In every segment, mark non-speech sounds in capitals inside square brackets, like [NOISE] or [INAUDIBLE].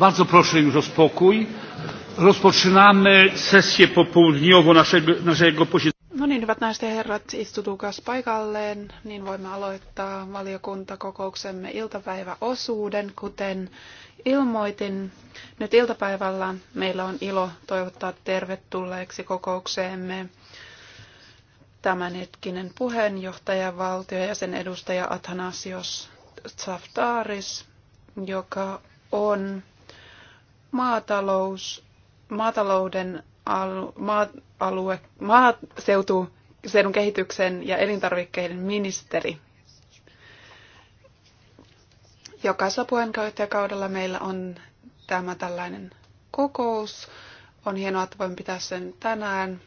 Bardzo proszę już o spokój. Rozpoczynamy sesję popołudniową naszego, naszego posiedzenia. No niin, hyvät naiset ja herrat, istutuukas paikalleen, niin voimme aloittaa valiokuntakokouksemme iltapäiväosuuden. Kuten ilmoitin, nyt iltapäivällä meillä on ilo toivottaa tervetulleeksi kokoukseemme tämänhetkinen valtio ja sen edustaja Athanasios Tsaftaris, joka on Maatalous, maatalouden al, maa-alue, maaseutu, seudun kehityksen ja elintarvikkeiden ministeri. Jokaisella puheenjohtajakaudella meillä on tämä tällainen kokous. On hienoa, että voin pitää sen tänään.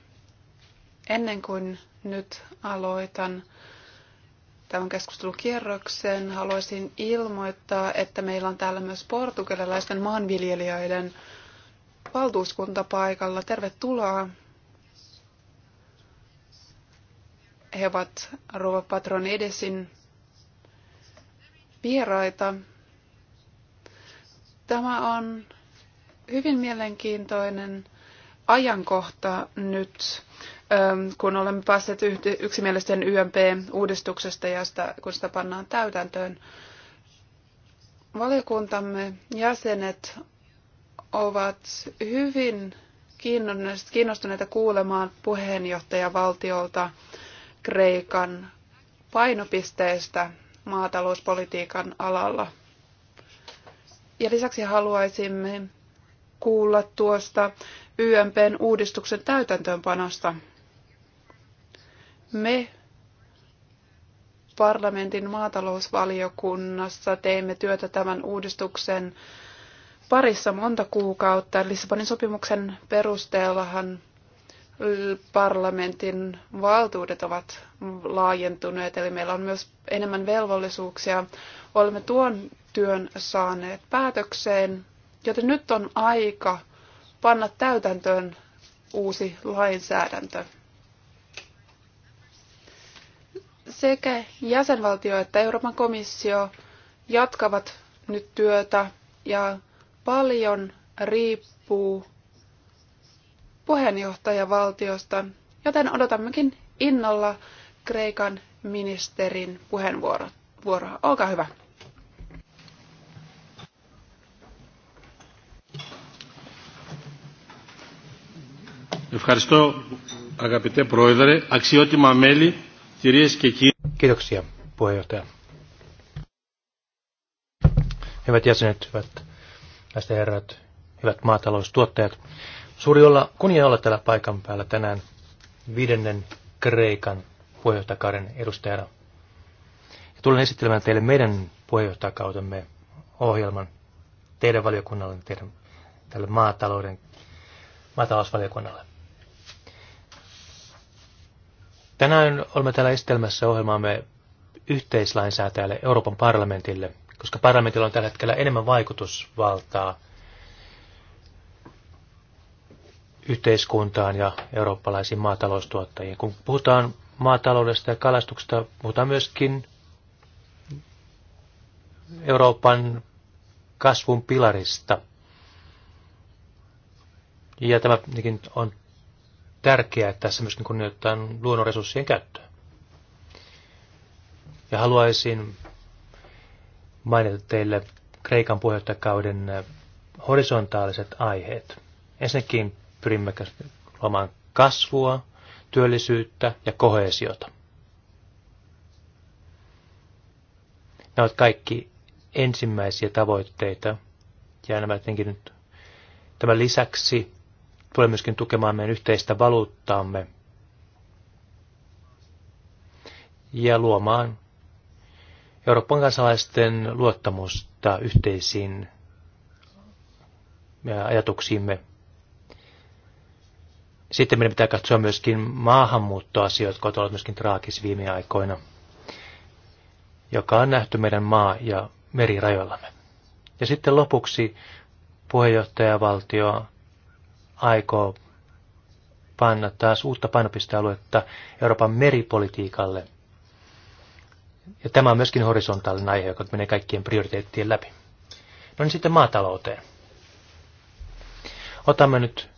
Ennen kuin nyt aloitan, tämän keskustelukierroksen. Haluaisin ilmoittaa, että meillä on täällä myös portugalilaisten maanviljelijöiden valtuuskunta paikalla. Tervetuloa. He ovat Rova Patron edesin vieraita. Tämä on hyvin mielenkiintoinen ajankohta nyt kun olemme päässeet yksimielisten YMP-uudistuksesta ja sitä, kun sitä pannaan täytäntöön. Valiokuntamme jäsenet ovat hyvin kiinnostuneita kuulemaan puheenjohtajavaltiolta Kreikan painopisteistä maatalouspolitiikan alalla. Ja lisäksi haluaisimme kuulla tuosta YMPn uudistuksen täytäntöönpanosta. Me parlamentin maatalousvaliokunnassa teimme työtä tämän uudistuksen parissa monta kuukautta. Lissabonin sopimuksen perusteellahan parlamentin valtuudet ovat laajentuneet, eli meillä on myös enemmän velvollisuuksia. Olemme tuon työn saaneet päätökseen, joten nyt on aika panna täytäntöön uusi lainsäädäntö. Sekä jäsenvaltio että Euroopan komissio jatkavat nyt työtä ja paljon riippuu puheenjohtajavaltiosta, joten odotammekin innolla Kreikan ministerin puheenvuoroa. Olkaa hyvä. Ευχαριστώ αγαπητέ Πρόεδρε, αξιότιμα μέλη Kiitoksia, puheenjohtaja. Hyvät jäsenet, hyvät näistä herrat, hyvät maataloustuottajat. Suuri olla, kunnia olla täällä paikan päällä tänään viidennen Kreikan puheenjohtajakauden edustajana. Ja tulen esittelemään teille meidän puheenjohtajakautemme ohjelman teidän valiokunnalle, teidän tälle maatalouden, maatalousvaliokunnalle. Tänään olemme täällä esitelmässä ohjelmaamme yhteislainsäätäjälle Euroopan parlamentille, koska parlamentilla on tällä hetkellä enemmän vaikutusvaltaa yhteiskuntaan ja eurooppalaisiin maataloustuottajiin. Kun puhutaan maataloudesta ja kalastuksesta, puhutaan myöskin Euroopan kasvun pilarista. Ja tämä on tärkeää, että tässä myöskin niin kunnioitetaan luonnonresurssien käyttöä. Ja haluaisin mainita teille Kreikan puheenjohtajakauden äh, horisontaaliset aiheet. Ensinnäkin pyrimme luomaan kasvua, työllisyyttä ja kohesiota. Nämä ovat kaikki ensimmäisiä tavoitteita, ja nämä tietenkin nyt tämän lisäksi tulee myöskin tukemaan meidän yhteistä valuuttaamme ja luomaan Euroopan kansalaisten luottamusta yhteisiin ajatuksiimme. Sitten meidän pitää katsoa myöskin maahanmuuttoasioita, jotka ovat olleet myöskin traagis viime aikoina, joka on nähty meidän maa- ja merirajoillamme. Ja sitten lopuksi puheenjohtajavaltio aikoo panna taas uutta painopistealuetta Euroopan meripolitiikalle. Ja tämä on myöskin horisontaalinen aihe, joka menee kaikkien prioriteettien läpi. No niin sitten maatalouteen. Otamme nyt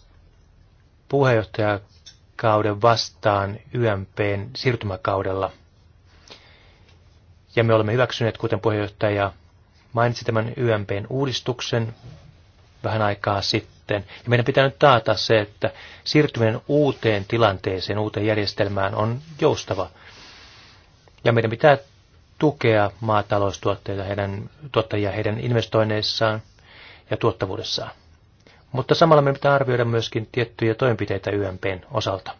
puheenjohtajakauden vastaan YMPn siirtymäkaudella. Ja me olemme hyväksyneet, kuten puheenjohtaja mainitsi tämän YMPn uudistuksen vähän aikaa sitten sitten. Ja meidän pitää nyt taata se, että siirtyminen uuteen tilanteeseen, uuteen järjestelmään on joustava. Ja meidän pitää tukea maataloustuotteita, heidän, tuottajia heidän investoinneissaan ja tuottavuudessaan. Mutta samalla meidän pitää arvioida myöskin tiettyjä toimenpiteitä YMPn osalta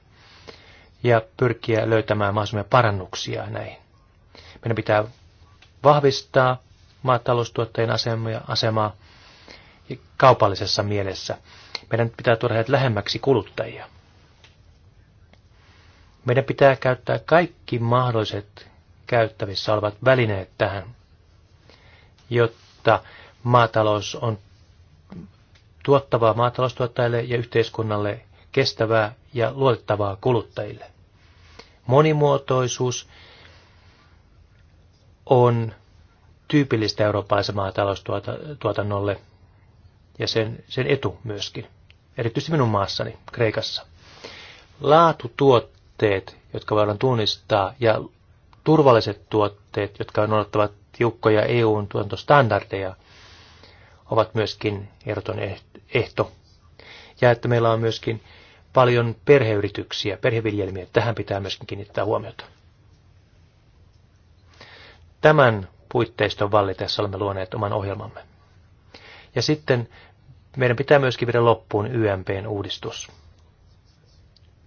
ja pyrkiä löytämään mahdollisimman parannuksia näihin. Meidän pitää vahvistaa maataloustuottajien asemaa, asemaa kaupallisessa mielessä. Meidän pitää tuoda heidät lähemmäksi kuluttajia. Meidän pitää käyttää kaikki mahdolliset käyttävissä olevat välineet tähän, jotta maatalous on tuottavaa maataloustuottajille ja yhteiskunnalle kestävää ja luotettavaa kuluttajille. Monimuotoisuus on tyypillistä eurooppalaisen maataloustuotannolle ja sen, sen etu myöskin, erityisesti minun maassani, Kreikassa. Laatutuotteet, jotka voidaan tunnistaa, ja turvalliset tuotteet, jotka noudattavat tiukkoja EUn tuotantostandardeja, ovat myöskin ehdoton ehto. Ja että meillä on myöskin paljon perheyrityksiä, perheviljelmiä, tähän pitää myöskin kiinnittää huomiota. Tämän puitteiston vallitessa olemme luoneet oman ohjelmamme. Ja sitten meidän pitää myöskin viedä loppuun YMPn uudistus.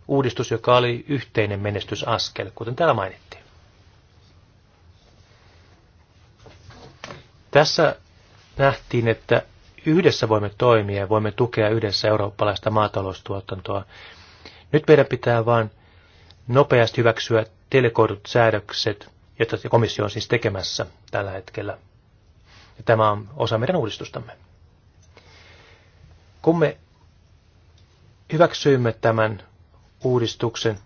Uudistus, joka oli yhteinen menestysaskel, kuten täällä mainittiin. Tässä nähtiin, että yhdessä voimme toimia ja voimme tukea yhdessä eurooppalaista maataloustuotantoa. Nyt meidän pitää vain nopeasti hyväksyä telekoidut säädökset, joita komissio on siis tekemässä tällä hetkellä. Ja tämä on osa meidän uudistustamme. Kun me hyväksyimme tämän uudistuksen,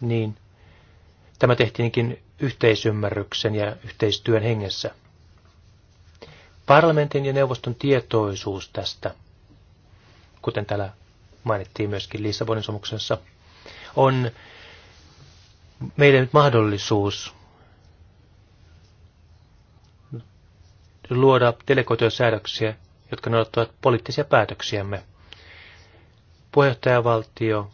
niin tämä tehtiinkin yhteisymmärryksen ja yhteistyön hengessä. Parlamentin ja neuvoston tietoisuus tästä, kuten täällä mainittiin myöskin Lissabonin sopimuksessa, on meidän nyt mahdollisuus luoda delegoituja säädöksiä jotka noudattavat poliittisia päätöksiämme. Puheenjohtajavaltio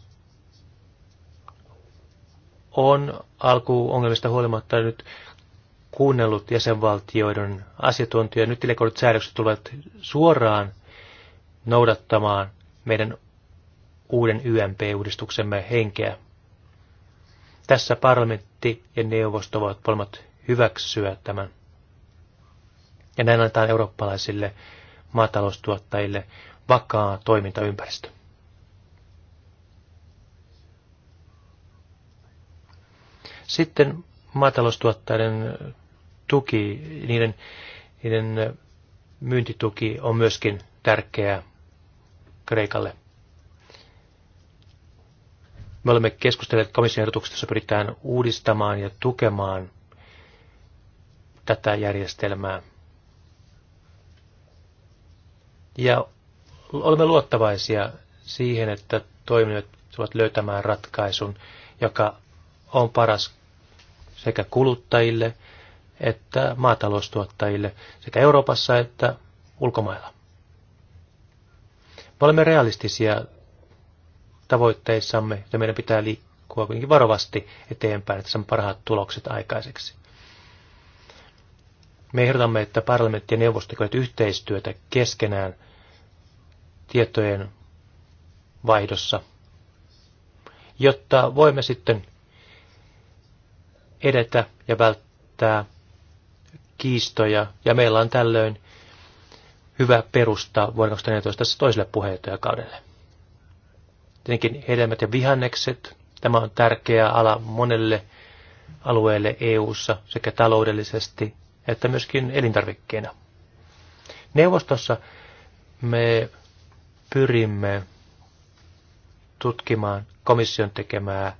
on alkuongelmista huolimatta nyt kuunnellut jäsenvaltioiden asiantuntijoita. Nyt delegoidut säädökset tulevat suoraan noudattamaan meidän uuden YMP-uudistuksemme henkeä. Tässä parlamentti ja neuvosto voivat molemmat hyväksyä tämän. Ja näin annetaan eurooppalaisille maataloustuottajille vakaa toimintaympäristö. Sitten maataloustuottajien tuki, niiden, niiden myyntituki on myöskin tärkeää Kreikalle. Me olemme keskustelleet komission ehdotuksesta, jossa pyritään uudistamaan ja tukemaan tätä järjestelmää. Ja olemme luottavaisia siihen, että toimijat tulevat löytämään ratkaisun, joka on paras sekä kuluttajille että maataloustuottajille sekä Euroopassa että ulkomailla. Me olemme realistisia tavoitteissamme ja meidän pitää liikkua kuitenkin varovasti eteenpäin, että saamme parhaat tulokset aikaiseksi. Me ehdotamme, että parlamentti ja neuvosto tekevät yhteistyötä keskenään tietojen vaihdossa, jotta voimme sitten edetä ja välttää kiistoja. Ja meillä on tällöin hyvä perusta vuoden 2014 toiselle puheenjohtajakaudelle. Tietenkin hedelmät ja vihannekset. Tämä on tärkeä ala monelle alueelle EU:ssa sekä taloudellisesti että myöskin elintarvikkeina. Neuvostossa me pyrimme tutkimaan komission tekemää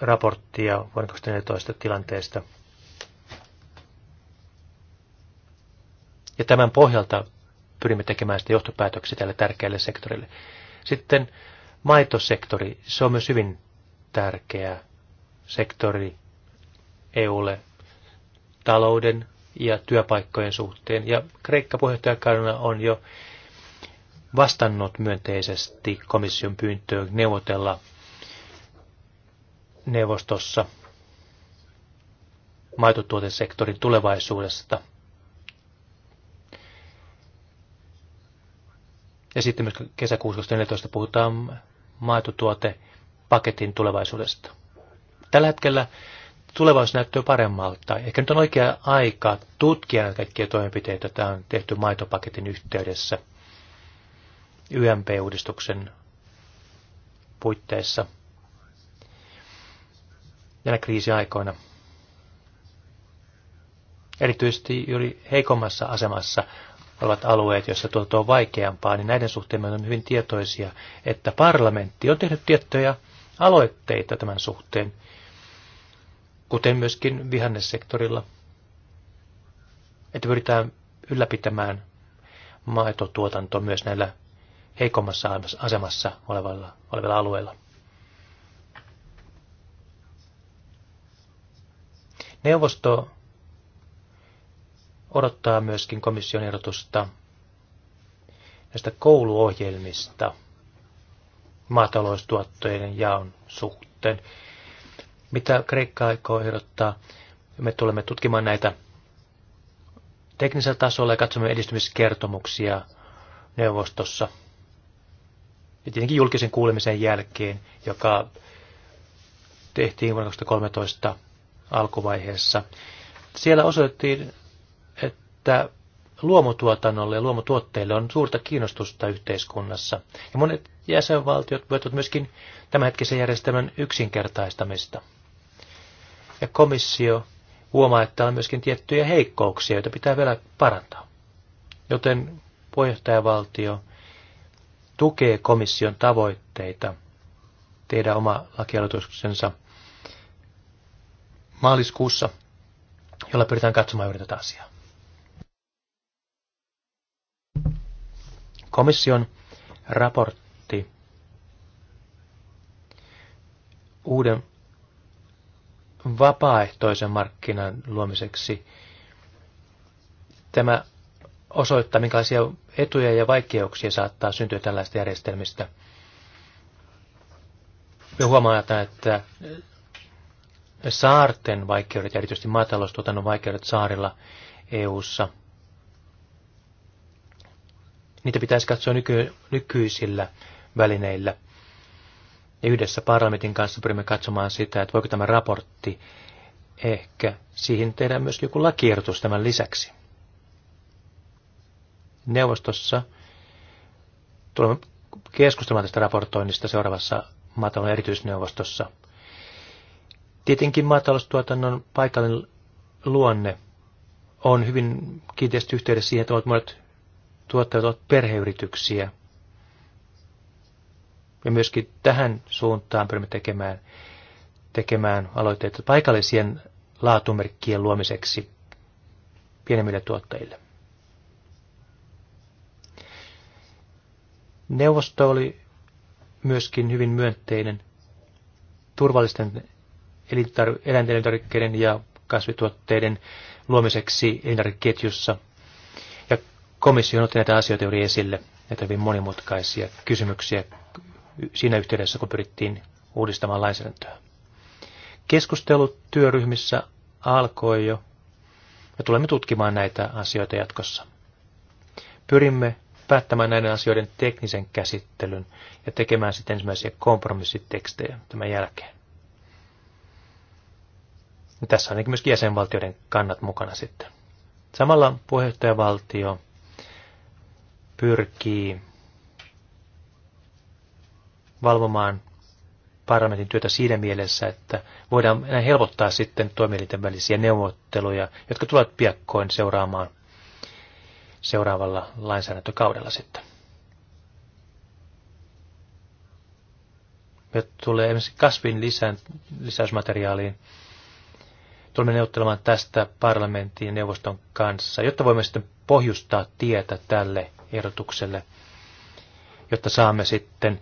raporttia vuonna 2014 tilanteesta. Ja tämän pohjalta pyrimme tekemään sitä johtopäätöksiä tälle tärkeälle sektorille. Sitten maitosektori, se on myös hyvin tärkeä sektori EUlle talouden ja työpaikkojen suhteen. Ja Kreikka puheenjohtajakaudella on jo vastannut myönteisesti komission pyyntöön neuvotella neuvostossa maitotuotesektorin tulevaisuudesta. Ja sitten myös kesäkuussa 2014 puhutaan maitotuotepaketin tulevaisuudesta. Tällä hetkellä tulevaisuus näyttää paremmalta. Ehkä nyt on oikea aika tutkia kaikkia toimenpiteitä, joita on tehty maitopaketin yhteydessä YMP-uudistuksen puitteissa näinä kriisiaikoina. Erityisesti juuri heikommassa asemassa olevat alueet, joissa tuotanto on vaikeampaa, niin näiden suhteen me olemme hyvin tietoisia, että parlamentti on tehnyt tiettyjä aloitteita tämän suhteen, kuten myöskin vihannessektorilla, että pyritään ylläpitämään maitotuotanto myös näillä heikommassa asemassa olevilla, olevilla alueilla. Neuvosto odottaa myöskin komission ehdotusta näistä kouluohjelmista maataloustuottojen jaon suhteen. Mitä Kreikka aikoo ehdottaa? Me tulemme tutkimaan näitä teknisellä tasolla ja katsomme edistymiskertomuksia neuvostossa. Ja tietenkin julkisen kuulemisen jälkeen, joka tehtiin vuonna 2013 alkuvaiheessa. Siellä osoitettiin, että luomutuotannolle ja luomutuotteille on suurta kiinnostusta yhteiskunnassa. Ja monet jäsenvaltiot voivat myöskin tämänhetkisen järjestelmän yksinkertaistamista ja komissio huomaa, että on myöskin tiettyjä heikkouksia, joita pitää vielä parantaa. Joten puheenjohtajavaltio tukee komission tavoitteita tehdä oma lakialoituksensa maaliskuussa, jolla pyritään katsomaan juuri tätä asiaa. Komission raportti uuden vapaaehtoisen markkinan luomiseksi. Tämä osoittaa, minkälaisia etuja ja vaikeuksia saattaa syntyä tällaista järjestelmistä. Me huomaamme, että saarten vaikeudet ja erityisesti maataloustuotannon vaikeudet saarilla EU:ssa niitä pitäisi katsoa nyky- nykyisillä välineillä – ja yhdessä parlamentin kanssa pyrimme katsomaan sitä, että voiko tämä raportti ehkä siihen tehdä myös joku lakiehdotus tämän lisäksi. Neuvostossa tulemme keskustelemaan tästä raportoinnista seuraavassa maatalon erityisneuvostossa. Tietenkin maataloustuotannon paikallinen luonne on hyvin kiinteästi yhteydessä siihen, että monet tuottajat ovat perheyrityksiä, ja myöskin tähän suuntaan pyrimme tekemään, tekemään aloitteita paikallisien laatumerkkien luomiseksi pienemmille tuottajille. Neuvosto oli myöskin hyvin myönteinen turvallisten eläintelintarvikkeiden ja kasvituotteiden luomiseksi elintarvikeketjussa. Ja komissio otti näitä asioita juuri esille, näitä hyvin monimutkaisia kysymyksiä siinä yhteydessä, kun pyrittiin uudistamaan lainsäädäntöä. Keskustelut työryhmissä alkoi jo ja tulemme tutkimaan näitä asioita jatkossa. Pyrimme päättämään näiden asioiden teknisen käsittelyn ja tekemään sitten ensimmäisiä kompromissitekstejä tämän jälkeen. Ja tässä on myös jäsenvaltioiden kannat mukana sitten. Samalla puheenjohtajavaltio pyrkii valvomaan parlamentin työtä siinä mielessä, että voidaan näin helpottaa sitten toimielinten välisiä neuvotteluja, jotka tulevat piakkoin seuraamaan seuraavalla lainsäädäntökaudella sitten. Me tulee esimerkiksi kasvin lisään, lisäysmateriaaliin. Tulemme neuvottelemaan tästä parlamentin ja neuvoston kanssa, jotta voimme sitten pohjustaa tietä tälle ehdotukselle, jotta saamme sitten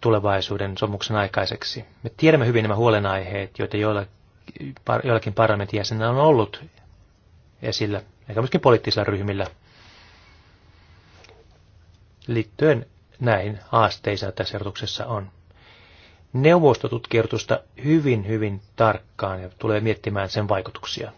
tulevaisuuden sopimuksen aikaiseksi. Me tiedämme hyvin nämä huolenaiheet, joita joillakin parlamentin jäsenillä on ollut esillä, eikä myöskin poliittisilla ryhmillä, liittyen näihin haasteisiin, joita tässä erotuksessa on. Neuvosto tutkirtusta hyvin, hyvin tarkkaan ja tulee miettimään sen vaikutuksia.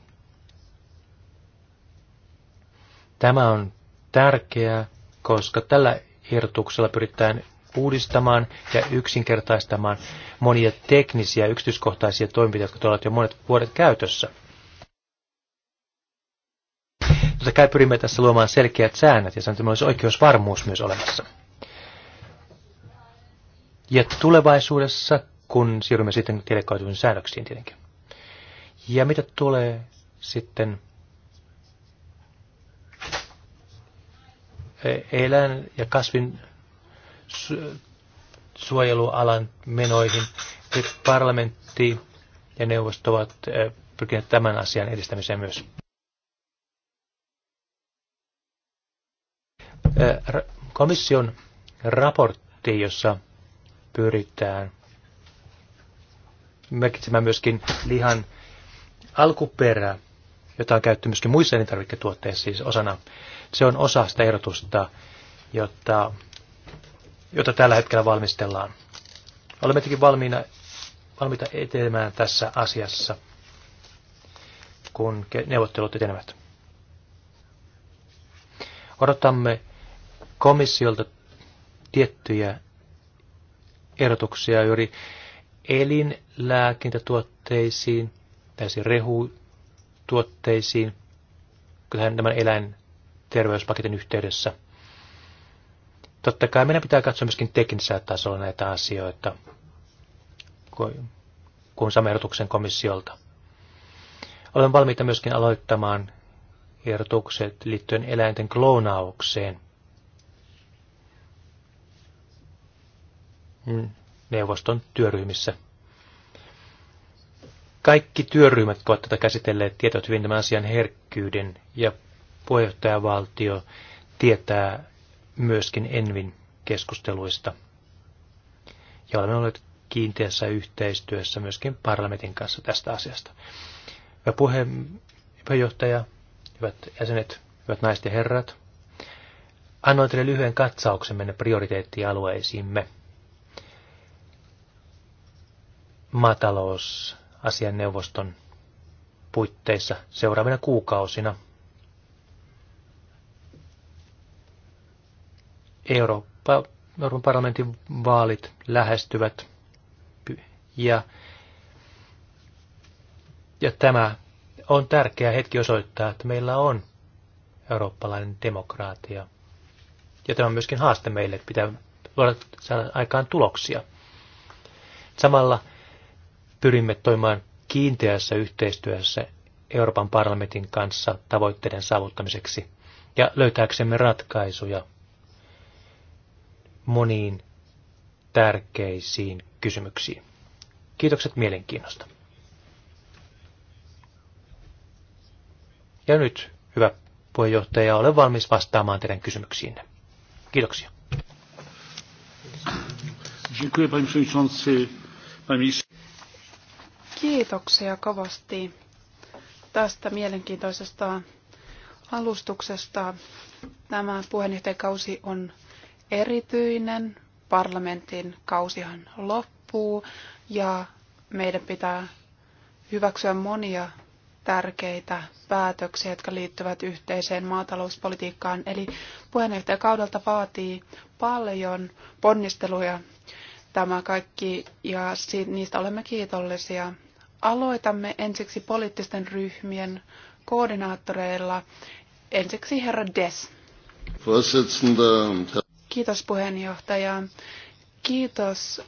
Tämä on tärkeää, koska tällä ehdotuksella pyritään uudistamaan ja yksinkertaistamaan monia teknisiä yksityiskohtaisia toimintoja, jotka ovat jo monet vuodet käytössä. Totta kai pyrimme tässä luomaan selkeät säännöt ja sanotaan, olisi oikeusvarmuus myös olemassa. Ja tulevaisuudessa, kun siirrymme sitten delegoituviin säännöksiin tietenkin. Ja mitä tulee sitten e- eläin- ja kasvin suojelualan menoihin. Nyt parlamentti ja neuvosto ovat pyrkineet tämän asian edistämiseen myös. Komission raportti, jossa pyritään merkitsemään myöskin lihan alkuperää, jota on käytetty myöskin muissa elintarviketuotteissa siis osana. Se on osa sitä erotusta, jotta jota tällä hetkellä valmistellaan. Olemme tietenkin valmiina, valmiita etenemään tässä asiassa, kun neuvottelut etenevät. Odotamme komissiolta tiettyjä erotuksia juuri elinlääkintätuotteisiin, täysin rehutuotteisiin, kyllähän tämän eläinterveyspaketin yhteydessä – Totta kai meidän pitää katsoa myöskin teknisellä tasolla näitä asioita, kuin samerotuksen komissiolta. Olen valmiita myöskin aloittamaan ehdotukset liittyen eläinten kloonaukseen. Mm, neuvoston työryhmissä. Kaikki työryhmät ovat tätä käsitelleet, tietävät hyvin tämän asian herkkyyden ja puheenjohtajavaltio tietää myöskin Envin keskusteluista. Ja olemme olleet kiinteässä yhteistyössä myöskin parlamentin kanssa tästä asiasta. Hyvä puheenjohtaja, hyvät jäsenet, hyvät naiset ja herrat, annoin teille lyhyen katsauksen mennä prioriteettialueisiimme. Maatalousasian neuvoston puitteissa seuraavina kuukausina – Eurooppa, Euroopan parlamentin vaalit lähestyvät ja, ja tämä on tärkeä hetki osoittaa, että meillä on eurooppalainen demokraatia. Ja tämä on myöskin haaste meille, että pitää luoda saada aikaan tuloksia. Samalla pyrimme toimimaan kiinteässä yhteistyössä Euroopan parlamentin kanssa tavoitteiden saavuttamiseksi ja löytääksemme ratkaisuja moniin tärkeisiin kysymyksiin. Kiitokset mielenkiinnosta. Ja nyt, hyvä puheenjohtaja, olen valmis vastaamaan teidän kysymyksiinne. Kiitoksia. Kiitoksia kovasti tästä mielenkiintoisesta alustuksesta. Tämä puheenjohtajakausi on erityinen. Parlamentin kausihan loppuu ja meidän pitää hyväksyä monia tärkeitä päätöksiä, jotka liittyvät yhteiseen maatalouspolitiikkaan. Eli puheenjohtajakaudelta vaatii paljon ponnisteluja tämä kaikki ja niistä olemme kiitollisia. Aloitamme ensiksi poliittisten ryhmien koordinaattoreilla. Ensiksi herra Des. Kiitos puheenjohtaja. Kiitos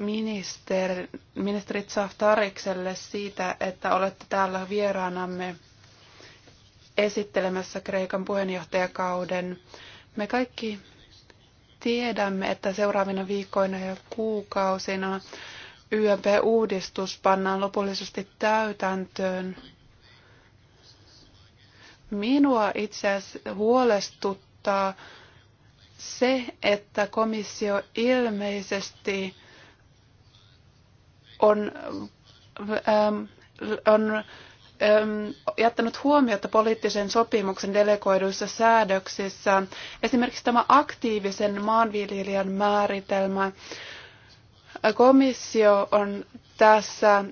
minister, ministeri Tsaftarikselle siitä, että olette täällä vieraanamme esittelemässä Kreikan puheenjohtajakauden. Me kaikki tiedämme, että seuraavina viikkoina ja kuukausina YMP-uudistus pannaan lopullisesti täytäntöön. Minua itse asiassa huolestuttaa se, että komissio ilmeisesti on, ähm, on ähm, jättänyt huomiota poliittisen sopimuksen delegoiduissa säädöksissä. Esimerkiksi tämä aktiivisen maanviljelijän määritelmä. Komissio on tässä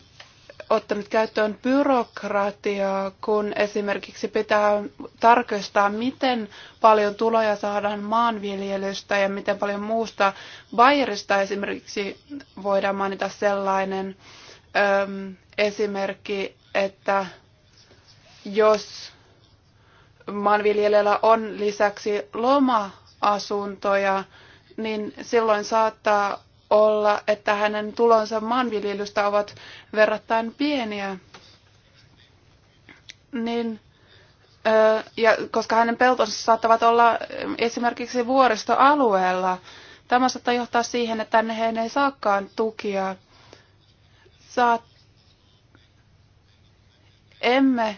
ottanut käyttöön byrokratiaa, kun esimerkiksi pitää tarkistaa, miten paljon tuloja saadaan maanviljelystä ja miten paljon muusta Bayerista esimerkiksi voidaan mainita sellainen äm, esimerkki, että jos maanviljelijällä on lisäksi loma-asuntoja, niin silloin saattaa olla, että hänen tulonsa maanviljelystä ovat verrattain pieniä. Niin, ja koska hänen peltonsa saattavat olla esimerkiksi vuoristoalueella, tämä saattaa johtaa siihen, että tänne hän ei saakaan tukia. Saat, emme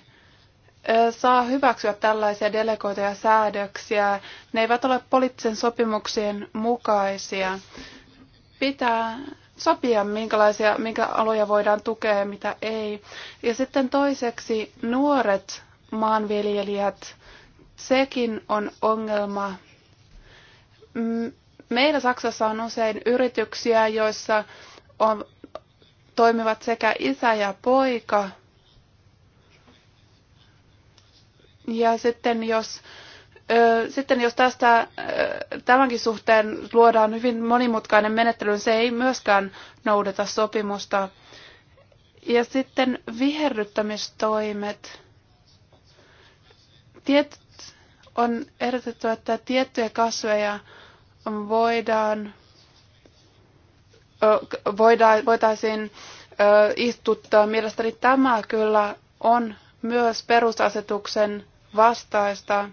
saa hyväksyä tällaisia delegoituja säädöksiä. Ne eivät ole poliittisen sopimuksien mukaisia pitää sopia, minkälaisia, minkä aloja voidaan tukea ja mitä ei. Ja sitten toiseksi nuoret maanviljelijät, sekin on ongelma. Meillä Saksassa on usein yrityksiä, joissa on, toimivat sekä isä ja poika. Ja sitten jos sitten jos tästä tämänkin suhteen luodaan hyvin monimutkainen menettely, se ei myöskään noudata sopimusta. Ja sitten viherryttämistoimet. Tiet, on ehdotettu, että tiettyjä kasveja voidaan, voidaan, voitaisiin istuttaa. Mielestäni tämä kyllä on myös perusasetuksen vastaista.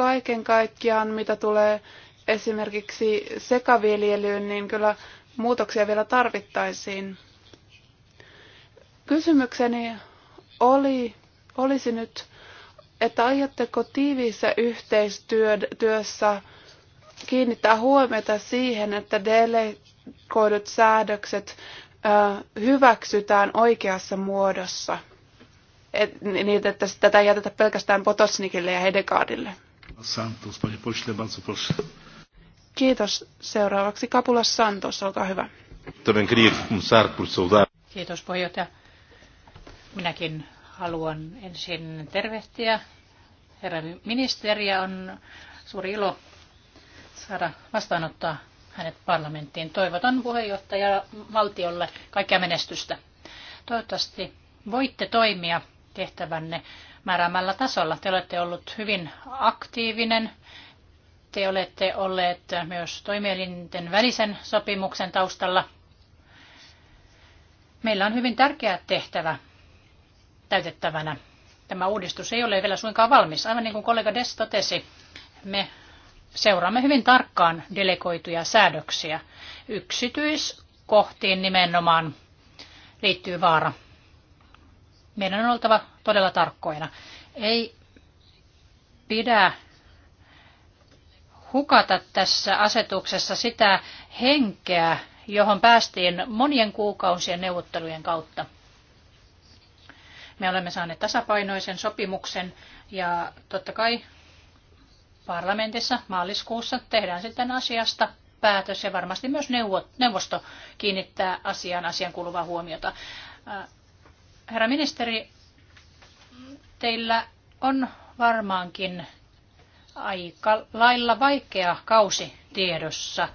kaiken kaikkiaan, mitä tulee esimerkiksi sekaviljelyyn, niin kyllä muutoksia vielä tarvittaisiin. Kysymykseni oli, olisi nyt, että aiotteko tiiviissä yhteistyössä kiinnittää huomiota siihen, että delegoidut säädökset hyväksytään oikeassa muodossa. Et, niin, että tätä ei jätetä pelkästään Potosnikille ja Hedegaardille. Santos, panie pośle, bardzo proszę. Kiitos. Seuraavaksi Kapula Santos, olkaa hyvä. Kiitos puheenjohtaja. Minäkin haluan ensin tervehtiä. Herra ministeriä on suuri ilo saada vastaanottaa hänet parlamenttiin. Toivotan puheenjohtaja valtiolle kaikkea menestystä. Toivottavasti voitte toimia tehtävänne määräämällä tasolla. Te olette ollut hyvin aktiivinen. Te olette olleet myös toimielinten välisen sopimuksen taustalla. Meillä on hyvin tärkeä tehtävä täytettävänä. Tämä uudistus ei ole vielä suinkaan valmis. Aivan niin kuin kollega Des totesi, me seuraamme hyvin tarkkaan delegoituja säädöksiä. Yksityiskohtiin nimenomaan liittyy vaara. Meidän on oltava todella tarkkoina. Ei pidä hukata tässä asetuksessa sitä henkeä, johon päästiin monien kuukausien neuvottelujen kautta. Me olemme saaneet tasapainoisen sopimuksen ja totta kai parlamentissa maaliskuussa tehdään sitten asiasta päätös ja varmasti myös neuvosto kiinnittää asiaan asian kuuluvaa huomiota. Äh, herra ministeri, Teillä on varmaankin aika lailla vaikea kausi tiedossa.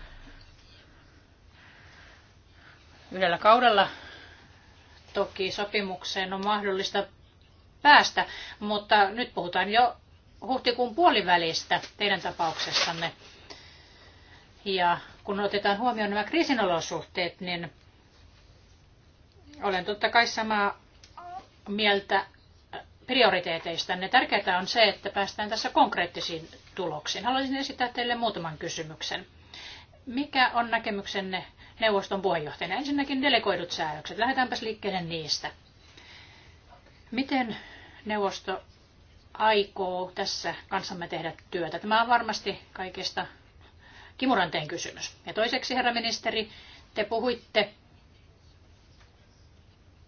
Yhdellä kaudella toki sopimukseen on mahdollista päästä, mutta nyt puhutaan jo huhtikuun puolivälistä teidän tapauksessanne. Ja kun otetaan huomioon nämä kriisinolosuhteet, niin olen totta kai samaa mieltä prioriteeteistanne. Tärkeää on se, että päästään tässä konkreettisiin tuloksiin. Haluaisin esittää teille muutaman kysymyksen. Mikä on näkemyksenne neuvoston puheenjohtajana? Ensinnäkin delegoidut säädökset. Lähdetäänpäs liikkeelle niistä. Miten neuvosto aikoo tässä kanssamme tehdä työtä? Tämä on varmasti kaikista kimuranteen kysymys. Ja toiseksi, herra ministeri, te puhuitte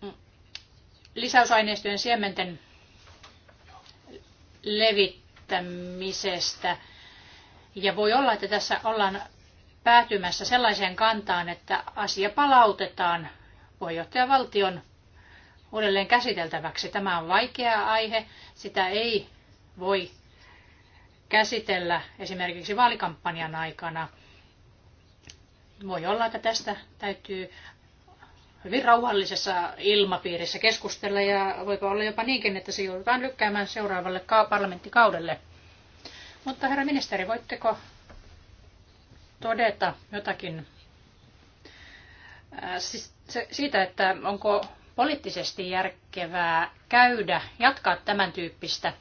mm, lisäysaineistojen siementen levittämisestä. Ja voi olla, että tässä ollaan päätymässä sellaiseen kantaan, että asia palautetaan puheenjohtajavaltion uudelleen käsiteltäväksi. Tämä on vaikea aihe, sitä ei voi käsitellä esimerkiksi vaalikampanjan aikana. Voi olla, että tästä täytyy hyvin rauhallisessa ilmapiirissä keskustella ja voipa olla jopa niinkin, että se joudutaan lykkäämään seuraavalle parlamenttikaudelle. Mutta herra ministeri, voitteko todeta jotakin siis siitä, että onko poliittisesti järkevää käydä, jatkaa tämän tyyppistä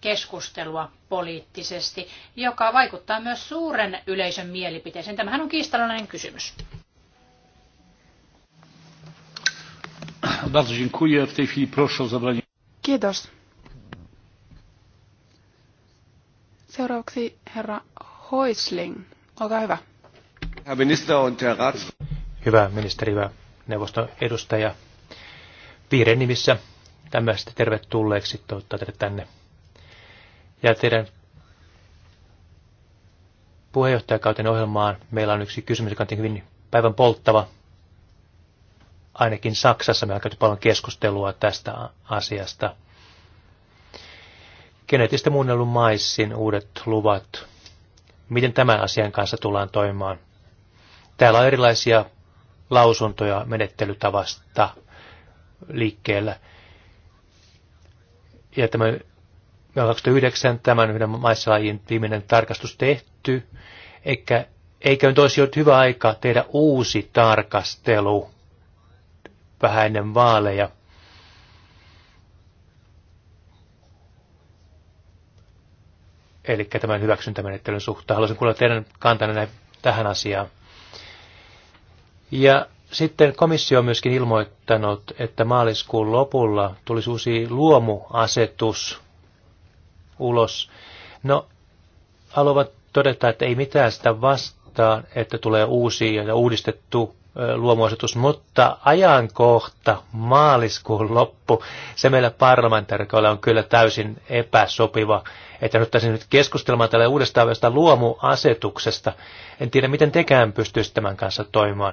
keskustelua poliittisesti, joka vaikuttaa myös suuren yleisön mielipiteeseen. Tämähän on kiistallinen kysymys. Bardzo dziękuję. W tej chwili proszę o zabranie. Kiitos. Seuraavaksi herra Hoisling. Olkaa hyvä. Herr Minister und Herr Rats. Hyvä ministeri, hyvä neuvoston edustaja. Viiden nimissä tämmöistä tervetulleeksi toivottaa teidät tänne. Ja teidän puheenjohtajakauten ohjelmaan meillä on yksi kysymys, joka on hyvin päivän polttava – ainakin Saksassa me on käyty paljon keskustelua tästä asiasta. Geneettistä muunnellun maissin uudet luvat. Miten tämän asian kanssa tullaan toimimaan? Täällä on erilaisia lausuntoja menettelytavasta liikkeellä. Ja tämä 2009 tämän yhden maissalajin viimeinen tarkastus tehty, eikä, eikä nyt olisi ollut hyvä aika tehdä uusi tarkastelu vähän ennen vaaleja. Eli tämän hyväksyntämenettelyn suhteen. Haluaisin kuulla teidän kantanne tähän asiaan. Ja sitten komissio on myöskin ilmoittanut, että maaliskuun lopulla tulisi uusi luomuasetus ulos. No, haluavat todeta, että ei mitään sitä vastaan, että tulee uusi ja uudistettu luomuasetus, mutta ajankohta, maaliskuun loppu, se meillä parlamentaarikoilla on kyllä täysin epäsopiva. Että nyt tässä nyt keskustelemaan tällä uudestaan vasta luomuasetuksesta. En tiedä, miten tekään pystyisi tämän kanssa toimimaan.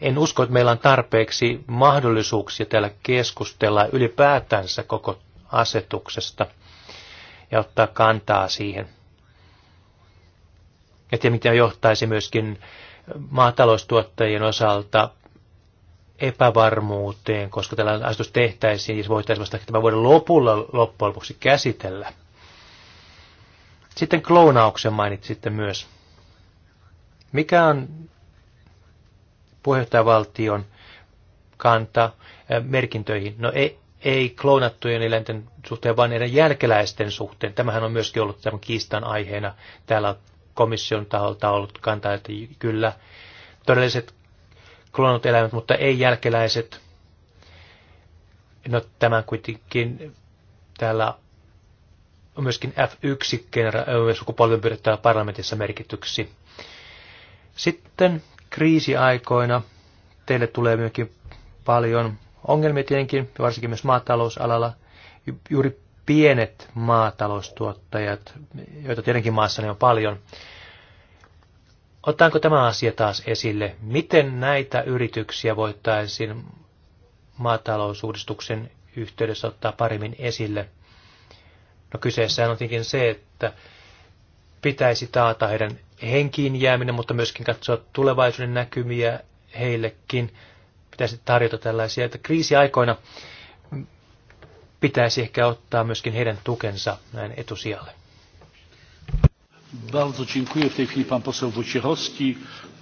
En usko, että meillä on tarpeeksi mahdollisuuksia täällä keskustella ylipäätänsä koko asetuksesta ja ottaa kantaa siihen. Ja mitä johtaisi myöskin maataloustuottajien osalta epävarmuuteen, koska tällainen asetus tehtäisiin ja se voitaisiin vasta tämän vuoden lopulla loppujen lopuksi käsitellä. Sitten kloonauksen mainitsitte myös. Mikä on puheenjohtajavaltion kanta eh, merkintöihin? No ei, ei kloonattujen eläinten suhteen, vaan niiden jälkeläisten suhteen. Tämähän on myöskin ollut tämän kiistan aiheena. Täällä komission taholta ollut kantaa, että kyllä todelliset klonot eläimet, mutta ei jälkeläiset. No tämän kuitenkin täällä on myöskin F1 sukupolven pyydettävä parlamentissa merkityksi. Sitten kriisiaikoina teille tulee myöskin paljon ongelmia tietenkin, varsinkin myös maatalousalalla. Juuri pienet maataloustuottajat, joita tietenkin maassani on paljon. Otetaanko tämä asia taas esille? Miten näitä yrityksiä voitaisiin maatalousuudistuksen yhteydessä ottaa paremmin esille? No kyseessä on tietenkin se, että pitäisi taata heidän henkiin jääminen, mutta myöskin katsoa tulevaisuuden näkymiä heillekin. Pitäisi tarjota tällaisia, että kriisiaikoina aikoina pitäisi ehkä ottaa myöskin heidän tukensa näin etusijalle.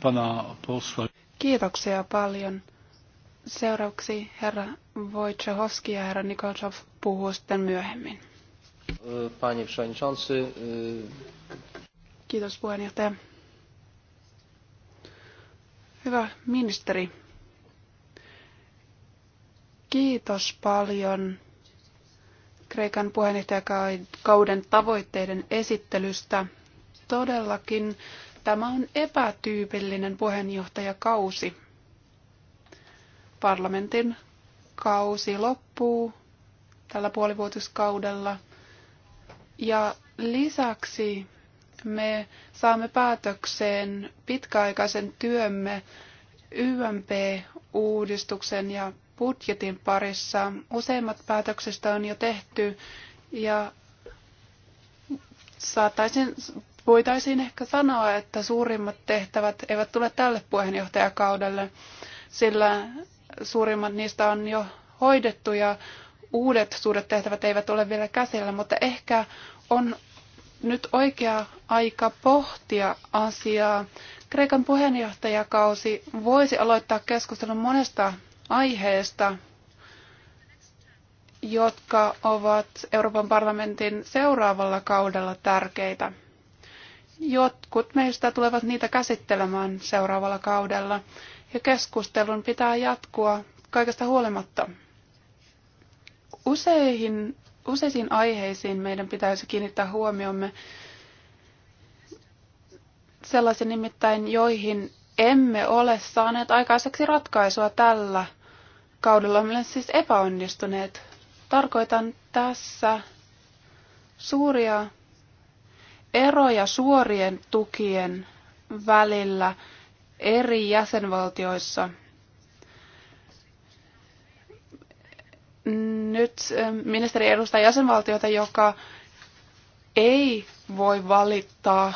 pana Kiitoksia paljon. Seuraavaksi herra Wojciechowski ja herra Nikolczov puhuu sitten myöhemmin. Kiitos puheenjohtaja. Hyvä ministeri. Kiitos paljon Kreikan puheenjohtajakauden tavoitteiden esittelystä. Todellakin tämä on epätyypillinen puheenjohtajakausi. Parlamentin kausi loppuu tällä puolivuotiskaudella ja lisäksi me saamme päätökseen pitkäaikaisen työmme YMP-uudistuksen ja budjetin parissa. Useimmat päätöksistä on jo tehty ja saattaisin, voitaisiin ehkä sanoa, että suurimmat tehtävät eivät tule tälle puheenjohtajakaudelle, sillä suurimmat niistä on jo hoidettu ja uudet suuret tehtävät eivät ole vielä käsillä, mutta ehkä on nyt oikea aika pohtia asiaa. Kreikan puheenjohtajakausi voisi aloittaa keskustelun monesta aiheesta, jotka ovat Euroopan parlamentin seuraavalla kaudella tärkeitä. Jotkut meistä tulevat niitä käsittelemään seuraavalla kaudella, ja keskustelun pitää jatkua kaikesta huolimatta. Useihin, useisiin aiheisiin meidän pitäisi kiinnittää huomiomme sellaisiin nimittäin, joihin emme ole saaneet aikaiseksi ratkaisua tällä kaudella. Olemme siis epäonnistuneet. Tarkoitan tässä suuria eroja suorien tukien välillä eri jäsenvaltioissa. Nyt eh, ministeri edustaa jäsenvaltiota, joka ei voi valittaa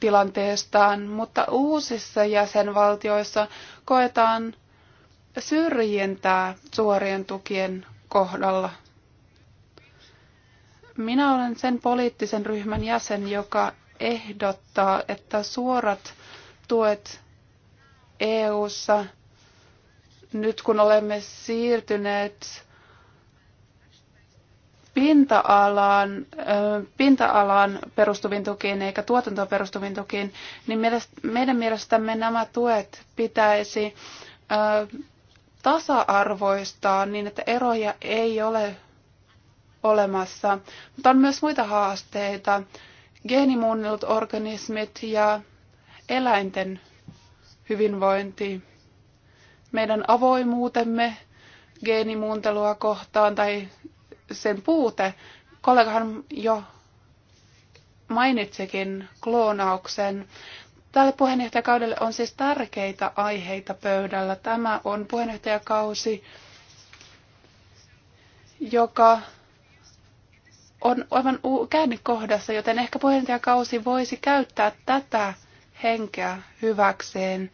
tilanteestaan, mutta uusissa jäsenvaltioissa koetaan syrjintää suorien tukien kohdalla. Minä olen sen poliittisen ryhmän jäsen, joka ehdottaa, että suorat tuet EU:ssa nyt kun olemme siirtyneet pinta-alaan, pinta-alaan perustuviin tukiin eikä tuotantoon perustuviin tukiin, niin meidän mielestämme nämä tuet pitäisi tasa-arvoistaa niin, että eroja ei ole olemassa. Mutta on myös muita haasteita. Geenimuunnellut organismit ja eläinten hyvinvointi. Meidän avoimuutemme geenimuuntelua kohtaan tai sen puute. Kollegahan jo mainitsikin kloonauksen. Tälle puheenjohtajakaudelle on siis tärkeitä aiheita pöydällä. Tämä on puheenjohtajakausi, joka on aivan käännekohdassa, joten ehkä puheenjohtajakausi voisi käyttää tätä henkeä hyväkseen.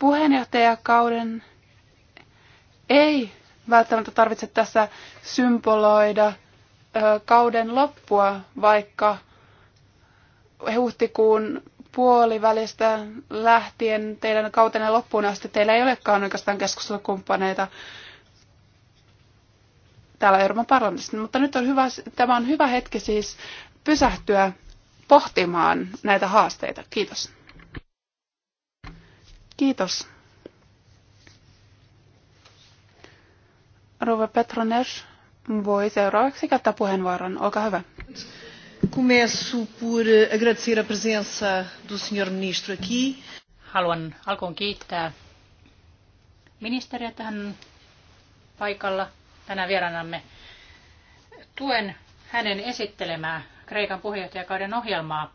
Puheenjohtajakauden ei välttämättä tarvitse tässä symboloida kauden loppua, vaikka huhtikuun puolivälistä lähtien teidän kautenne loppuun asti teillä ei olekaan oikeastaan keskustelukumppaneita täällä Euroopan parlamentissa. Mutta nyt on hyvä, tämä on hyvä hetki siis pysähtyä pohtimaan näitä haasteita. Kiitos. Kiitos. Rova Petrones voi seuraavaksi käyttää puheenvuoron. Olkaa hyvä. Começo por eh, agradecer a presença do ministro aqui. Haluan alkuun kiittää ministeriä tähän paikalla tänään vieraanamme. Tuen hänen esittelemää Kreikan puheenjohtajakauden ohjelmaa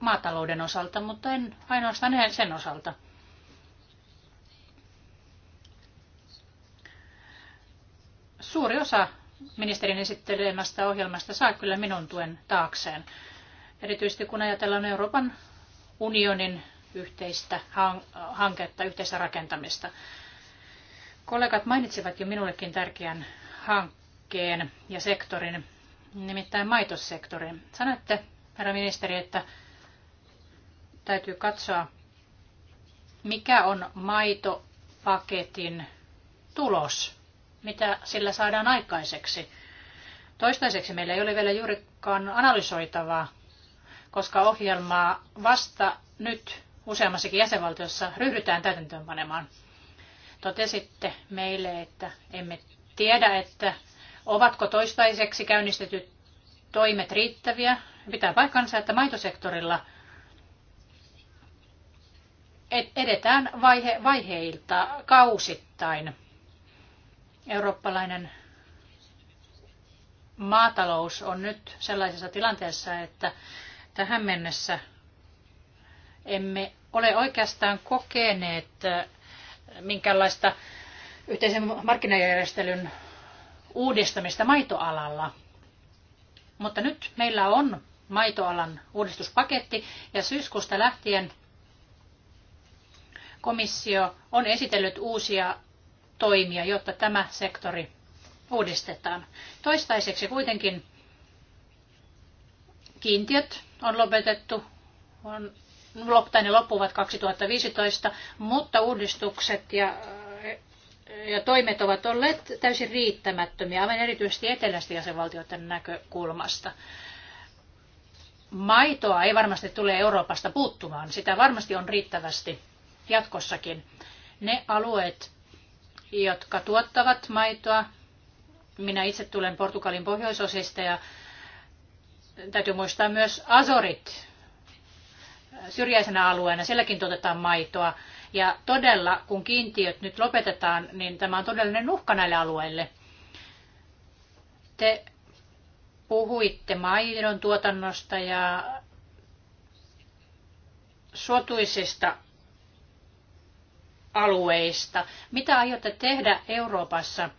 maatalouden osalta, mutta en ainoastaan sen osalta – suuri osa ministerin esittelemästä ohjelmasta saa kyllä minun tuen taakseen. Erityisesti kun ajatellaan Euroopan unionin yhteistä hanketta, yhteistä rakentamista. Kollegat mainitsivat jo minullekin tärkeän hankkeen ja sektorin, nimittäin maitosektorin. Sanoitte, herra ministeri, että täytyy katsoa, mikä on maitopaketin tulos mitä sillä saadaan aikaiseksi. Toistaiseksi meillä ei ole vielä juurikaan analysoitavaa, koska ohjelmaa vasta nyt useammassakin jäsenvaltiossa ryhdytään täytäntöönpanemaan. Totesitte meille, että emme tiedä, että ovatko toistaiseksi käynnistetyt toimet riittäviä. Pitää paikkansa, että maitosektorilla edetään vaihe, vaiheilta kausittain. Eurooppalainen maatalous on nyt sellaisessa tilanteessa, että tähän mennessä emme ole oikeastaan kokeneet äh, minkäänlaista yhteisen markkinajärjestelyn uudistamista maitoalalla. Mutta nyt meillä on maitoalan uudistuspaketti ja syyskuusta lähtien komissio on esitellyt uusia toimia, jotta tämä sektori uudistetaan. Toistaiseksi kuitenkin kiintiöt on lopetettu, on, tai ne loppuvat 2015, mutta uudistukset ja, ja toimet ovat olleet täysin riittämättömiä, aivan erityisesti eteläisten jäsenvaltioiden näkökulmasta. Maitoa ei varmasti tule Euroopasta puuttumaan, sitä varmasti on riittävästi jatkossakin. Ne alueet, jotka tuottavat maitoa. Minä itse tulen Portugalin pohjoisosista ja täytyy muistaa myös Azorit syrjäisenä alueena. Sielläkin tuotetaan maitoa. Ja todella, kun kiintiöt nyt lopetetaan, niin tämä on todellinen uhka näille alueille. Te puhuitte maidon tuotannosta ja suotuisista alueista. Mitä aiotte tehdä Euroopassa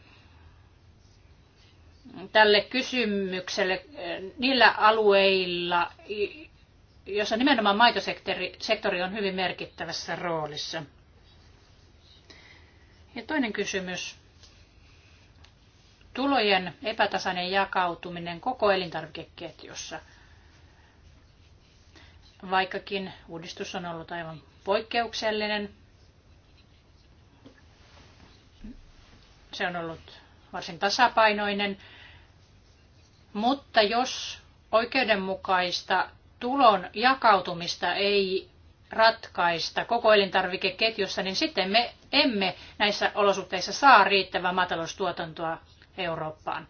tälle kysymykselle eh, niillä alueilla, jossa nimenomaan maitosektori on hyvin merkittävässä roolissa? Ja toinen kysymys. Tulojen epätasainen jakautuminen koko elintarvikeketjussa. Vaikkakin uudistus on ollut aivan poikkeuksellinen, Se on ollut varsin tasapainoinen. Mutta jos oikeudenmukaista tulon jakautumista ei ratkaista koko elintarvikeketjussa, niin sitten me emme näissä olosuhteissa saa riittävää maataloustuotantoa Eurooppaan.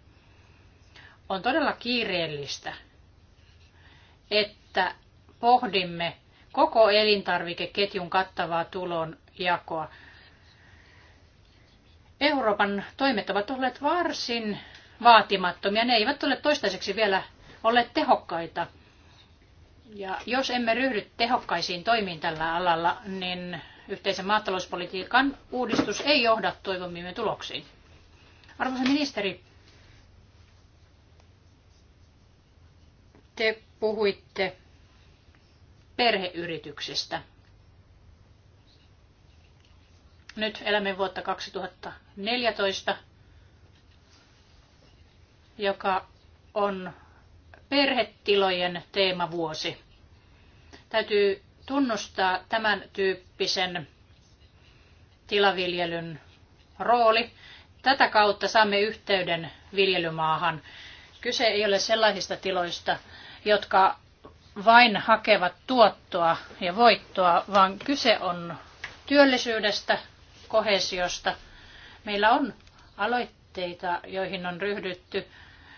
On todella kiireellistä, että pohdimme koko elintarvikeketjun kattavaa tulon jakoa. Euroopan toimet ovat olleet varsin vaatimattomia. Ne eivät ole toistaiseksi vielä olleet tehokkaita. Ja jos emme ryhdy tehokkaisiin toimiin tällä alalla, niin yhteisen maatalouspolitiikan uudistus ei johda toivomiimme tuloksiin. Arvoisa ministeri, te puhuitte perheyrityksistä. Nyt elämme vuotta 2014, joka on perhetilojen teemavuosi. Täytyy tunnustaa tämän tyyppisen tilaviljelyn rooli. Tätä kautta saamme yhteyden viljelymaahan. Kyse ei ole sellaisista tiloista, jotka vain hakevat tuottoa ja voittoa, vaan kyse on työllisyydestä, kohesiosta. Meillä on aloitteita, joihin on ryhdytty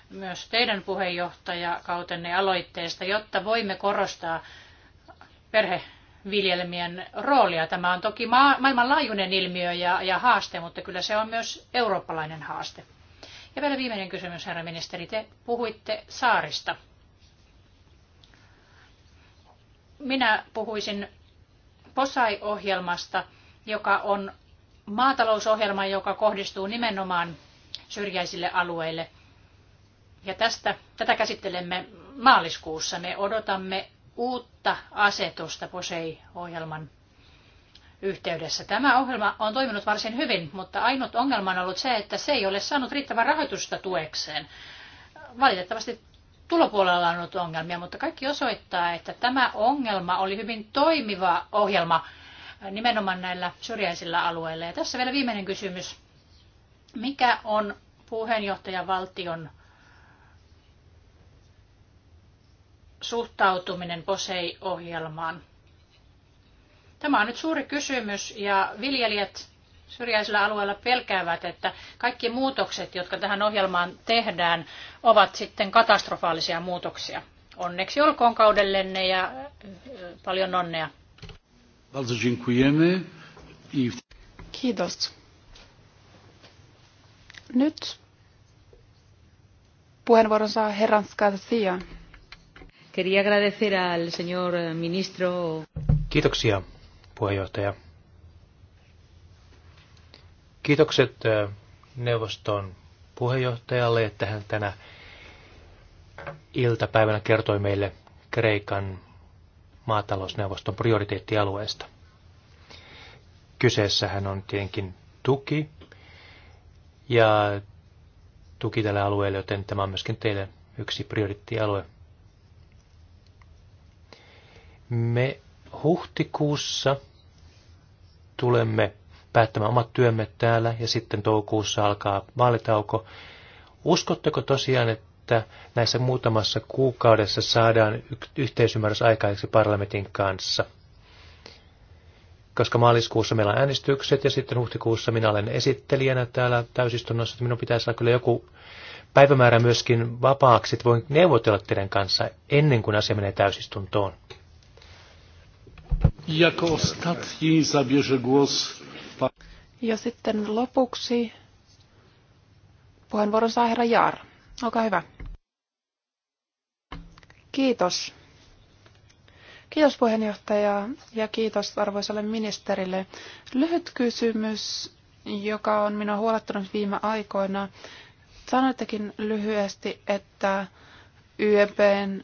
myös teidän puheenjohtajakautenne aloitteesta, jotta voimme korostaa perheviljelmien roolia. Tämä on toki ma- maailmanlaajuinen ilmiö ja, ja haaste, mutta kyllä se on myös eurooppalainen haaste. Ja vielä viimeinen kysymys, herra ministeri. Te puhuitte saarista. Minä puhuisin POSAI-ohjelmasta, joka on maatalousohjelman, joka kohdistuu nimenomaan syrjäisille alueille. Ja tästä, tätä käsittelemme maaliskuussa. Me odotamme uutta asetusta POSEI-ohjelman yhteydessä. Tämä ohjelma on toiminut varsin hyvin, mutta ainut ongelma on ollut se, että se ei ole saanut riittävää rahoitusta tuekseen. Valitettavasti tulopuolella on ollut ongelmia, mutta kaikki osoittaa, että tämä ongelma oli hyvin toimiva ohjelma Äh, nimenomaan näillä syrjäisillä alueilla. Ja tässä vielä viimeinen kysymys. Mikä on puheenjohtajavaltion suhtautuminen POSEI-ohjelmaan? Tämä on nyt suuri kysymys ja viljelijät syrjäisillä alueilla pelkäävät, että kaikki muutokset, jotka tähän ohjelmaan tehdään, ovat sitten katastrofaalisia muutoksia. Onneksi olkoon kaudellenne ja paljon onnea. Bardzo dziękujemy. Kiitos. Nyt puheenvuoron saa herran Garcia. Quería agradecer al señor ministro. Kiitoksia, puheenjohtaja. Kiitokset äh, neuvoston puheenjohtajalle, että hän tänä iltapäivänä kertoi meille Kreikan maatalousneuvoston prioriteettialueesta. Kyseessähän on tietenkin tuki ja tuki tälle alueelle, joten tämä on myöskin teille yksi prioriteettialue. Me huhtikuussa tulemme päättämään omat työmme täällä ja sitten toukokuussa alkaa vaalitauko. Uskotteko tosiaan, että että näissä muutamassa kuukaudessa saadaan yhteisymmärrys aikaiseksi parlamentin kanssa. Koska maaliskuussa meillä on äänestykset ja sitten huhtikuussa minä olen esittelijänä täällä täysistunnossa, että minun pitää saada kyllä joku päivämäärä myöskin vapaaksi, että voin neuvotella teidän kanssa ennen kuin asia menee täysistuntoon. Ja sitten lopuksi puheenvuoron saa herra Jaar. Olkaa hyvä. Kiitos. Kiitos puheenjohtaja ja kiitos arvoisalle ministerille. Lyhyt kysymys, joka on minua huolettanut viime aikoina. Sanoittekin lyhyesti, että YMPn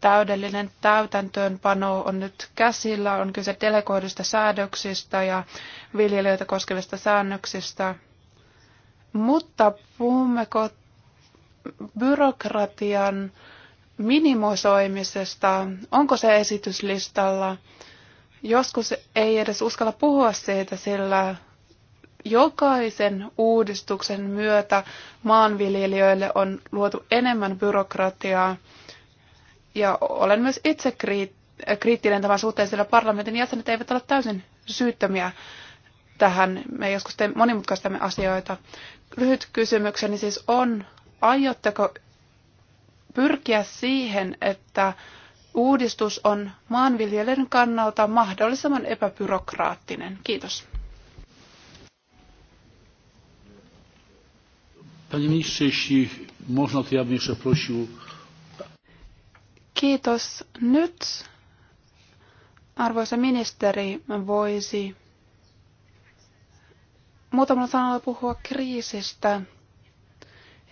täydellinen täytäntöönpano on nyt käsillä. On kyse delegoidusta säädöksistä ja viljelijöitä koskevista säännöksistä. Mutta puhummeko byrokratian minimoisoimisesta. Onko se esityslistalla? Joskus ei edes uskalla puhua siitä, sillä jokaisen uudistuksen myötä maanviljelijöille on luotu enemmän byrokratiaa. Ja olen myös itse kriittinen tämän suhteen, sillä parlamentin jäsenet eivät ole täysin syyttömiä tähän. Me joskus monimutkaistamme asioita. Lyhyt kysymykseni siis on, aiotteko pyrkiä siihen, että uudistus on maanviljelijöiden kannalta mahdollisimman epäbyrokraattinen. Kiitos. Panie ministrze, jeśli można, to ja bym jeszcze prosił. Kiitos. Nyt arvoisa ministeri voisi muutamalla sanalla puhua kriisistä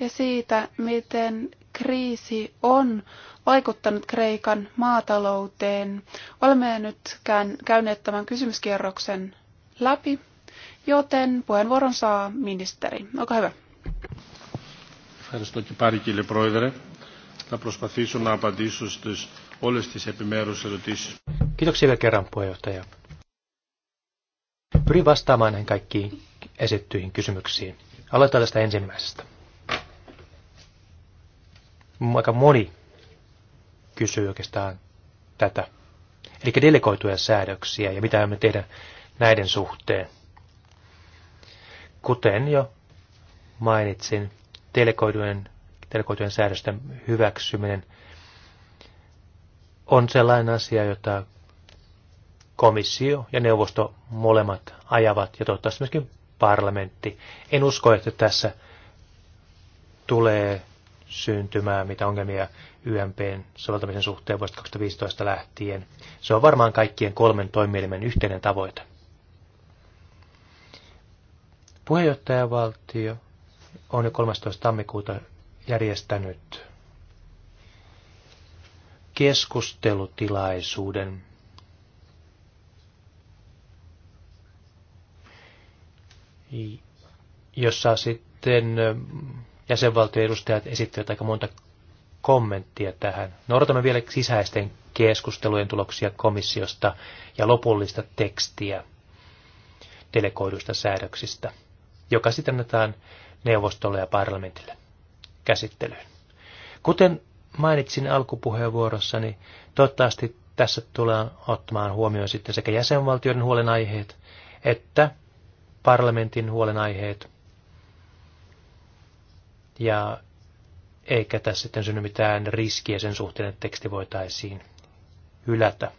ja siitä, miten kriisi on vaikuttanut Kreikan maatalouteen. Olemme nyt käyneet tämän kysymyskierroksen läpi, joten puheenvuoron saa ministeri. Olkaa hyvä. Ευχαριστώ και πάλι κύριε Πρόεδρε. Θα προσπαθήσω να απαντήσω Kiitoksia vielä kerran puheenjohtaja. Pyrin vastaamaan näihin kaikkiin esittyihin kysymyksiin. Aloitetaan tästä ensimmäisestä aika moni kysyy oikeastaan tätä. Eli delegoituja säädöksiä ja mitä me tehdä näiden suhteen. Kuten jo mainitsin, delegoitujen, delegoitujen säädösten hyväksyminen on sellainen asia, jota komissio ja neuvosto molemmat ajavat ja toivottavasti myöskin parlamentti. En usko, että tässä tulee syntymää, mitä ongelmia YMPn soveltamisen suhteen vuodesta 2015 lähtien. Se on varmaan kaikkien kolmen toimielimen yhteinen tavoite. Puheenjohtajavaltio on jo 13. tammikuuta järjestänyt keskustelutilaisuuden jossa sitten jäsenvaltion edustajat esittivät aika monta kommenttia tähän. No odotamme vielä sisäisten keskustelujen tuloksia komissiosta ja lopullista tekstiä delegoiduista säädöksistä, joka sitten annetaan neuvostolle ja parlamentille käsittelyyn. Kuten mainitsin alkupuheenvuorossani, toivottavasti tässä tullaan ottamaan huomioon sitten sekä jäsenvaltioiden huolenaiheet että parlamentin huolenaiheet ja eikä tässä sitten synny mitään riskiä sen suhteen, että teksti voitaisiin hylätä.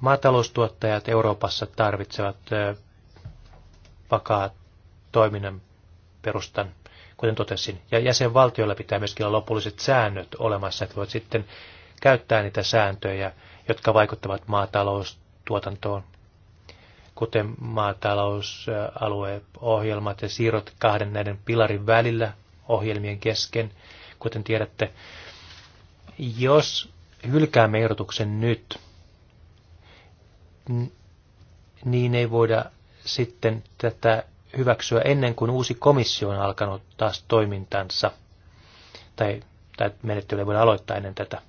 Maataloustuottajat Euroopassa tarvitsevat vakaa toiminnan perustan, kuten totesin. Ja jäsenvaltioilla pitää myöskin olla lopulliset säännöt olemassa, että voit sitten käyttää niitä sääntöjä, jotka vaikuttavat maataloustuotantoon kuten maatalousalueohjelmat ja siirrot kahden näiden pilarin välillä ohjelmien kesken, kuten tiedätte. Jos hylkäämme ehdotuksen nyt, niin ei voida sitten tätä hyväksyä ennen kuin uusi komissio on alkanut taas toimintansa. Tai, tai menettely ei voida aloittaa ennen tätä.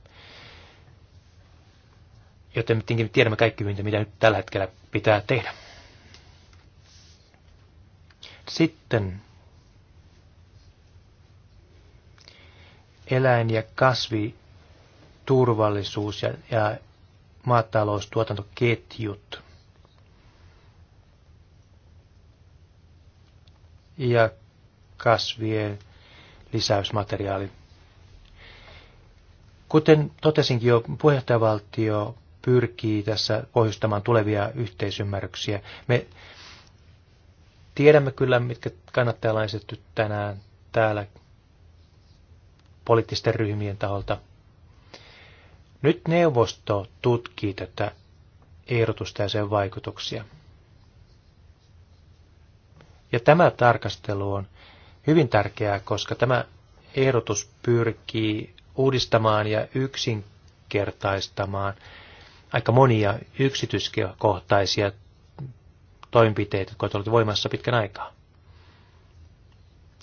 Joten me tiedämme kaikki, mitä nyt tällä hetkellä pitää tehdä. Sitten eläin- ja kasviturvallisuus ja, ja maataloustuotantoketjut. Ja kasvien lisäysmateriaali. Kuten totesinkin jo, puheenjohtajavaltio pyrkii tässä pohjustamaan tulevia yhteisymmärryksiä. Me Tiedämme kyllä, mitkä kannattajalla on esitetty tänään täällä poliittisten ryhmien taholta. Nyt neuvosto tutkii tätä ehdotusta ja sen vaikutuksia. Ja tämä tarkastelu on hyvin tärkeää, koska tämä ehdotus pyrkii uudistamaan ja yksinkertaistamaan aika monia yksityiskohtaisia toimenpiteet, jotka ovat olleet voimassa pitkän aikaa.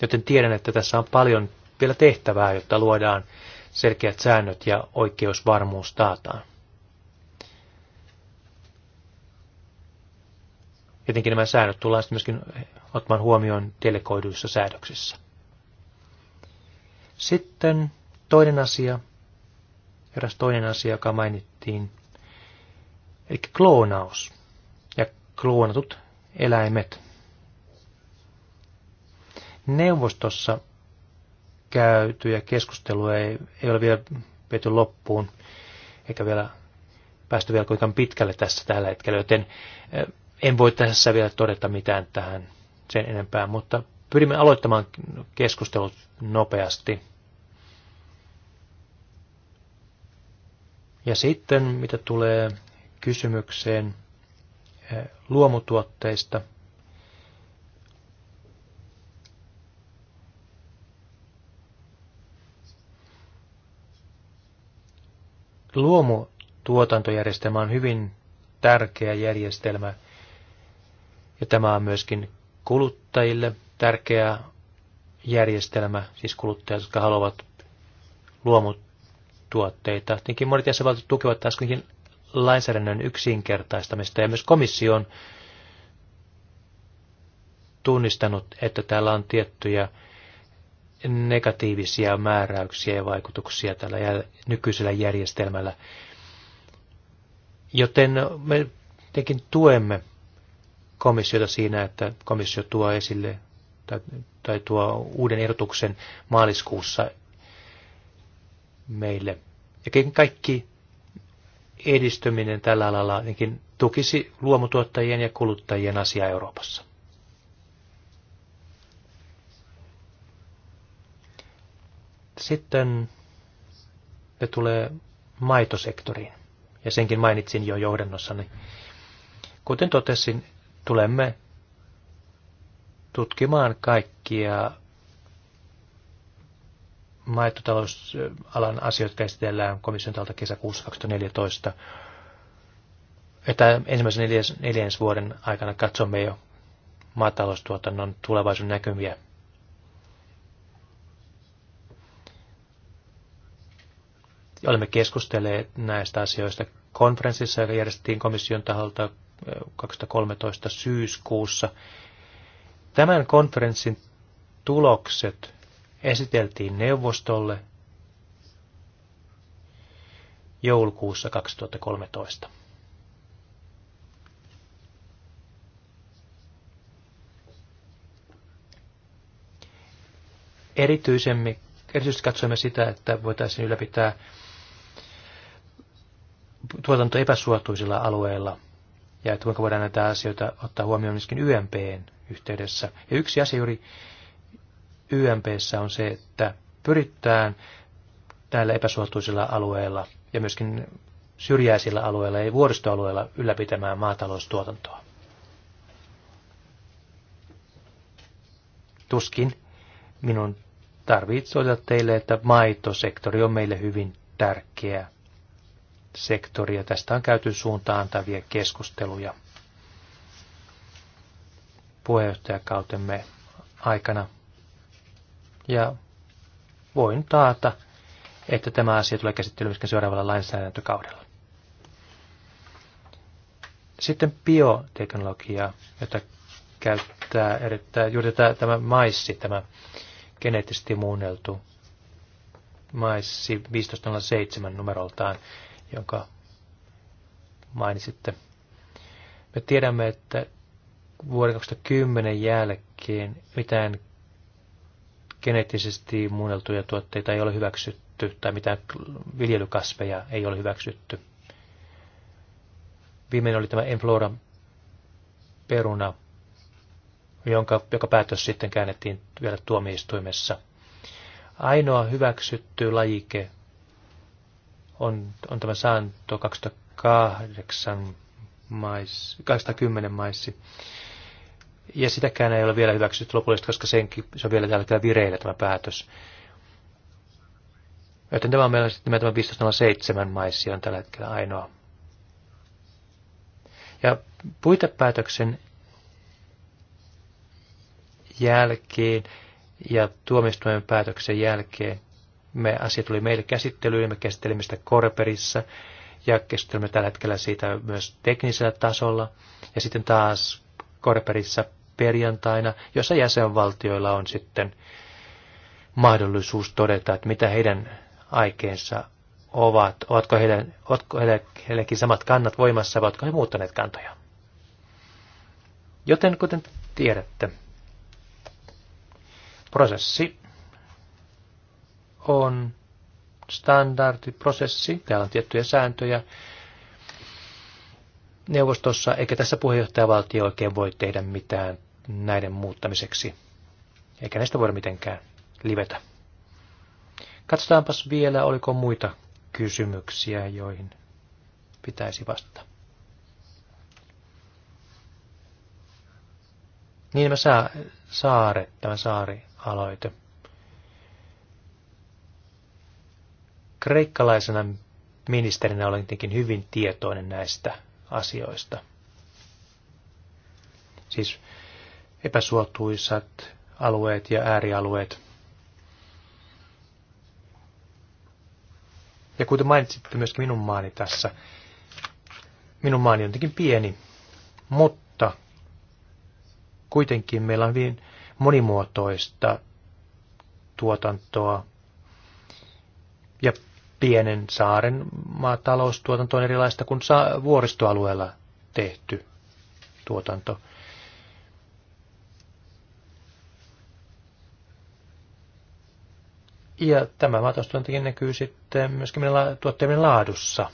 Joten tiedän, että tässä on paljon vielä tehtävää, jotta luodaan selkeät säännöt ja oikeusvarmuus taataan. Jotenkin nämä säännöt tullaan sitten myöskin ottamaan huomioon delegoiduissa säädöksissä. Sitten toinen asia, eräs toinen asia, joka mainittiin, eli kloonaus kloonatut eläimet. Neuvostossa käytyjä keskusteluja ei, ei ole vielä viety loppuun, eikä vielä päästy vielä kuinka pitkälle tässä tällä hetkellä, joten eh, en voi tässä vielä todeta mitään tähän sen enempää, mutta pyrimme aloittamaan keskustelut nopeasti. Ja sitten, mitä tulee kysymykseen Eh, luomutuotteista. Luomutuotantojärjestelmä on hyvin tärkeä järjestelmä ja tämä on myöskin kuluttajille tärkeä järjestelmä, siis kuluttajat, jotka haluavat luomutuotteita. Tietenkin monet jäsenvaltiot tukevat taas lainsäädännön yksinkertaistamista ja myös komissio on tunnistanut, että täällä on tiettyjä negatiivisia määräyksiä ja vaikutuksia tällä nykyisellä järjestelmällä. Joten me tekin tuemme komissiota siinä, että komissio tuo esille tai, tai tuo uuden ehdotuksen maaliskuussa meille. Ja kaikki edistyminen tällä alalla ainakin tukisi luomutuottajien ja kuluttajien asiaa Euroopassa. Sitten ne tulee maitosektoriin, ja senkin mainitsin jo johdannossani. Kuten totesin, tulemme tutkimaan kaikkia maettotalousalan asiat käsitellään komission talta kesäkuussa 2014. Että ensimmäisen neljäs, neljäs vuoden aikana katsomme jo maataloustuotannon tulevaisuuden näkymiä. Olemme keskustelleet näistä asioista konferenssissa, joka järjestettiin komission taholta 2013 syyskuussa. Tämän konferenssin tulokset esiteltiin neuvostolle joulukuussa 2013. Erityisemmin, erityisesti katsoimme sitä, että voitaisiin ylläpitää tuotanto epäsuotuisilla alueilla ja että kuinka voidaan näitä asioita ottaa huomioon myöskin YMPn yhteydessä. Ja yksi asia juuri YMPssä on se, että pyritään näillä epäsuotuisilla alueilla ja myöskin syrjäisillä alueilla ja vuoristoalueilla ylläpitämään maataloustuotantoa. Tuskin minun tarvitsee soittaa teille, että maitosektori on meille hyvin tärkeä sektori ja tästä on käyty suuntaan antavia keskusteluja puheenjohtajakautemme aikana ja voin taata, että tämä asia tulee käsittelyyn myöskin seuraavalla lainsäädäntökaudella. Sitten bioteknologia, jota käyttää erittäin, juuri tämä, tämä maissi, tämä geneettisesti muunneltu maissi 1507 numeroltaan, jonka mainitsitte. Me tiedämme, että vuoden 2010 jälkeen mitään geneettisesti muunneltuja tuotteita ei ole hyväksytty tai mitään viljelykasveja ei ole hyväksytty. Viimeinen oli tämä Enflora peruna, jonka, joka päätös sitten käännettiin vielä tuomioistuimessa. Ainoa hyväksytty lajike on, on tämä saanto 2008 mais, 210 maissi ja sitäkään ei ole vielä hyväksytty lopullisesti, koska senkin, se on vielä tällä hetkellä vireillä tämä päätös. Joten tämä on meillä sitten tämä 15.07 maissi on tällä hetkellä ainoa. Ja puitepäätöksen jälkeen ja tuomistuimen päätöksen jälkeen me asia tuli meille käsittelyyn, me käsittelimme sitä Korperissa ja keskustelemme tällä hetkellä siitä myös teknisellä tasolla. Ja sitten taas Korperissa perjantaina, jossa jäsenvaltioilla on sitten mahdollisuus todeta, että mitä heidän aikeensa ovat, ovatko, heidän, ovatko heillekin samat kannat voimassa vai ovatko he muuttaneet kantoja. Joten kuten tiedätte, prosessi on standardiprosessi, täällä on tiettyjä sääntöjä, neuvostossa, eikä tässä puheenjohtajavaltio oikein voi tehdä mitään näiden muuttamiseksi. Eikä näistä voida mitenkään livetä. Katsotaanpas vielä, oliko muita kysymyksiä, joihin pitäisi vastata. Niin mä saa, saare tämä saari aloite. Kreikkalaisena ministerinä olen tietenkin hyvin tietoinen näistä asioista. Siis epäsuotuisat alueet ja äärialueet. Ja kuten mainitsitte myöskin minun maani tässä, minun maani on jotenkin pieni, mutta kuitenkin meillä on hyvin monimuotoista tuotantoa ja pienen saaren maataloustuotanto on erilaista kuin vuoristoalueella tehty tuotanto. Ja tämä maataloustuotantokin näkyy sitten myöskin tuotteiden laadussa.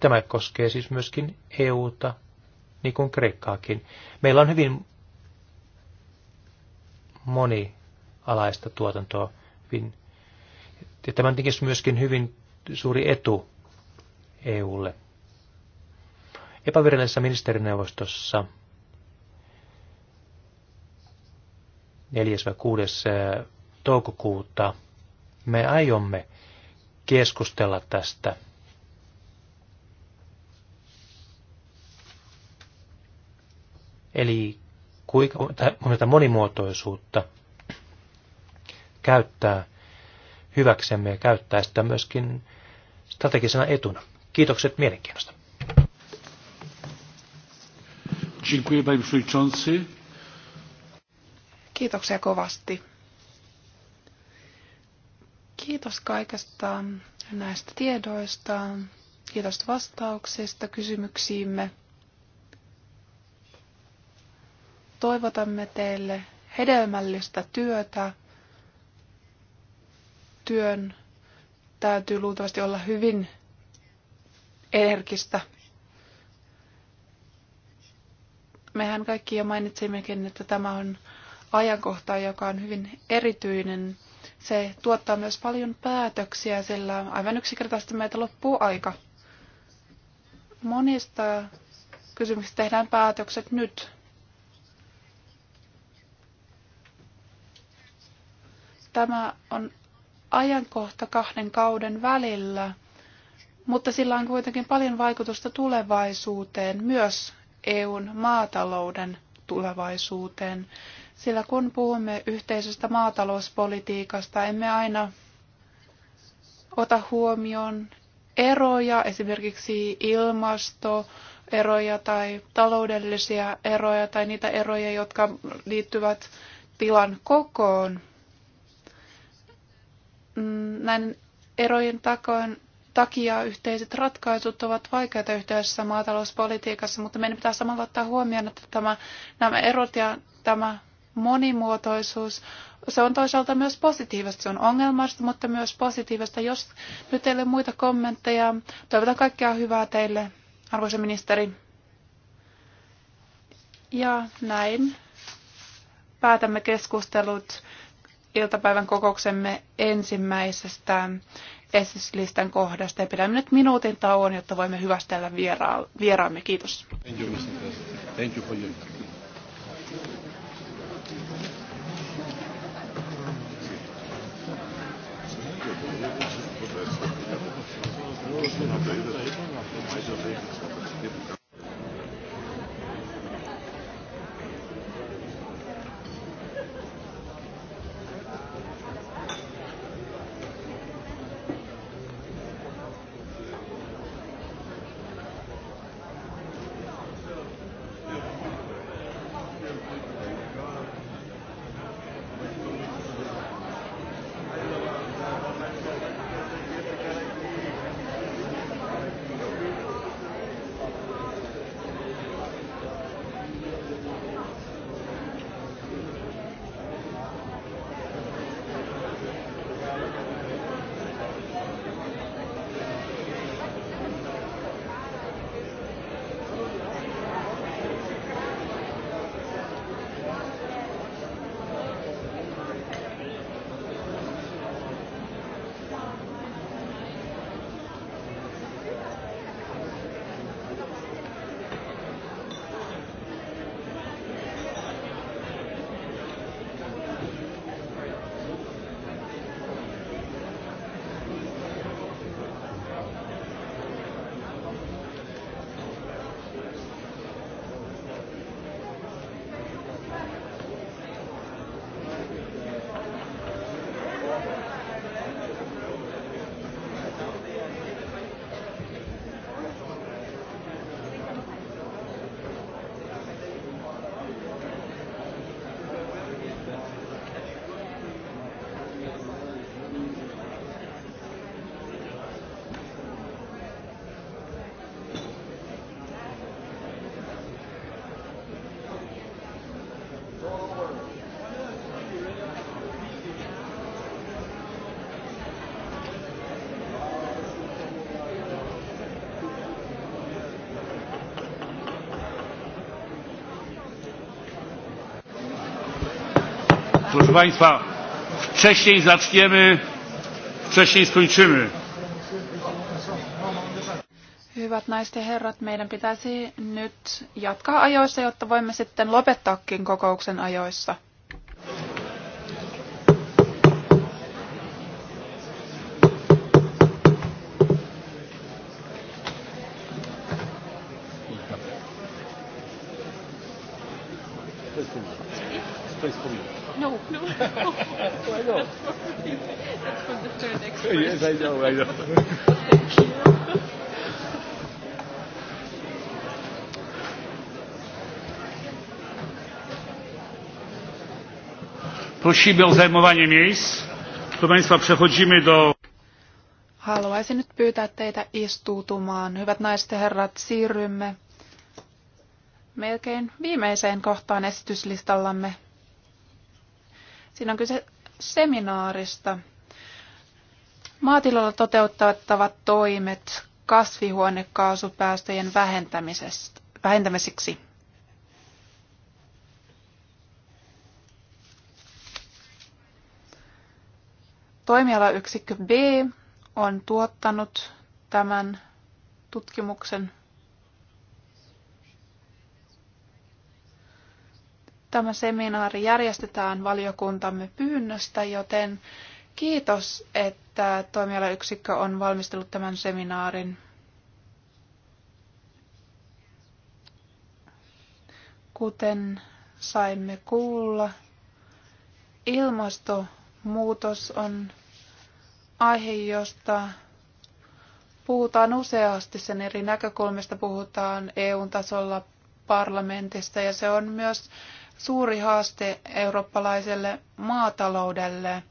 Tämä koskee siis myöskin EUta, niin kuin Kreikkaakin. Meillä on hyvin monialaista tuotantoa. Hyvin, ja tämä on myöskin hyvin suuri etu EUlle. Epävirallisessa ministerineuvostossa 4. vai 6. toukokuuta me aiomme keskustella tästä. Eli kuinka tätä monimuotoisuutta käyttää hyväksemme ja käyttää sitä myöskin strategisena etuna. Kiitokset mielenkiinnosta. Kiitoksia kovasti. Kiitos kaikesta näistä tiedoista. Kiitos vastauksista kysymyksiimme. Toivotamme teille hedelmällistä työtä. Työn täytyy luultavasti olla hyvin energistä. Mehän kaikki jo mainitsimmekin, että tämä on ajankohta, joka on hyvin erityinen. Se tuottaa myös paljon päätöksiä, sillä aivan yksinkertaisesti meitä loppuu aika. Monista kysymyksistä tehdään päätökset nyt. Tämä on ajankohta kahden kauden välillä, mutta sillä on kuitenkin paljon vaikutusta tulevaisuuteen, myös EUn maatalouden tulevaisuuteen. Sillä kun puhumme yhteisestä maatalouspolitiikasta, emme aina ota huomioon eroja, esimerkiksi ilmasto, eroja tai taloudellisia eroja tai niitä eroja, jotka liittyvät tilan kokoon. Mm, näiden erojen takoin, takia yhteiset ratkaisut ovat vaikeita yhteisessä maatalouspolitiikassa, mutta meidän pitää samalla ottaa huomioon, että tämä, nämä erot ja tämä monimuotoisuus, se on toisaalta myös positiivista. Se on ongelmasta, mutta myös positiivista. Jos nyt teille muita kommentteja, toivotan kaikkea hyvää teille, arvoisa ministeri. Ja näin päätämme keskustelut iltapäivän kokouksemme ensimmäisestä esityslistan kohdasta ja pidämme nyt minuutin tauon, jotta voimme hyvästellä viera- vieraamme. Kiitos. Thank you, Thank you for Thank you. Państwa, wcześniej zaczniemy, wcześniej skończymy. Hyvät naiset ja herrat, meidän pitäisi nyt jatkaa ajoissa, jotta voimme sitten lopettaakin kokouksen ajoissa. to jest No, no. [LAUGHS] I know. That's for, the third expert. Yes, I know, I know. [LAUGHS] Thank you. Prosimy o zajmowanie miejsc. Proszę Państwa, przechodzimy do... Haluaisin nyt pyytää teitä istuutumaan. Hyvät naiset ja herrat, siirrymme melkein viimeiseen kohtaan esityslistallamme, Siinä on kyse seminaarista. Maatilalla toteuttavat toimet kasvihuonekaasupäästöjen vähentämiseksi. Toimialayksikkö B on tuottanut tämän tutkimuksen Tämä seminaari järjestetään valiokuntamme pyynnöstä, joten kiitos, että toimialayksikkö on valmistellut tämän seminaarin. Kuten saimme kuulla, ilmastonmuutos on aihe, josta puhutaan useasti sen eri näkökulmista, puhutaan EUn tasolla parlamentista ja se on myös suuri haaste eurooppalaiselle maataloudelle.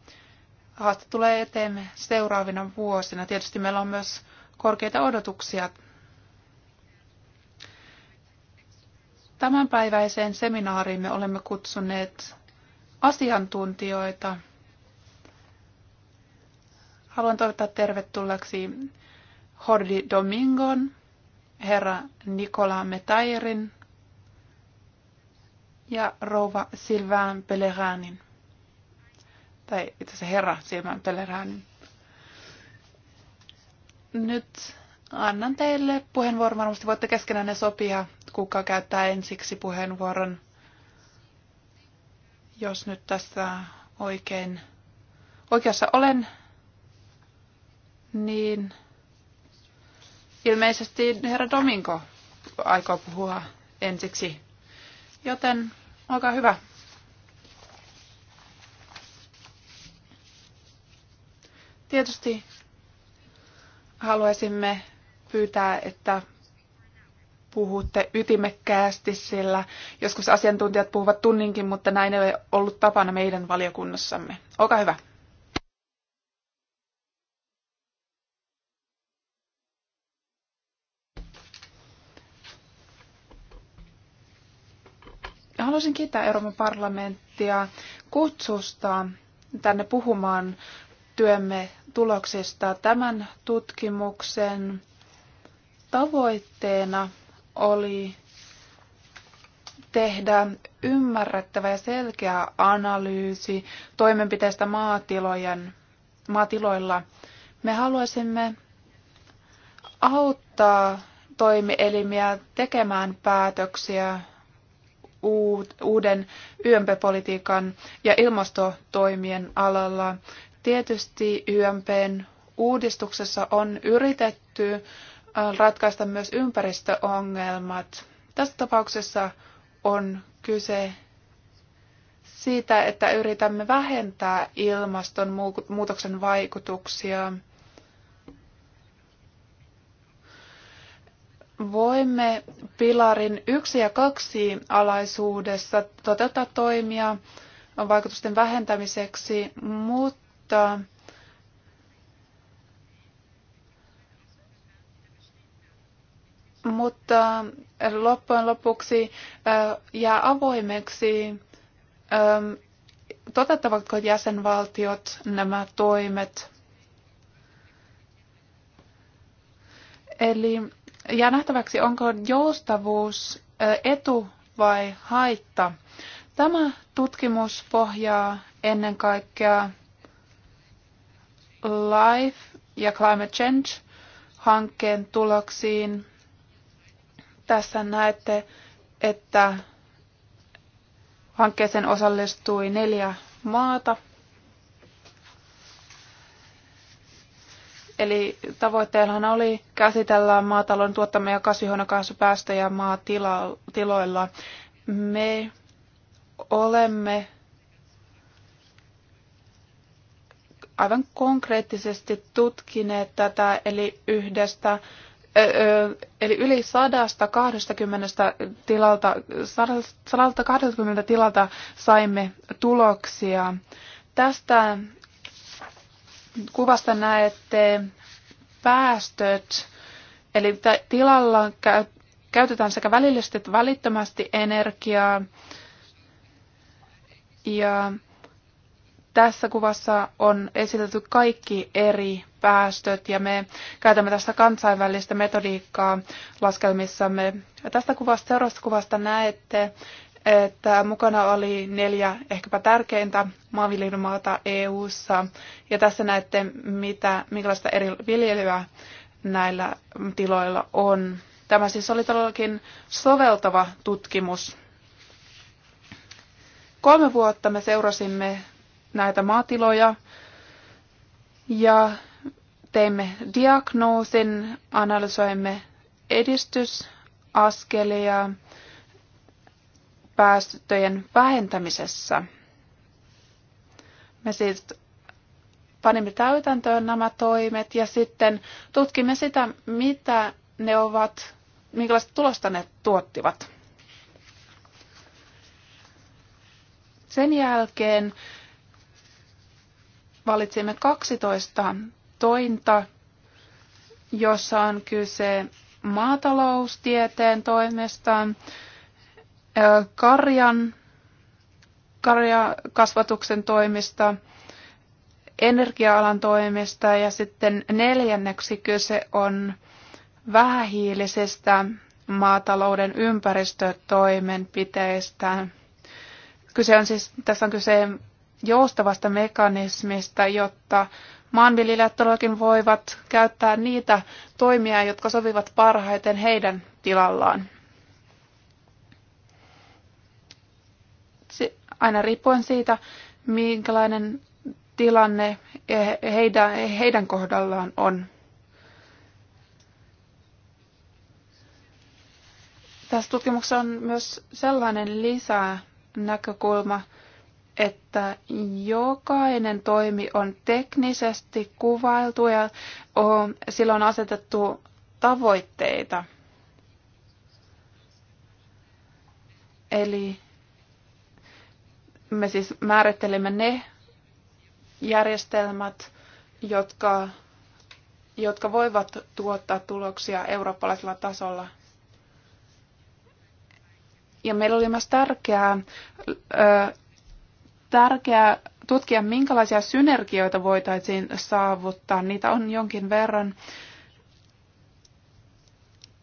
Haaste tulee eteen seuraavina vuosina. Tietysti meillä on myös korkeita odotuksia. Tämänpäiväiseen seminaariimme olemme kutsuneet asiantuntijoita. Haluan toivottaa tervetulleeksi Hordi Domingon, herra Nikola Metairin, ja rouva silvään peleräänin Tai itse asiassa herra Silvain peleräänin. Nyt annan teille puheenvuoron. Varmasti voitte keskenään ne sopia, kuka käyttää ensiksi puheenvuoron. Jos nyt tässä oikein oikeassa olen, niin ilmeisesti herra Domingo aikoo puhua ensiksi. Joten olkaa hyvä. Tietysti haluaisimme pyytää, että puhutte ytimekkäästi, sillä joskus asiantuntijat puhuvat tunninkin, mutta näin ei ole ollut tapana meidän valiokunnassamme. Olkaa hyvä. Haluaisin kiittää Euroopan parlamenttia kutsusta tänne puhumaan työmme tuloksista. Tämän tutkimuksen tavoitteena oli tehdä ymmärrettävä ja selkeä analyysi toimenpiteistä maatilojen, maatiloilla. Me haluaisimme auttaa toimielimiä tekemään päätöksiä uuden YMP-politiikan ja ilmastotoimien alalla. Tietysti YMPn uudistuksessa on yritetty äh, ratkaista myös ympäristöongelmat. Tässä tapauksessa on kyse siitä, että yritämme vähentää ilmastonmuutoksen vaikutuksia voimme pilarin yksi ja kaksi alaisuudessa toteuttaa toimia vaikutusten vähentämiseksi, mutta mutta loppujen lopuksi äh, jää avoimeksi, ähm, toteuttavatko jäsenvaltiot nämä toimet. Eli Jää nähtäväksi, onko joustavuus etu vai haitta. Tämä tutkimus pohjaa ennen kaikkea Life ja Climate Change-hankkeen tuloksiin. Tässä näette, että hankkeeseen osallistui neljä maata – Eli tavoitteellahan oli käsitellä maatalouden tuottamia kasvihuonekaasupäästöjä maatiloilla. Me olemme aivan konkreettisesti tutkineet tätä, eli yhdestä eli yli 120 tilalta, 120 tilalta saimme tuloksia. Tästä Kuvasta näette päästöt, eli tilalla käytetään sekä välillisesti että välittömästi energiaa. Ja tässä kuvassa on esitetty kaikki eri päästöt ja me käytämme tässä kansainvälistä metodiikkaa laskelmissamme. Ja tästä kuvasta, seuraavasta kuvasta näette, että mukana oli neljä ehkäpä tärkeintä maanviljelymaata EU-ssa. Ja tässä näette, mitä, minkälaista eri viljelyä näillä tiloilla on. Tämä siis oli todellakin soveltava tutkimus. Kolme vuotta me seurasimme näitä maatiloja ja teimme diagnoosin, analysoimme edistysaskelia, päästöjen vähentämisessä. Me siis panimme täytäntöön nämä toimet ja sitten tutkimme sitä, mitä ne ovat, minkälaista tulosta ne tuottivat. Sen jälkeen valitsimme 12 tointa, jossa on kyse maataloustieteen toimestaan karjan, karjakasvatuksen toimista, energia-alan toimista ja sitten neljänneksi kyse on vähähiilisestä maatalouden ympäristötoimenpiteistä. Kyse on siis, tässä on kyse joustavasta mekanismista, jotta maanviljelijät todellakin voivat käyttää niitä toimia, jotka sovivat parhaiten heidän tilallaan. aina riippuen siitä, minkälainen tilanne heidän, heidän kohdallaan on. Tässä tutkimuksessa on myös sellainen lisää näkökulma, että jokainen toimi on teknisesti kuvailtu ja sillä on asetettu tavoitteita. Eli me siis määrittelimme ne järjestelmät, jotka, jotka voivat tuottaa tuloksia eurooppalaisella tasolla. Ja meillä oli myös tärkeää, ö, tärkeää tutkia, minkälaisia synergioita voitaisiin saavuttaa. Niitä on jonkin verran.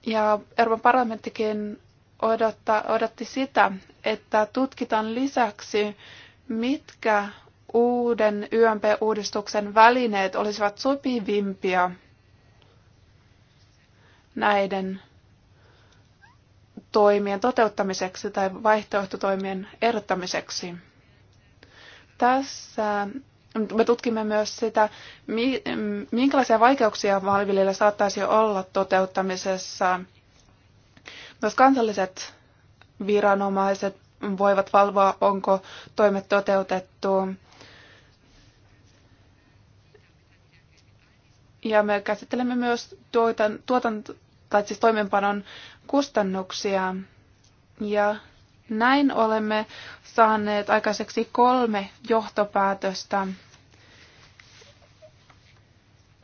Ja Euroopan parlamenttikin odottaa, odotti sitä, että tutkitaan lisäksi, mitkä uuden YMP-uudistuksen välineet olisivat sopivimpia näiden toimien toteuttamiseksi tai vaihtoehtotoimien erottamiseksi. Tässä me tutkimme myös sitä, minkälaisia vaikeuksia maanviljelijällä saattaisi olla toteuttamisessa myös kansalliset viranomaiset voivat valvoa, onko toimet toteutettu. Ja me käsittelemme myös tuotan, tuotan, tai siis toimenpanon kustannuksia. Ja näin olemme saaneet aikaiseksi kolme johtopäätöstä.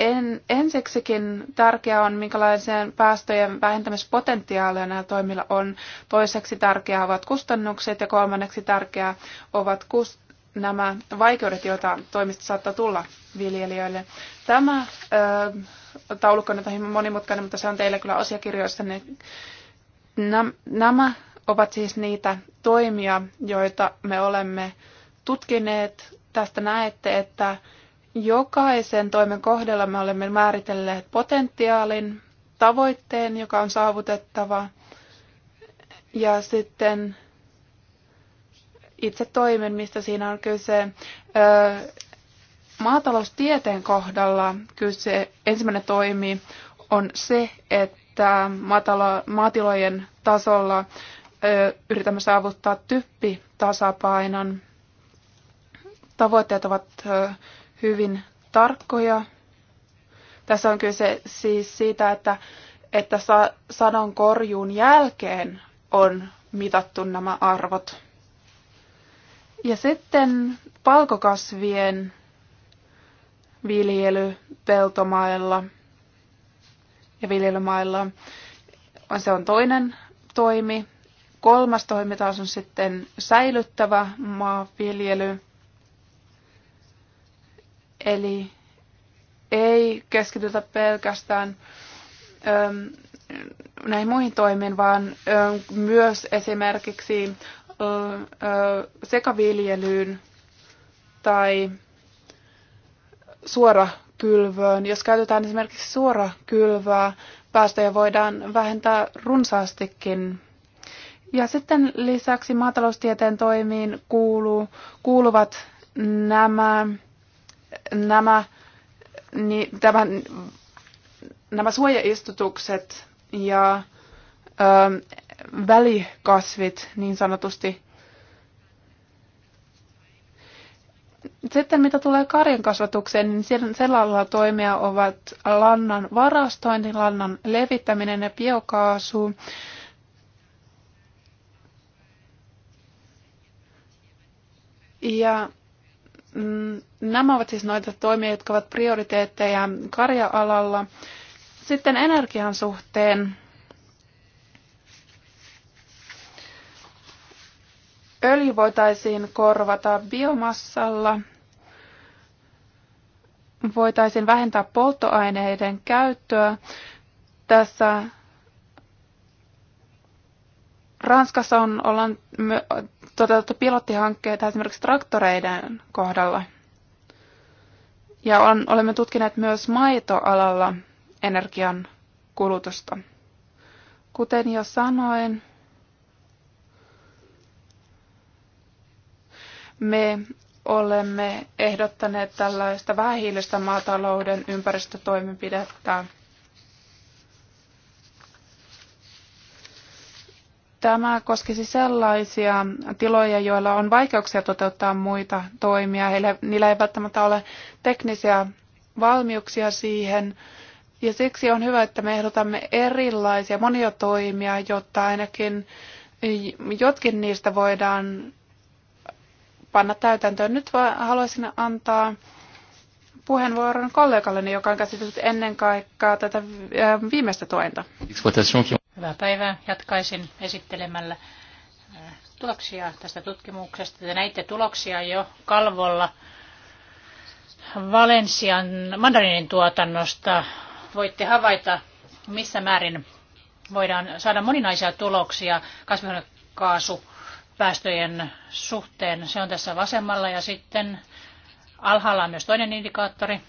En, ensiksikin tärkeää on, minkälaisen päästöjen vähentämispotentiaalia näillä toimilla on. Toiseksi tärkeää ovat kustannukset ja kolmanneksi tärkeää ovat kust- nämä vaikeudet, joita toimista saattaa tulla viljelijöille. Tämä ö, taulukko on hieman monimutkainen, mutta se on teille kyllä asiakirjoissa. Nämä ovat siis niitä toimia, joita me olemme tutkineet. Tästä näette, että Jokaisen toimen kohdalla me olemme määritelleet potentiaalin, tavoitteen, joka on saavutettava, ja sitten itse toimen, mistä siinä on kyse. Maataloustieteen kohdalla kyse, ensimmäinen toimi on se, että maatalo, maatilojen tasolla yritämme saavuttaa typpitasapainon. Tavoitteet ovat hyvin tarkkoja. Tässä on kyse siis siitä, että, että sadon korjuun jälkeen on mitattu nämä arvot. Ja sitten palkokasvien viljely peltomailla ja viljelymailla on se on toinen toimi. Kolmas toimi taas on sitten säilyttävä maanviljely. Eli ei keskitytä pelkästään näihin muihin toimiin, vaan myös esimerkiksi sekaviljelyyn tai suorakylvöön. Jos käytetään esimerkiksi suorakylvää, päästöjä voidaan vähentää runsaastikin. Ja sitten lisäksi maataloustieteen toimiin kuuluu, kuuluvat nämä nämä, niin, tämän, nämä suojaistutukset ja ö, välikasvit niin sanotusti. Sitten mitä tulee karjan kasvatukseen, niin sellaisella toimia ovat lannan varastointi, lannan levittäminen ja biokaasu. Ja Mm, nämä ovat siis noita toimia, jotka ovat prioriteetteja karja-alalla. Sitten energian suhteen. Öljy voitaisiin korvata biomassalla, voitaisiin vähentää polttoaineiden käyttöä. Tässä Ranskassa on, ollaan toteutettu pilottihankkeita esimerkiksi traktoreiden kohdalla. Ja on, olemme tutkineet myös maitoalalla energian kulutusta. Kuten jo sanoin, me olemme ehdottaneet tällaista vähähiilistä maatalouden ympäristötoimenpidettä Tämä koskisi sellaisia tiloja, joilla on vaikeuksia toteuttaa muita toimia. Heille niillä ei välttämättä ole teknisiä valmiuksia siihen. Ja siksi on hyvä, että me ehdotamme erilaisia monia toimia, jotta ainakin jotkin niistä voidaan panna täytäntöön. Nyt haluaisin antaa puheenvuoron kollegalleni, joka on käsitellyt ennen kaikkea tätä äh, viimeistä tointa. Hyvää päivää. Jatkaisin esittelemällä äh, tuloksia tästä tutkimuksesta. Te näitte tuloksia jo kalvolla Valensian mandarinin tuotannosta. Voitte havaita, missä määrin voidaan saada moninaisia tuloksia kasvihuonekaasupäästöjen suhteen. Se on tässä vasemmalla ja sitten alhaalla on myös toinen indikaattori,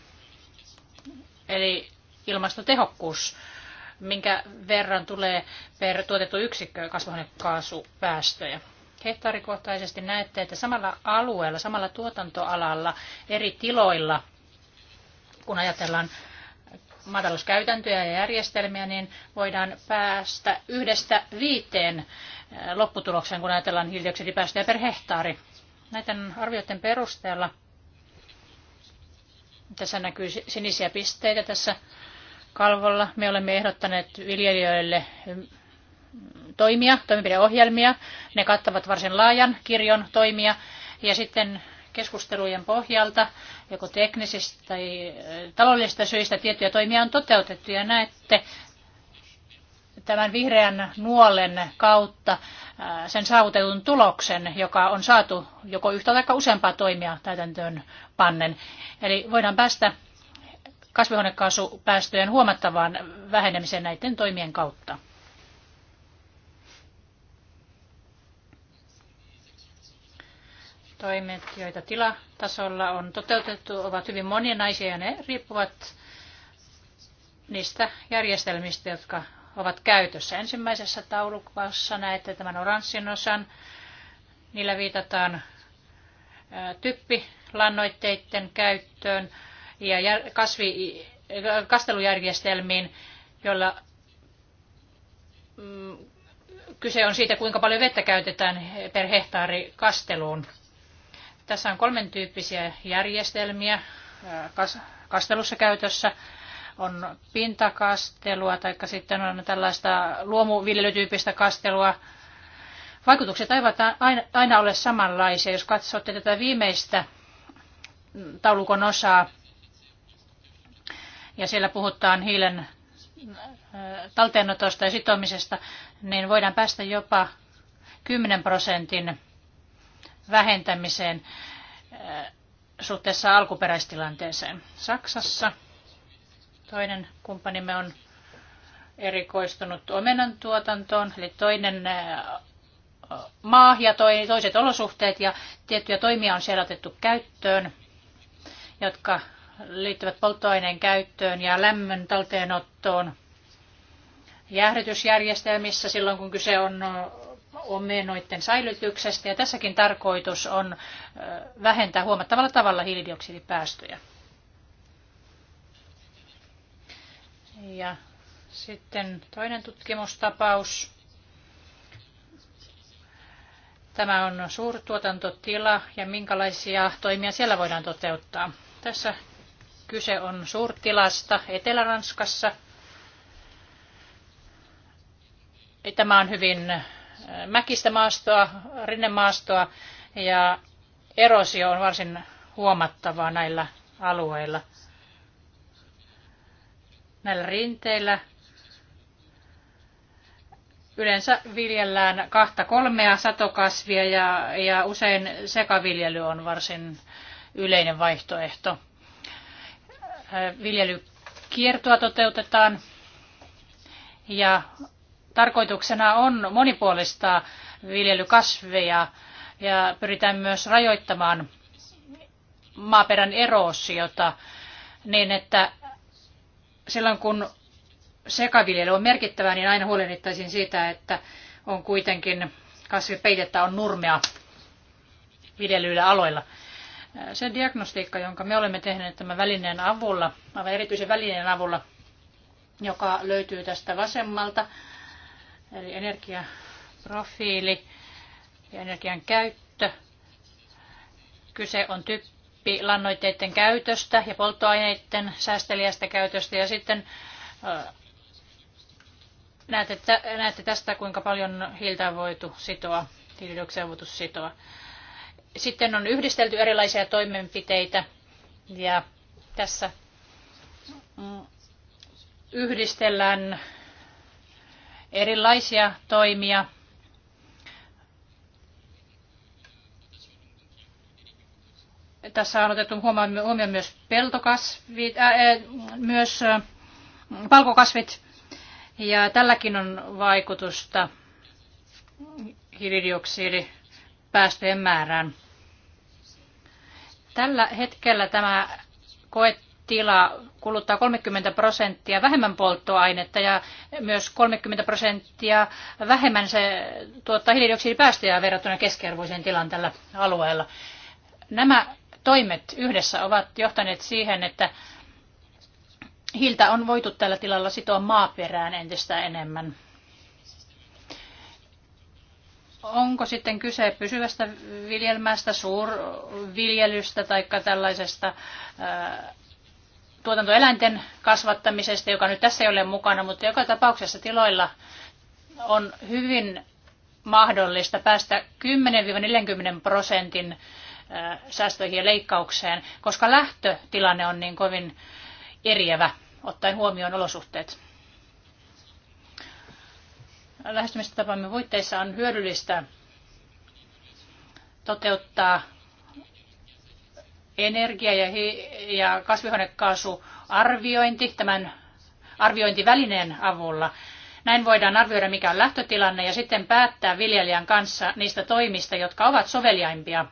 eli ilmastotehokkuus minkä verran tulee per tuotettu yksikkö kasvihuonekaasupäästöjä. Hehtaarikohtaisesti näette, että samalla alueella, samalla tuotantoalalla, eri tiloilla, kun ajatellaan maatalouskäytäntöjä ja järjestelmiä, niin voidaan päästä yhdestä viiteen eh, lopputulokseen, kun ajatellaan hiilidioksidipäästöjä per hehtaari. Näiden arvioiden perusteella tässä näkyy sinisiä pisteitä tässä kalvolla. Me olemme ehdottaneet viljelijöille toimia, toimenpideohjelmia. Ne kattavat varsin laajan kirjon toimia. Ja sitten keskustelujen pohjalta, joko teknisistä tai eh, taloudellisista syistä tiettyjä toimia on toteutettu ja näette tämän vihreän nuolen kautta eh, sen saavutetun tuloksen, joka on saatu joko yhtä tai useampaa toimia täytäntöön pannen. Eli voidaan päästä kasvihuonekaasupäästöjen huomattavan vähenemiseen näiden toimien kautta. Toimet, joita tilatasolla on toteutettu, ovat hyvin moninaisia ja ne riippuvat niistä järjestelmistä, jotka ovat käytössä. Ensimmäisessä taulukuvassa näette tämän oranssin osan. Niillä viitataan typpilannoitteiden käyttöön ja kasvi, kastelujärjestelmiin, joilla mm, kyse on siitä, kuinka paljon vettä käytetään per hehtaari kasteluun. Tässä on kolmen tyyppisiä järjestelmiä kastelussa käytössä. On pintakastelua tai sitten on tällaista luomuviljelytyyppistä kastelua. Vaikutukset eivät aina ole samanlaisia. Jos katsotte tätä viimeistä mm, taulukon osaa, ja siellä puhutaan hiilen äh, talteenotosta ja sitomisesta, niin voidaan päästä jopa 10 prosentin vähentämiseen äh, suhteessa alkuperäistilanteeseen. Saksassa toinen kumppanimme on erikoistunut omenan tuotantoon, eli toinen äh, maa ja toiset olosuhteet ja tiettyjä toimia on siellä otettu käyttöön, jotka liittyvät polttoaineen käyttöön ja lämmön talteenottoon jäähdytysjärjestelmissä silloin, kun kyse on omenoiden säilytyksestä. Ja tässäkin tarkoitus on vähentää huomattavalla tavalla hiilidioksidipäästöjä. Ja sitten toinen tutkimustapaus. Tämä on suurtuotantotila ja minkälaisia toimia siellä voidaan toteuttaa. Tässä Kyse on suurtilasta Etelä-Ranskassa. Tämä on hyvin äh, mäkistä maastoa, rinnemaastoa ja erosio on varsin huomattavaa näillä alueilla. Näillä rinteillä yleensä viljellään kahta kolmea satokasvia ja, ja usein sekaviljely on varsin yleinen vaihtoehto viljelykiertoa toteutetaan ja tarkoituksena on monipuolistaa viljelykasveja ja pyritään myös rajoittamaan maaperän eroosiota niin, että silloin kun sekaviljely on merkittävää, niin aina huolehdittaisiin siitä, että on kuitenkin kasvipeitettä on nurmea viljelyillä aloilla se diagnostiikka, jonka me olemme tehneet tämän välineen avulla, aivan erityisen välineen avulla, joka löytyy tästä vasemmalta, eli energiaprofiili ja energian käyttö. Kyse on typpi lannoitteiden käytöstä ja polttoaineiden säästeliästä käytöstä ja sitten näette, näette tästä, kuinka paljon hiiltä on voitu sitoa, hiilidioksidia on voitu sitoa. Sitten on yhdistelty erilaisia toimenpiteitä ja tässä yhdistellään erilaisia toimia. Tässä on otettu huomioon myös peltokasvit, ää, äh, äh, myös äh, palkokasvit, ja tälläkin on vaikutusta hiilidioksidi päästöjen määrään. Tällä hetkellä tämä koetila kuluttaa 30 prosenttia vähemmän polttoainetta ja myös 30 prosenttia vähemmän se tuottaa hiilidioksidipäästöjä verrattuna keskiarvoiseen tilaan tällä alueella. Nämä toimet yhdessä ovat johtaneet siihen, että hiiltä on voitu tällä tilalla sitoa maaperään entistä enemmän onko sitten kyse pysyvästä viljelmästä, suurviljelystä tai tällaisesta äh, tuotantoeläinten kasvattamisesta, joka nyt tässä ei ole mukana, mutta joka tapauksessa tiloilla on hyvin mahdollista päästä 10-40 prosentin äh, säästöihin ja leikkaukseen, koska lähtötilanne on niin kovin eriävä, ottaen huomioon olosuhteet lähestymistapamme puitteissa on hyödyllistä toteuttaa energia- ja, hi- ja kasvihuonekaasuarviointi tämän arviointivälineen avulla. Näin voidaan arvioida, mikä on lähtötilanne ja sitten päättää viljelijän kanssa niistä toimista, jotka ovat soveliaimpia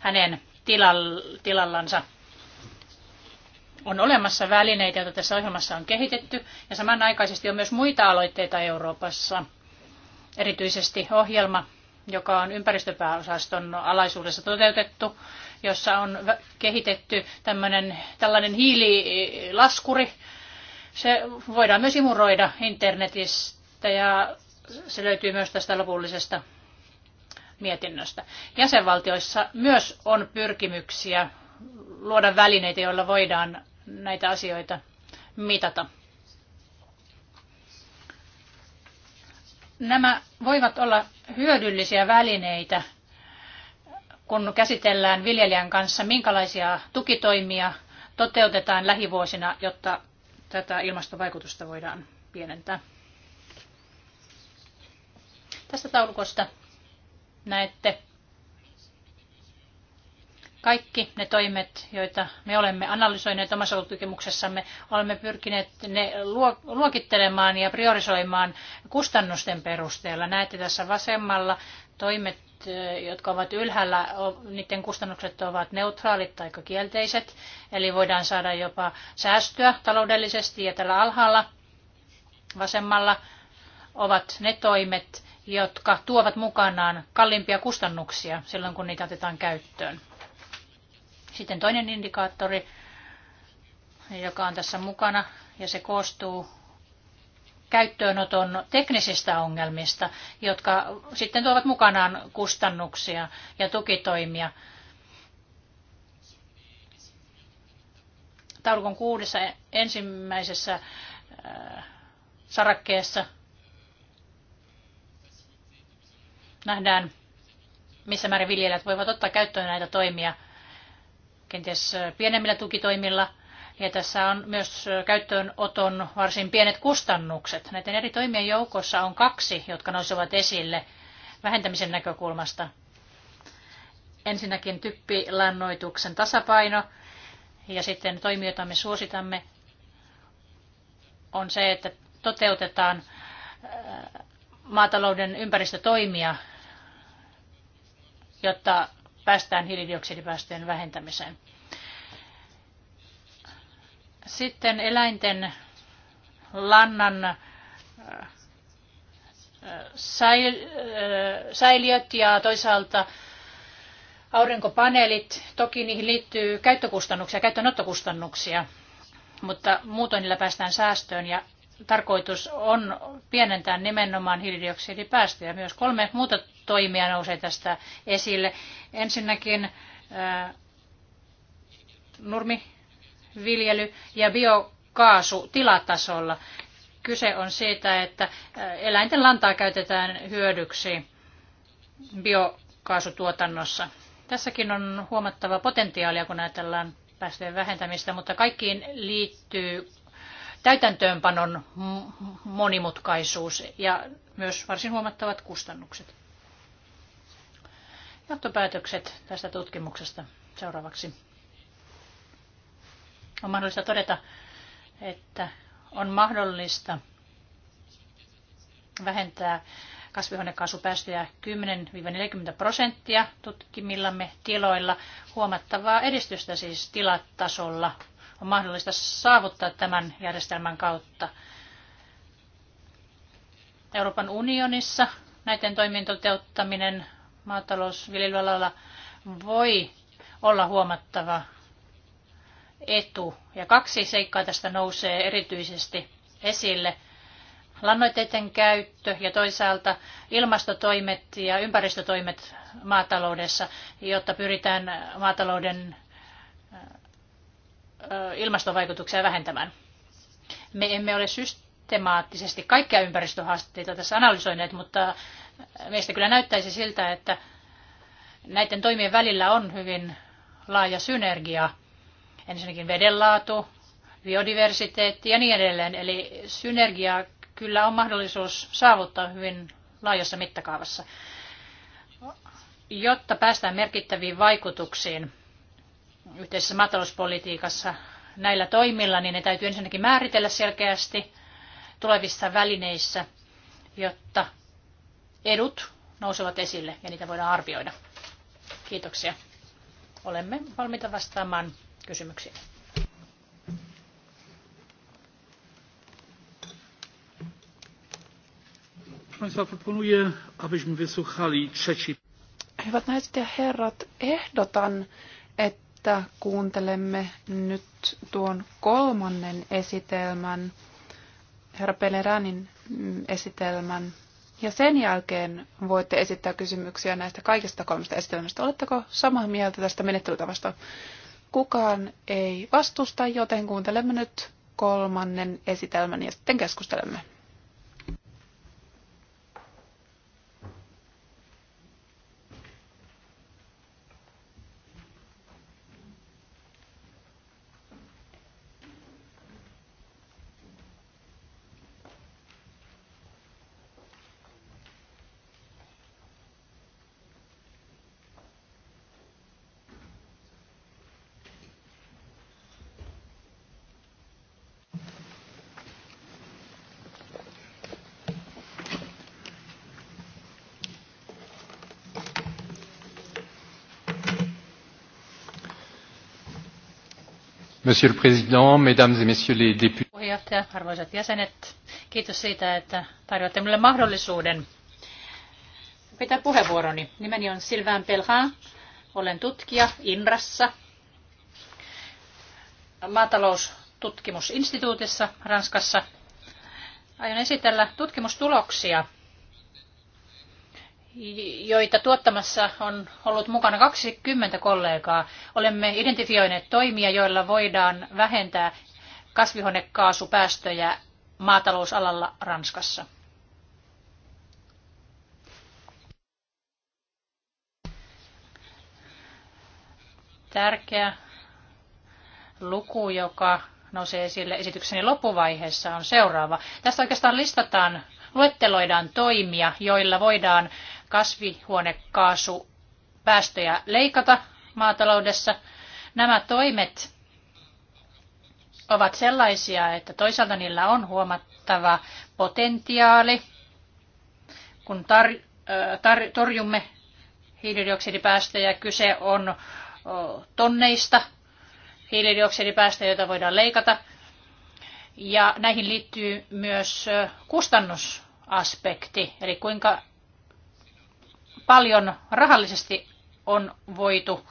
hänen tilallansa. On olemassa välineitä, joita tässä ohjelmassa on kehitetty, ja samanaikaisesti on myös muita aloitteita Euroopassa – erityisesti ohjelma, joka on ympäristöpääosaston alaisuudessa toteutettu, jossa on kehitetty tämmöinen, tällainen hiililaskuri. Se voidaan myös imuroida internetistä ja se löytyy myös tästä lopullisesta mietinnöstä. Jäsenvaltioissa myös on pyrkimyksiä luoda välineitä, joilla voidaan näitä asioita mitata. Nämä voivat olla hyödyllisiä välineitä, kun käsitellään viljelijän kanssa, minkälaisia tukitoimia toteutetaan lähivuosina, jotta tätä ilmastovaikutusta voidaan pienentää. Tästä taulukosta näette kaikki ne toimet, joita me olemme analysoineet omassa tutkimuksessamme, olemme pyrkineet ne luokittelemaan ja priorisoimaan kustannusten perusteella. Näette tässä vasemmalla toimet, jotka ovat ylhäällä, niiden kustannukset ovat neutraalit tai kielteiset, eli voidaan saada jopa säästöä taloudellisesti ja tällä alhaalla vasemmalla ovat ne toimet, jotka tuovat mukanaan kalliimpia kustannuksia silloin, kun niitä otetaan käyttöön. Sitten toinen indikaattori, joka on tässä mukana, ja se koostuu käyttöönoton teknisistä ongelmista, jotka sitten tuovat mukanaan kustannuksia ja tukitoimia. Taulukon kuudessa ensimmäisessä äh, sarakkeessa nähdään, missä määrin viljelijät voivat ottaa käyttöön näitä toimia – kenties pienemmillä tukitoimilla. Ja tässä on myös käyttöönoton varsin pienet kustannukset. Näiden eri toimien joukossa on kaksi, jotka nousevat esille vähentämisen näkökulmasta. Ensinnäkin typpilannoituksen tasapaino ja sitten toimi, jota me suositamme, on se, että toteutetaan maatalouden ympäristötoimia, jotta päästään hiilidioksidipäästöjen vähentämiseen. Sitten eläinten lannan äh, äh, säiliöt ja toisaalta aurinkopaneelit. Toki niihin liittyy käyttökustannuksia, käyttöönottokustannuksia, mutta muutoin niillä päästään säästöön ja tarkoitus on pienentää nimenomaan hiilidioksidipäästöjä. Myös kolme muuta toimia nousee tästä esille. Ensinnäkin ää, äh, nurmiviljely ja biokaasu tilatasolla. Kyse on siitä, että äh, eläinten lantaa käytetään hyödyksi biokaasutuotannossa. Tässäkin on huomattava potentiaalia, kun ajatellaan päästöjen vähentämistä, mutta kaikkiin liittyy täytäntöönpanon monimutkaisuus ja myös varsin huomattavat kustannukset. Johtopäätökset tästä tutkimuksesta seuraavaksi. On mahdollista todeta, että on mahdollista vähentää kasvihuonekaasupäästöjä 10-40 prosenttia tutkimillamme tiloilla. Huomattavaa edistystä siis tilatasolla on mahdollista saavuttaa tämän järjestelmän kautta. Euroopan unionissa näiden toimien toteuttaminen maatalousviljelyalalla voi olla huomattava etu. Ja kaksi seikkaa tästä nousee erityisesti esille. Lannoitteiden käyttö ja toisaalta ilmastotoimet ja ympäristötoimet maataloudessa, jotta pyritään maatalouden ilmastovaikutuksia vähentämään. Me emme ole systemaattisesti kaikkia ympäristöhaasteita tässä analysoineet, mutta meistä kyllä näyttäisi siltä, että näiden toimien välillä on hyvin laaja synergia. Ensinnäkin vedenlaatu, biodiversiteetti ja niin edelleen. Eli synergia kyllä on mahdollisuus saavuttaa hyvin laajassa mittakaavassa. Jotta päästään merkittäviin vaikutuksiin, yhteisessä maatalouspolitiikassa näillä toimilla, niin ne täytyy ensinnäkin määritellä selkeästi tulevissa välineissä, jotta edut nousevat esille ja niitä voidaan arvioida. Kiitoksia. Olemme valmiita vastaamaan kysymyksiin. Hyvät naiset ja herrat, ehdotan, että kuuntelemme nyt tuon kolmannen esitelmän, herra Peleranin mm, esitelmän. Ja sen jälkeen voitte esittää kysymyksiä näistä kaikista kolmesta esitelmästä. Oletteko samaa mieltä tästä menettelytavasta? Kukaan ei vastusta, joten kuuntelemme nyt kolmannen esitelmän ja sitten keskustelemme. Monsieur le Président, Mesdames et Messieurs les députés. Puheenjohtaja, arvoisat jäsenet, kiitos siitä, että tarjoatte minulle mahdollisuuden pitää puheenvuoroni. Nimeni on Sylvain Pelhan, olen tutkija INRassa, maataloustutkimusinstituutissa Ranskassa. Aion esitellä tutkimustuloksia, joita tuottamassa on ollut mukana 20 kollegaa. Olemme identifioineet toimia, joilla voidaan vähentää kasvihuonekaasupäästöjä maatalousalalla Ranskassa. Tärkeä luku, joka nousee esille esitykseni loppuvaiheessa, on seuraava. Tästä oikeastaan listataan, luetteloidaan toimia, joilla voidaan kasvihuonekaasupäästöjä leikata maataloudessa. Nämä toimet ovat sellaisia, että toisaalta niillä on huomattava potentiaali, kun tar- tar- torjumme hiilidioksidipäästöjä. Kyse on tonneista hiilidioksidipäästöjä, joita voidaan leikata. Ja näihin liittyy myös kustannusaspekti, eli kuinka paljon rahallisesti on voitu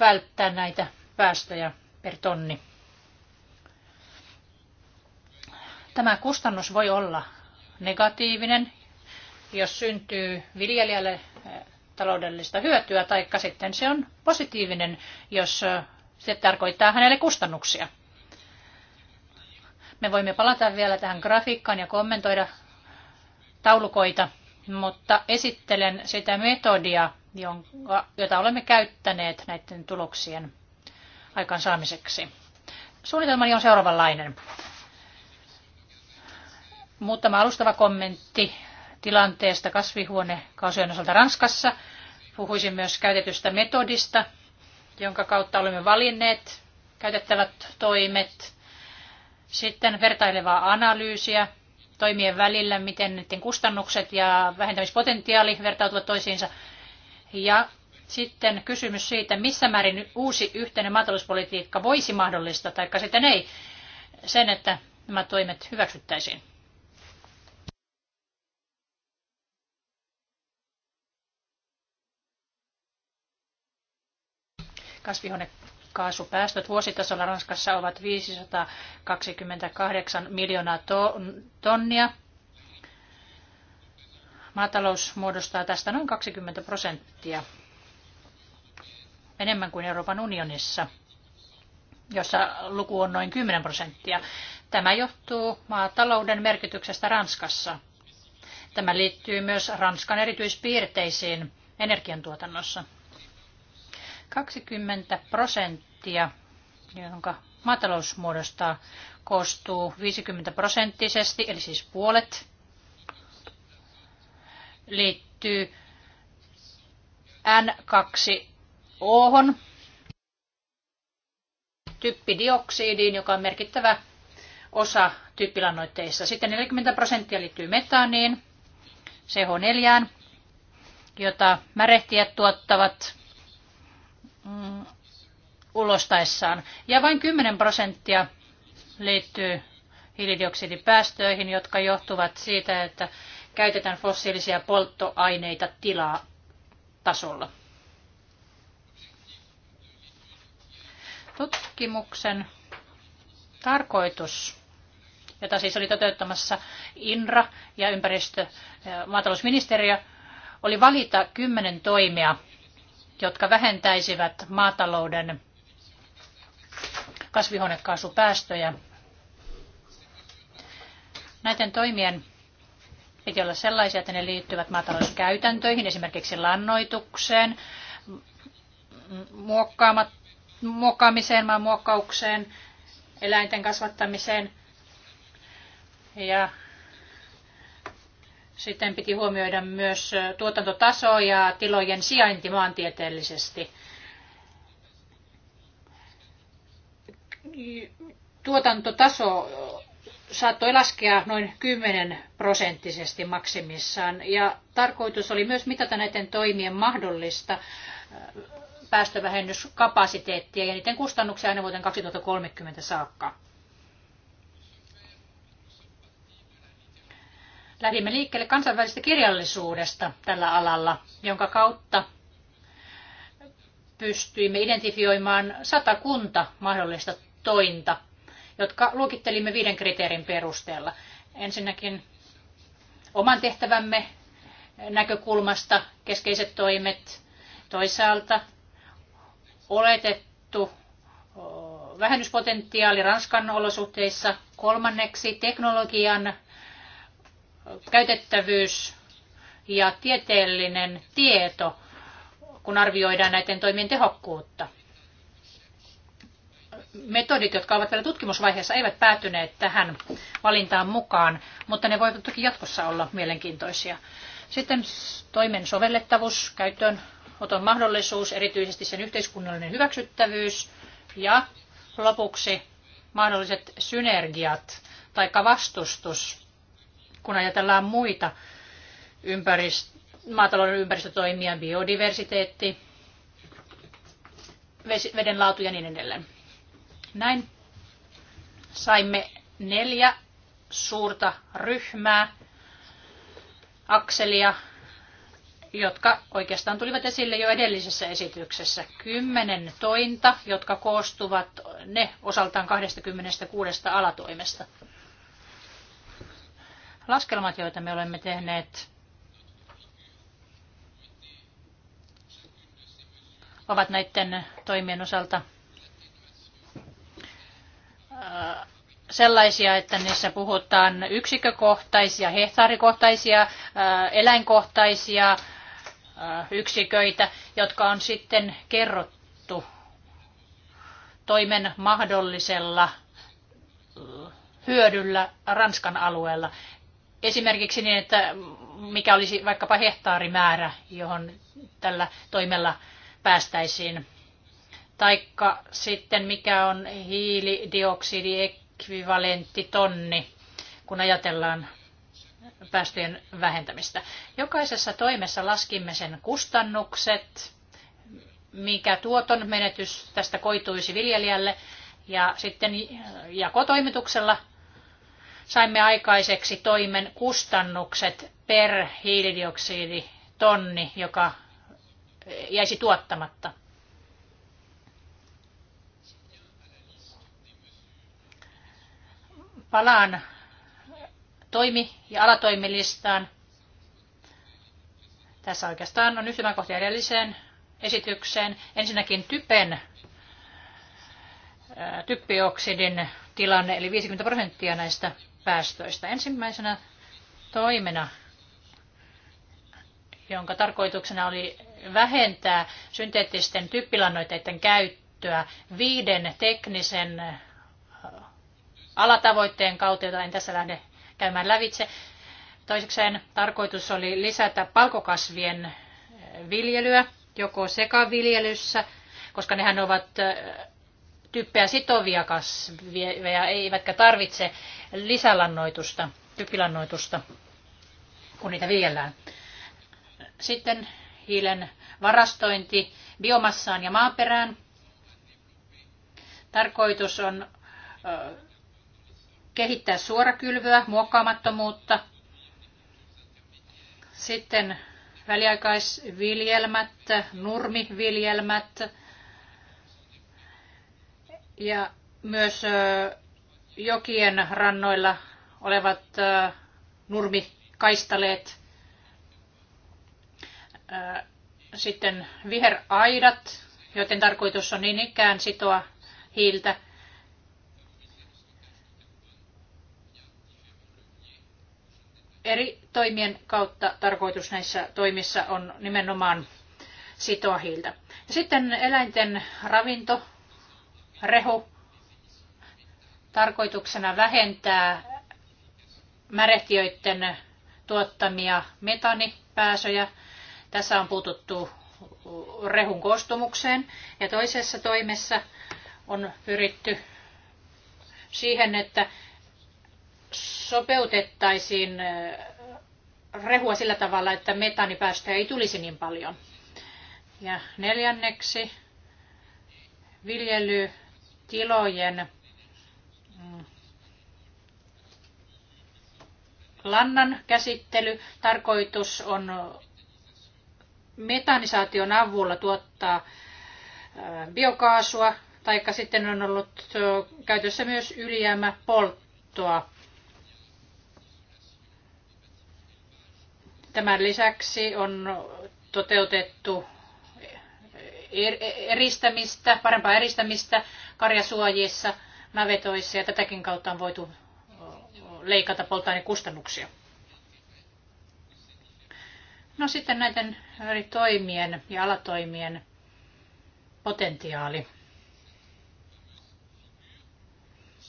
välttää näitä päästöjä per tonni. Tämä kustannus voi olla negatiivinen, jos syntyy viljelijälle taloudellista hyötyä, tai sitten se on positiivinen, jos se tarkoittaa hänelle kustannuksia. Me voimme palata vielä tähän grafiikkaan ja kommentoida taulukoita mutta esittelen sitä metodia, jonka, jota olemme käyttäneet näiden tuloksien aikaansaamiseksi. Suunnitelmani on seuraavanlainen. Muutama alustava kommentti tilanteesta kasvihuonekausien osalta Ranskassa. Puhuisin myös käytetystä metodista, jonka kautta olemme valinneet käytettävät toimet. Sitten vertailevaa analyysiä toimien välillä, miten niiden kustannukset ja vähentämispotentiaali vertautuvat toisiinsa. Ja sitten kysymys siitä, missä määrin uusi yhteinen maatalouspolitiikka voisi mahdollistaa, tai sitten ei, sen, että nämä toimet hyväksyttäisiin. kasvihuone Kaasupäästöt vuositasolla Ranskassa ovat 528 miljoonaa tonnia. Maatalous muodostaa tästä noin 20 prosenttia, enemmän kuin Euroopan unionissa, jossa luku on noin 10 prosenttia. Tämä johtuu maatalouden merkityksestä Ranskassa. Tämä liittyy myös Ranskan erityispiirteisiin energiantuotannossa. 20 prosenttia, jonka maatalous muodostaa, koostuu 50 prosenttisesti, eli siis puolet, liittyy N2O, typpidioksidiin, joka on merkittävä osa tyyppilannoitteissa. Sitten 40 prosenttia liittyy metaaniin, CH4, jota märehtiät tuottavat mm, ulostaessaan. Ja vain 10 prosenttia liittyy hiilidioksidipäästöihin, jotka johtuvat siitä, että käytetään fossiilisia polttoaineita tilaa tasolla. tutkimuksen tarkoitus, jota siis oli toteuttamassa INRA ja ympäristö- ja maatalousministeriö, oli valita kymmenen toimia, jotka vähentäisivät maatalouden kasvihuonekaasupäästöjä. Näiden toimien piti olla sellaisia, että ne liittyvät maatalouskäytäntöihin, esimerkiksi lannoitukseen, muokkaamiseen, maanmuokkaukseen, eläinten kasvattamiseen ja sitten piti huomioida myös tuotantotaso ja tilojen sijainti maantieteellisesti. Tuotantotaso saattoi laskea noin 10 prosenttisesti maksimissaan. Ja tarkoitus oli myös mitata näiden toimien mahdollista päästövähennyskapasiteettia ja niiden kustannuksia aina vuoteen 2030 saakka. lähdimme liikkeelle kansainvälisestä kirjallisuudesta tällä alalla, jonka kautta pystyimme identifioimaan satakunta mahdollista tointa, jotka luokittelimme viiden kriteerin perusteella. Ensinnäkin oman tehtävämme näkökulmasta keskeiset toimet, toisaalta oletettu vähennyspotentiaali Ranskan olosuhteissa, kolmanneksi teknologian käytettävyys ja tieteellinen tieto, kun arvioidaan näiden toimien tehokkuutta. Metodit, jotka ovat vielä tutkimusvaiheessa, eivät päätyneet tähän valintaan mukaan, mutta ne voivat toki jatkossa olla mielenkiintoisia. Sitten toimen sovellettavuus, käyttöönoton mahdollisuus, erityisesti sen yhteiskunnallinen hyväksyttävyys ja lopuksi mahdolliset synergiat tai vastustus kun ajatellaan muita ympärist- maatalouden ympäristötoimia, biodiversiteetti, veden laatu ja niin edelleen. Näin saimme neljä suurta ryhmää, akselia, jotka oikeastaan tulivat esille jo edellisessä esityksessä. Kymmenen tointa, jotka koostuvat ne osaltaan 26 alatoimesta laskelmat, joita me olemme tehneet, ovat näiden toimien osalta äh, sellaisia, että niissä puhutaan yksikkökohtaisia, hehtaarikohtaisia, äh, eläinkohtaisia äh, yksiköitä, jotka on sitten kerrottu toimen mahdollisella hyödyllä Ranskan alueella. Esimerkiksi niin, että mikä olisi vaikkapa hehtaarimäärä, johon tällä toimella päästäisiin. Taikka sitten mikä on hiilidioksidiekvivalentti tonni, kun ajatellaan päästöjen vähentämistä. Jokaisessa toimessa laskimme sen kustannukset, mikä tuoton menetys tästä koituisi viljelijälle, ja sitten jakotoimituksella saimme aikaiseksi toimen kustannukset per hiilidioksiditonni, joka jäisi tuottamatta. Palaan toimi- ja alatoimilistaan. Tässä oikeastaan on yhtymäkohta edelliseen esitykseen. Ensinnäkin typen typpioksidin tilanne, eli 50 prosenttia näistä päästöistä. Ensimmäisenä toimena, jonka tarkoituksena oli vähentää synteettisten typpilannoitteiden käyttöä viiden teknisen äh, alatavoitteen kautta, jota en tässä lähde käymään lävitse. Toisekseen tarkoitus oli lisätä palkokasvien äh, viljelyä, joko sekaviljelyssä, koska nehän ovat äh, tyyppejä sitovia kasveja, eivätkä tarvitse lisälannoitusta, typilannoitusta, kun niitä viljellään. Sitten hiilen varastointi biomassaan ja maaperään. Tarkoitus on kehittää suorakylvyä, muokkaamattomuutta. Sitten väliaikaisviljelmät, nurmiviljelmät, ja myös jokien rannoilla olevat nurmikaistaleet, sitten viheraidat, joiden tarkoitus on niin ikään sitoa hiiltä. Eri toimien kautta tarkoitus näissä toimissa on nimenomaan sitoa hiiltä. Ja sitten eläinten ravinto, rehu tarkoituksena vähentää märehtiöiden tuottamia metanipääsöjä. Tässä on puututtu rehun koostumukseen ja toisessa toimessa on pyritty siihen, että sopeutettaisiin rehua sillä tavalla, että metanipäästöjä ei tulisi niin paljon. Ja neljänneksi viljely tilojen mm, lannan käsittely. Tarkoitus on metanisaation avulla tuottaa biokaasua, taikka sitten on ollut käytössä myös ylijäämä polttoa. Tämän lisäksi on toteutettu Er-, eristämistä, parempaa eristämistä karjasuojissa, navetoissa ja tätäkin kautta on voitu leikata polttoainekustannuksia. No sitten näiden eri toimien ja alatoimien potentiaali.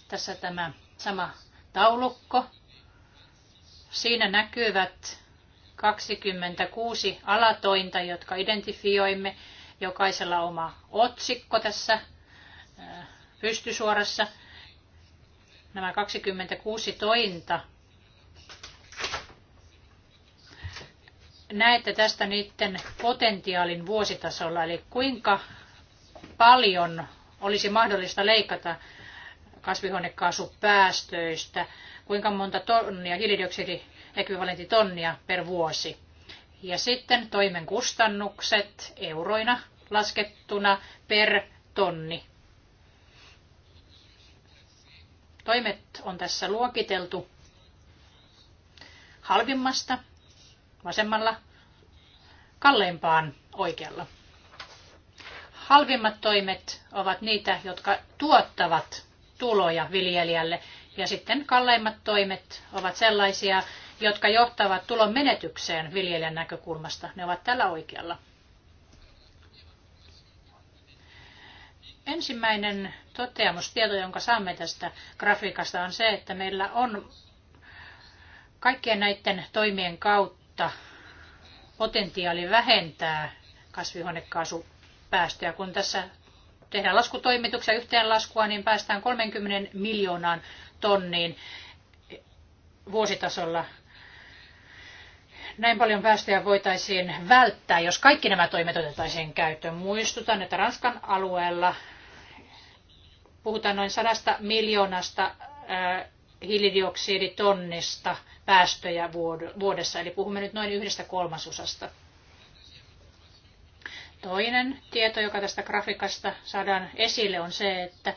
Tässä tämä sama taulukko. Siinä näkyvät 26 alatointa, jotka identifioimme jokaisella oma otsikko tässä äh, pystysuorassa. Nämä 26 tointa. Näette tästä niiden potentiaalin vuositasolla, eli kuinka paljon olisi mahdollista leikata kasvihuonekaasupäästöistä, kuinka monta tonnia, hiilidioksidiekvivalenttitonnia per vuosi. Ja sitten toimen kustannukset euroina laskettuna per tonni. Toimet on tässä luokiteltu halvimmasta vasemmalla kalleimpaan oikealla. Halvimmat toimet ovat niitä, jotka tuottavat tuloja viljelijälle, ja sitten kalleimmat toimet ovat sellaisia, jotka johtavat tulon menetykseen viljelijän näkökulmasta. Ne ovat tällä oikealla. Ensimmäinen toteamustieto, jonka saamme tästä grafiikasta, on se, että meillä on kaikkien näiden toimien kautta potentiaali vähentää kasvihuonekaasupäästöjä. Kun tässä tehdään laskutoimituksia yhteen laskua, niin päästään 30 miljoonaan tonniin vuositasolla näin paljon päästöjä voitaisiin välttää, jos kaikki nämä toimet otettaisiin käyttöön. Muistutan, että Ranskan alueella puhutaan noin sadasta miljoonasta hiilidioksiditonnista päästöjä vuodessa, eli puhumme nyt noin yhdestä kolmasosasta. Toinen tieto, joka tästä grafikasta saadaan esille, on se, että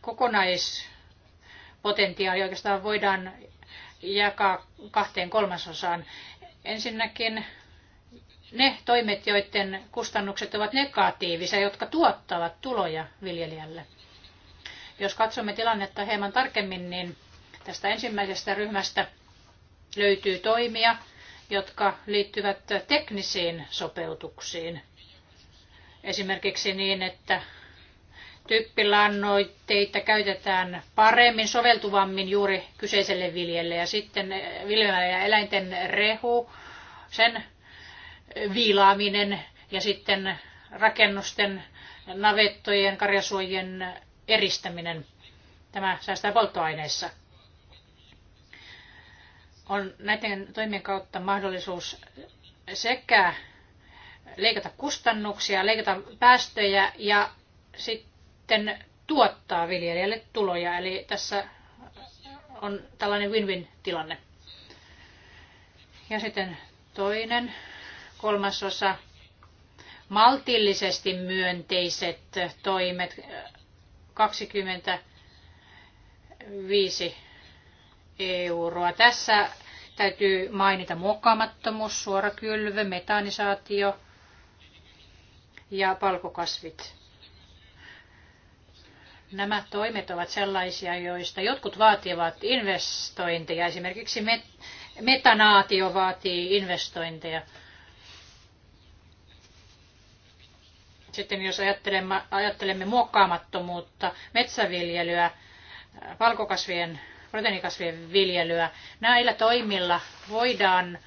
kokonaispotentiaali oikeastaan voidaan jakaa kahteen kolmasosaan. Ensinnäkin ne toimet, joiden kustannukset ovat negatiivisia, jotka tuottavat tuloja viljelijälle. Jos katsomme tilannetta hieman tarkemmin, niin tästä ensimmäisestä ryhmästä löytyy toimia, jotka liittyvät teknisiin sopeutuksiin. Esimerkiksi niin, että tyyppilannoitteita käytetään paremmin, soveltuvammin juuri kyseiselle viljelle. Ja sitten eh, viljelmä ja eläinten rehu, sen viilaaminen ja sitten rakennusten, navettojen, karjasuojien eristäminen. Tämä säästää polttoaineissa. On näiden toimien kautta mahdollisuus sekä leikata kustannuksia, leikata päästöjä ja sitten sitten tuottaa viljelijälle tuloja. Eli tässä on tällainen win-win-tilanne. Ja sitten toinen, kolmas osa, maltillisesti myönteiset toimet 25 euroa. Tässä täytyy mainita muokkaamattomuus, suorakylvö, metanisaatio ja palkokasvit. Nämä toimet ovat sellaisia, joista jotkut vaativat investointeja. Esimerkiksi met- metanaatio vaatii investointeja. Sitten jos ajattelemme, ajattelemme muokkaamattomuutta, metsäviljelyä, valkokasvien, proteiinikasvien viljelyä, näillä toimilla voidaan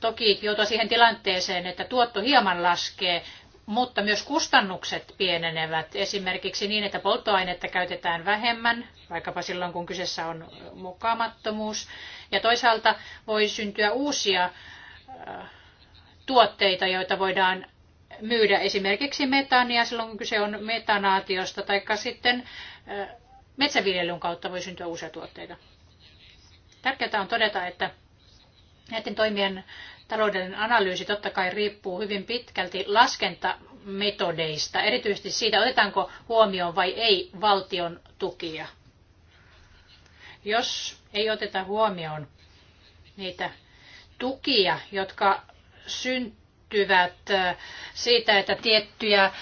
toki joutua siihen tilanteeseen, että tuotto hieman laskee, mutta myös kustannukset pienenevät. Esimerkiksi niin, että polttoainetta käytetään vähemmän, vaikkapa silloin kun kyseessä on mukaamattomuus. Ja toisaalta voi syntyä uusia äh, tuotteita, joita voidaan myydä esimerkiksi metaania silloin kun kyse on metanaatiosta, tai sitten äh, metsäviljelyn kautta voi syntyä uusia tuotteita. Tärkeää on todeta, että näiden toimien taloudellinen analyysi totta kai riippuu hyvin pitkälti laskentametodeista, erityisesti siitä, otetaanko huomioon vai ei valtion tukia. Jos ei oteta huomioon niitä tukia, jotka syntyvät äh, siitä, että tiettyjä äh,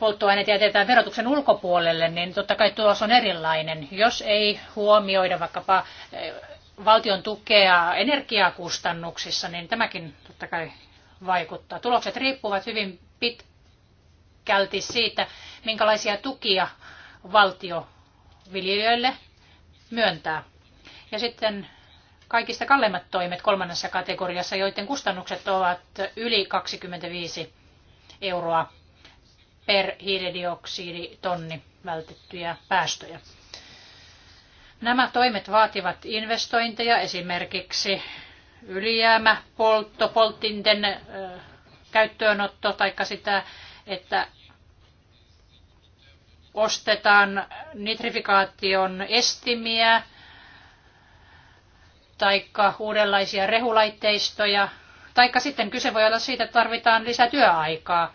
polttoaineita jätetään verotuksen ulkopuolelle, niin totta kai tulos on erilainen. Jos ei huomioida vaikkapa äh, valtion tukea energiakustannuksissa, niin tämäkin totta kai vaikuttaa. Tulokset riippuvat hyvin pitkälti siitä, minkälaisia tukia valtio viljelijöille myöntää. Ja sitten kaikista kalleimmat toimet kolmannessa kategoriassa, joiden kustannukset ovat yli 25 euroa per hiilidioksiditonni vältettyjä päästöjä. Nämä toimet vaativat investointeja, esimerkiksi ylijäämä, poltto, polttinten käyttöönotto tai sitä, että ostetaan nitrifikaation estimiä tai uudenlaisia rehulaitteistoja. Taikka sitten kyse voi olla siitä, että tarvitaan lisää työaikaa.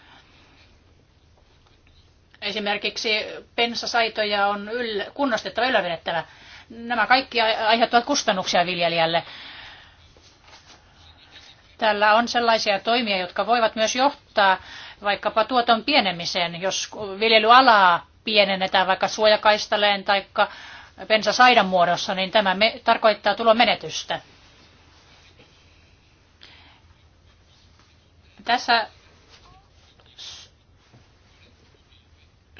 Esimerkiksi pensasaitoja on yl- kunnostettava ylläpidettävä. Nämä kaikki aiheuttavat kustannuksia viljelijälle. Täällä on sellaisia toimia, jotka voivat myös johtaa vaikkapa tuoton pienemiseen, jos viljelyalaa pienennetään vaikka suojakaistaleen tai pensasaidan muodossa, niin tämä me- tarkoittaa tulomenetystä. menetystä. Tässä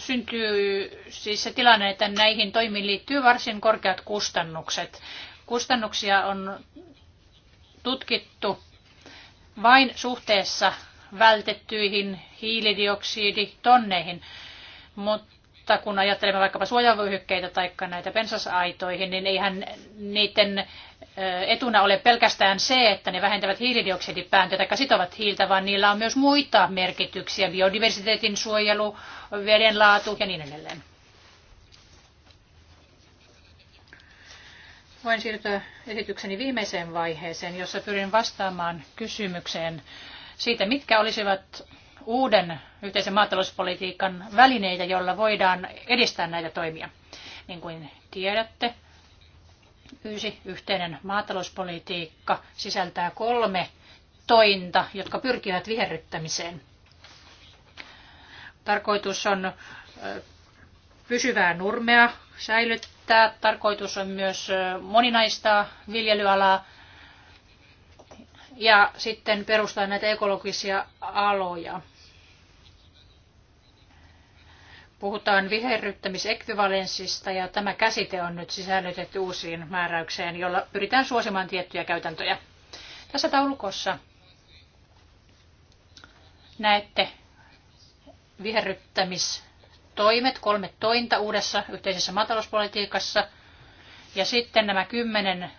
syntyy siis se tilanne, että näihin toimiin liittyy varsin korkeat kustannukset. Kustannuksia on tutkittu vain suhteessa vältettyihin hiilidioksiditonneihin, mutta kun ajattelemme vaikkapa suojavyöhykkeitä tai näitä pensasaitoihin, niin eihän niiden etuna ole pelkästään se, että ne vähentävät hiilidioksidipäästöjä tai sitovat hiiltä, vaan niillä on myös muita merkityksiä, biodiversiteetin suojelu, vedenlaatu ja niin edelleen. Voin siirtyä esitykseni viimeiseen vaiheeseen, jossa pyrin vastaamaan kysymykseen siitä, mitkä olisivat uuden yhteisen maatalouspolitiikan välineitä, jolla voidaan edistää näitä toimia. Niin kuin tiedätte, Yksi yhteinen maatalouspolitiikka sisältää kolme tointa, jotka pyrkivät viherryttämiseen. Tarkoitus on pysyvää nurmea säilyttää. Tarkoitus on myös moninaistaa viljelyalaa ja sitten perustaa näitä ekologisia aloja puhutaan viherryttämisekvivalenssista ja tämä käsite on nyt sisällytetty uusiin määräykseen, jolla pyritään suosimaan tiettyjä käytäntöjä. Tässä taulukossa näette viherryttämistoimet, kolme tointa uudessa yhteisessä maatalouspolitiikassa ja sitten nämä kymmenen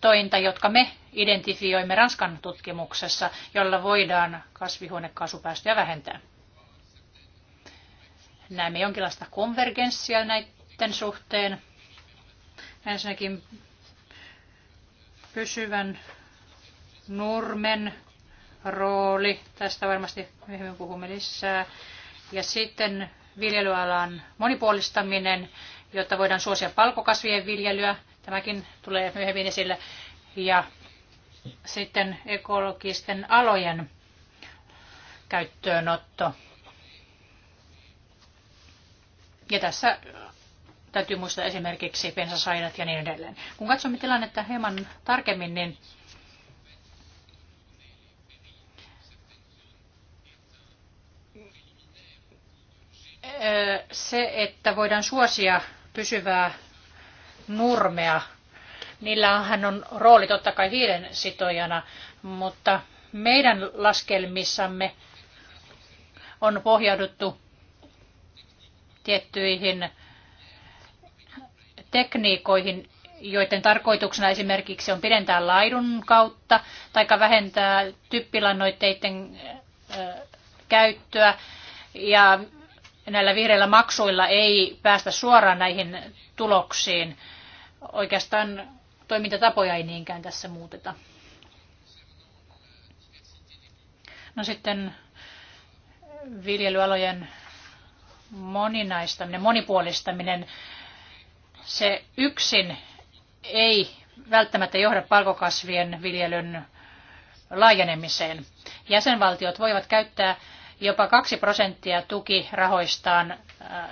tointa, jotka me identifioimme Ranskan tutkimuksessa, jolla voidaan kasvihuonekaasupäästöjä vähentää näemme jonkinlaista konvergenssia näiden suhteen. Ensinnäkin pysyvän nurmen rooli, tästä varmasti myöhemmin puhumme lisää. Ja sitten viljelyalan monipuolistaminen, jotta voidaan suosia palkokasvien viljelyä. Tämäkin tulee myöhemmin esille. Ja sitten ekologisten alojen käyttöönotto. Ja tässä äh, täytyy muistaa esimerkiksi pensasainat ja niin edelleen. Kun katsomme tilannetta hieman tarkemmin, niin äh, se, että voidaan suosia pysyvää nurmea, niillä hän on rooli totta kai hiilen sitojana, mutta meidän laskelmissamme on pohjauduttu tiettyihin tekniikoihin, joiden tarkoituksena esimerkiksi on pidentää laidun kautta tai vähentää typpilannoitteiden käyttöä. Ja näillä vihreillä maksuilla ei päästä suoraan näihin tuloksiin. Oikeastaan toimintatapoja ei niinkään tässä muuteta. No sitten viljelyalojen moninaistaminen, monipuolistaminen, se yksin ei välttämättä johda palkokasvien viljelyn laajenemiseen. Jäsenvaltiot voivat käyttää jopa 2 prosenttia tukirahoistaan äh,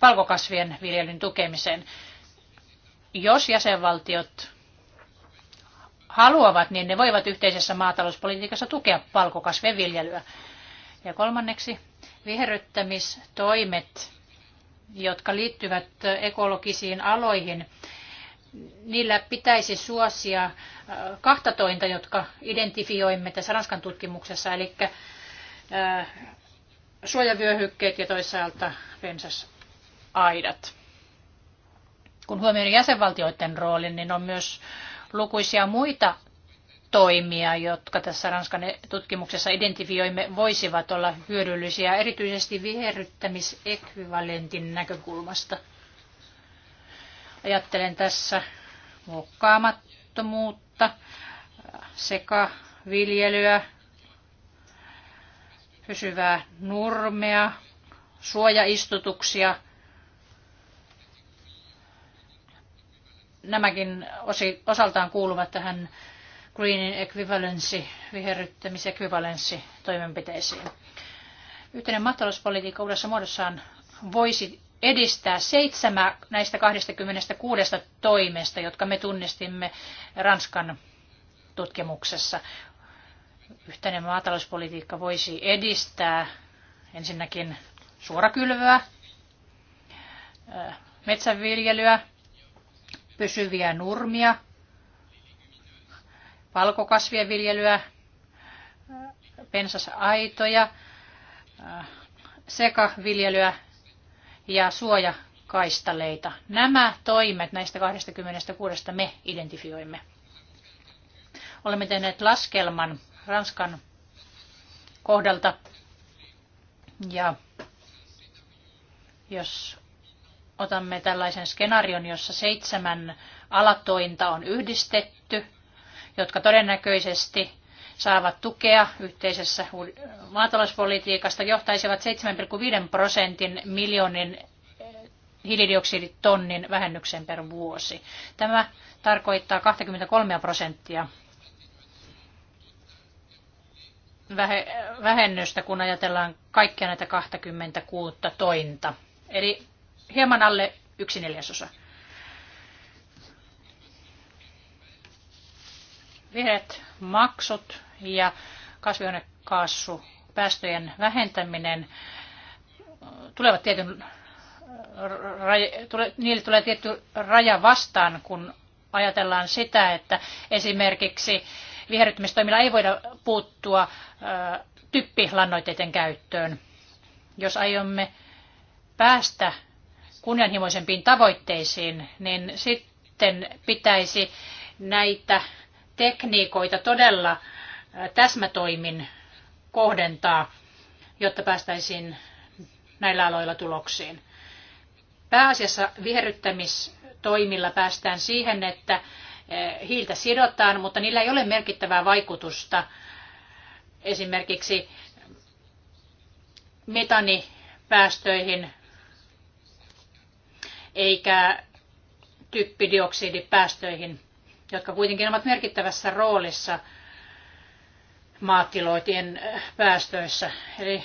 palkokasvien viljelyn tukemiseen. Jos jäsenvaltiot haluavat, niin ne voivat yhteisessä maatalouspolitiikassa tukea palkokasvien viljelyä. Ja kolmanneksi viherryttämistoimet, jotka liittyvät ekologisiin aloihin, niillä pitäisi suosia äh, kahta tointa, jotka identifioimme tässä Ranskan tutkimuksessa, eli äh, suojavyöhykkeet ja toisaalta pensasaidat. Kun huomioimme jäsenvaltioiden roolin, niin on myös lukuisia muita toimia, jotka tässä Ranskan tutkimuksessa identifioimme, voisivat olla hyödyllisiä erityisesti viherryttämisekvivalentin näkökulmasta. Ajattelen tässä muokkaamattomuutta, sekaviljelyä, pysyvää nurmea, suojaistutuksia. Nämäkin osaltaan kuuluvat tähän greenin ekvivalenssi, viherryttämisekvivalenssi toimenpiteisiin. Yhteinen maatalouspolitiikka uudessa muodossaan voisi edistää seitsemän näistä 26 toimesta, jotka me tunnistimme Ranskan tutkimuksessa. Yhteinen maatalouspolitiikka voisi edistää ensinnäkin suorakylvyä, metsänviljelyä, pysyviä nurmia – valkokasvien viljelyä, pensasaitoja, sekaviljelyä ja suojakaistaleita. Nämä toimet näistä 26 me identifioimme. Olemme tehneet laskelman Ranskan kohdalta ja jos otamme tällaisen skenaarion, jossa seitsemän alatointa on yhdistetty – jotka todennäköisesti saavat tukea yhteisessä maatalouspolitiikasta, johtaisivat 7,5 prosentin miljoonin eh, hiilidioksiditonnin vähennykseen per vuosi. Tämä tarkoittaa 23 prosenttia vähennystä, kun ajatellaan kaikkia näitä 26 tointa. Eli hieman alle yksi neljäsosa. vihreät maksut ja kasvihuonekaasu päästöjen vähentäminen äh, tulevat tietyn, tule, niille tulee tietty raja vastaan, kun ajatellaan sitä, että esimerkiksi viherryttämistoimilla ei voida puuttua äh, typpilannoitteiden käyttöön. Jos aiomme päästä kunnianhimoisempiin tavoitteisiin, niin sitten pitäisi näitä tekniikoita todella täsmätoimin kohdentaa, jotta päästäisiin näillä aloilla tuloksiin. Pääasiassa viherryttämistoimilla päästään siihen, että hiiltä sidotaan, mutta niillä ei ole merkittävää vaikutusta esimerkiksi metanipäästöihin eikä typpidioksidipäästöihin jotka kuitenkin ovat merkittävässä roolissa maatiloitien äh, päästöissä. Eli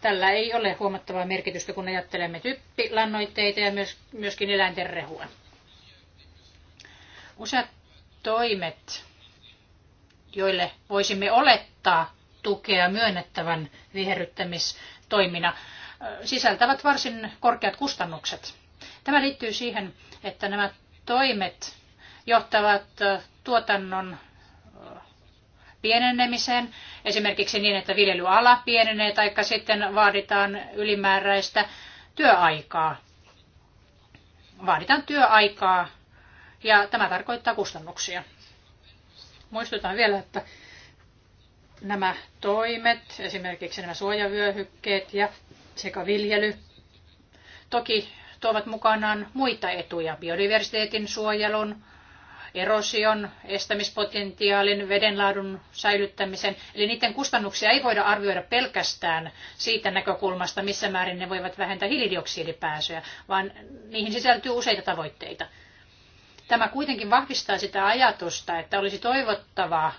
tällä ei ole huomattavaa merkitystä, kun ajattelemme typpilannoitteita ja myöskin eläinten rehua. Useat toimet, joille voisimme olettaa tukea myönnettävän viherryttämistoimina, äh, sisältävät varsin korkeat kustannukset. Tämä liittyy siihen, että nämä toimet johtavat tuotannon pienenemiseen, esimerkiksi niin, että viljelyala pienenee tai sitten vaaditaan ylimääräistä työaikaa. Vaaditaan työaikaa ja tämä tarkoittaa kustannuksia. Muistutan vielä, että nämä toimet, esimerkiksi nämä suojavyöhykkeet ja sekä viljely, toki tuovat mukanaan muita etuja, biodiversiteetin suojelun, erosion estämispotentiaalin, vedenlaadun säilyttämisen. Eli niiden kustannuksia ei voida arvioida pelkästään siitä näkökulmasta, missä määrin ne voivat vähentää hiilidioksidipääsyä, vaan niihin sisältyy useita tavoitteita. Tämä kuitenkin vahvistaa sitä ajatusta, että olisi toivottavaa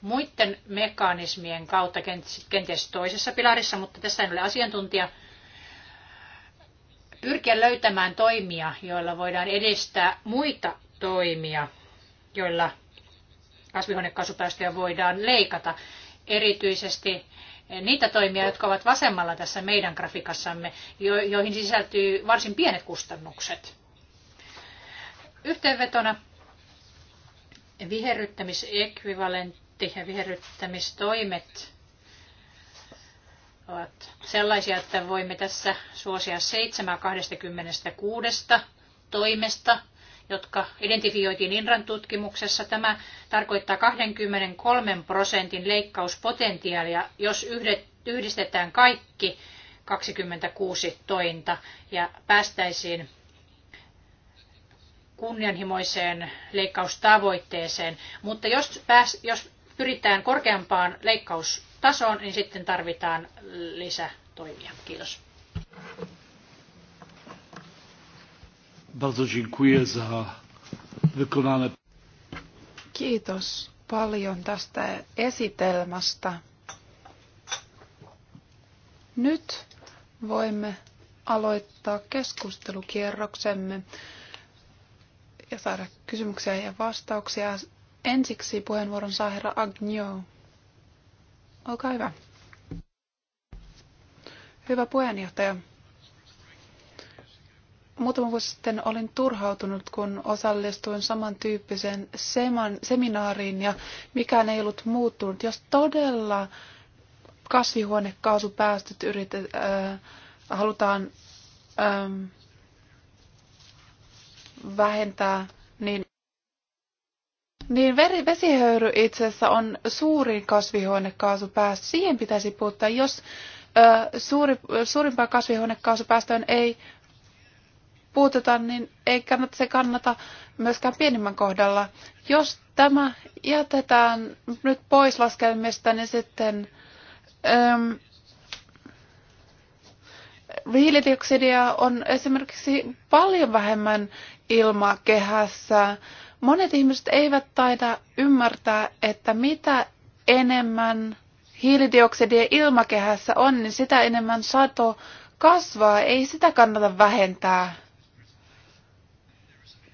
muiden mekanismien kautta, kenties toisessa pilarissa, mutta tässä en ole asiantuntija, pyrkiä löytämään toimia, joilla voidaan edistää muita toimia joilla kasvihuonekaasupäästöjä voidaan leikata. Erityisesti niitä toimia, jotka ovat vasemmalla tässä meidän grafiikassamme, joihin sisältyy varsin pienet kustannukset. Yhteenvetona viherryttämisekvivalentti ja viherryttämistoimet ovat sellaisia, että voimme tässä suosia 7 26 toimesta jotka identifioitiin Inran tutkimuksessa. Tämä tarkoittaa 23 prosentin leikkauspotentiaalia, jos yhdistetään kaikki 26 tointa ja päästäisiin kunnianhimoiseen leikkaustavoitteeseen. Mutta jos, pääs, jos pyritään korkeampaan leikkaustasoon, niin sitten tarvitaan lisätoimia. Kiitos. Bardzo dziękuję za wykonane. Kiitos paljon tästä esitelmästä. Nyt voimme aloittaa keskustelukierroksemme ja saada kysymyksiä ja vastauksia. Ensiksi puheenvuoron saa herra Agnio. Olkaa hyvä. Hyvä puheenjohtaja. Muutama vuosi sitten olin turhautunut, kun osallistuin samantyyppiseen seminaariin ja mikään ei ollut muuttunut. Jos todella kasvihuonekaasupäästöt yritet, äh, halutaan ähm, vähentää, niin, niin veri, vesihöyry itse asiassa on suurin kasvihuonekaasupäästö. Siihen pitäisi puuttaa, jos äh, suuri, suurimpaa kasvihuonekaasupäästöön ei puututa, niin ei kannata, se kannata myöskään pienimmän kohdalla. Jos tämä jätetään nyt pois laskelmista, niin sitten äm, hiilidioksidia on esimerkiksi paljon vähemmän ilmakehässä. Monet ihmiset eivät taida ymmärtää, että mitä enemmän hiilidioksidia ilmakehässä on, niin sitä enemmän sato kasvaa. Ei sitä kannata vähentää.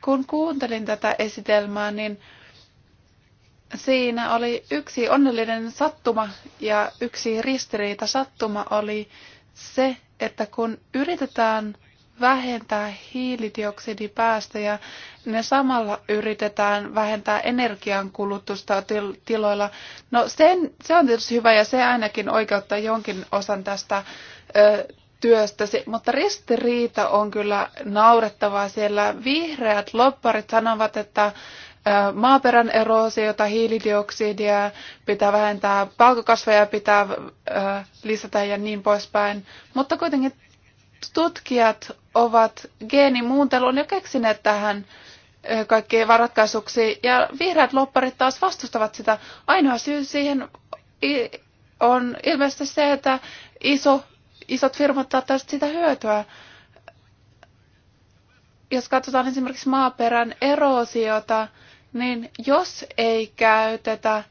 Kun kuuntelin tätä esitelmää, niin siinä oli yksi onnellinen sattuma ja yksi ristiriita sattuma oli se, että kun yritetään vähentää hiilidioksidipäästöjä, ne samalla yritetään vähentää energiankulutusta til- tiloilla. No sen, se on tietysti hyvä ja se ainakin oikeuttaa jonkin osan tästä ö, työstäsi, mutta ristiriita on kyllä naurettavaa siellä. Vihreät lopparit sanovat, että maaperän eroosiota, hiilidioksidia pitää vähentää, palkokasveja pitää lisätä ja niin poispäin. Mutta kuitenkin tutkijat ovat geenimuuntelun jo keksineet tähän kaikkiin ratkaisuksi, ja vihreät lopparit taas vastustavat sitä. Ainoa syy siihen on ilmeisesti se, että iso isot firmat saattavat sitä hyötyä. Jos katsotaan esimerkiksi maaperän erosiota, niin jos ei käytetä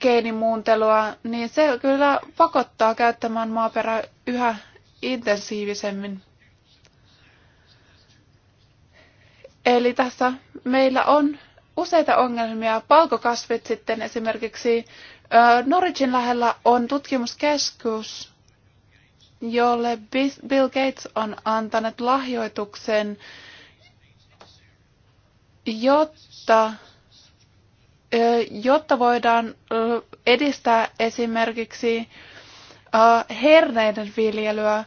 geenimuuntelua, niin se kyllä pakottaa käyttämään maaperää yhä intensiivisemmin. Eli tässä meillä on useita ongelmia. Palkokasvit sitten esimerkiksi Norwichin lähellä on tutkimuskeskus, jolle Bill Gates on antanut lahjoituksen, jotta, jotta voidaan edistää esimerkiksi herneiden viljelyä.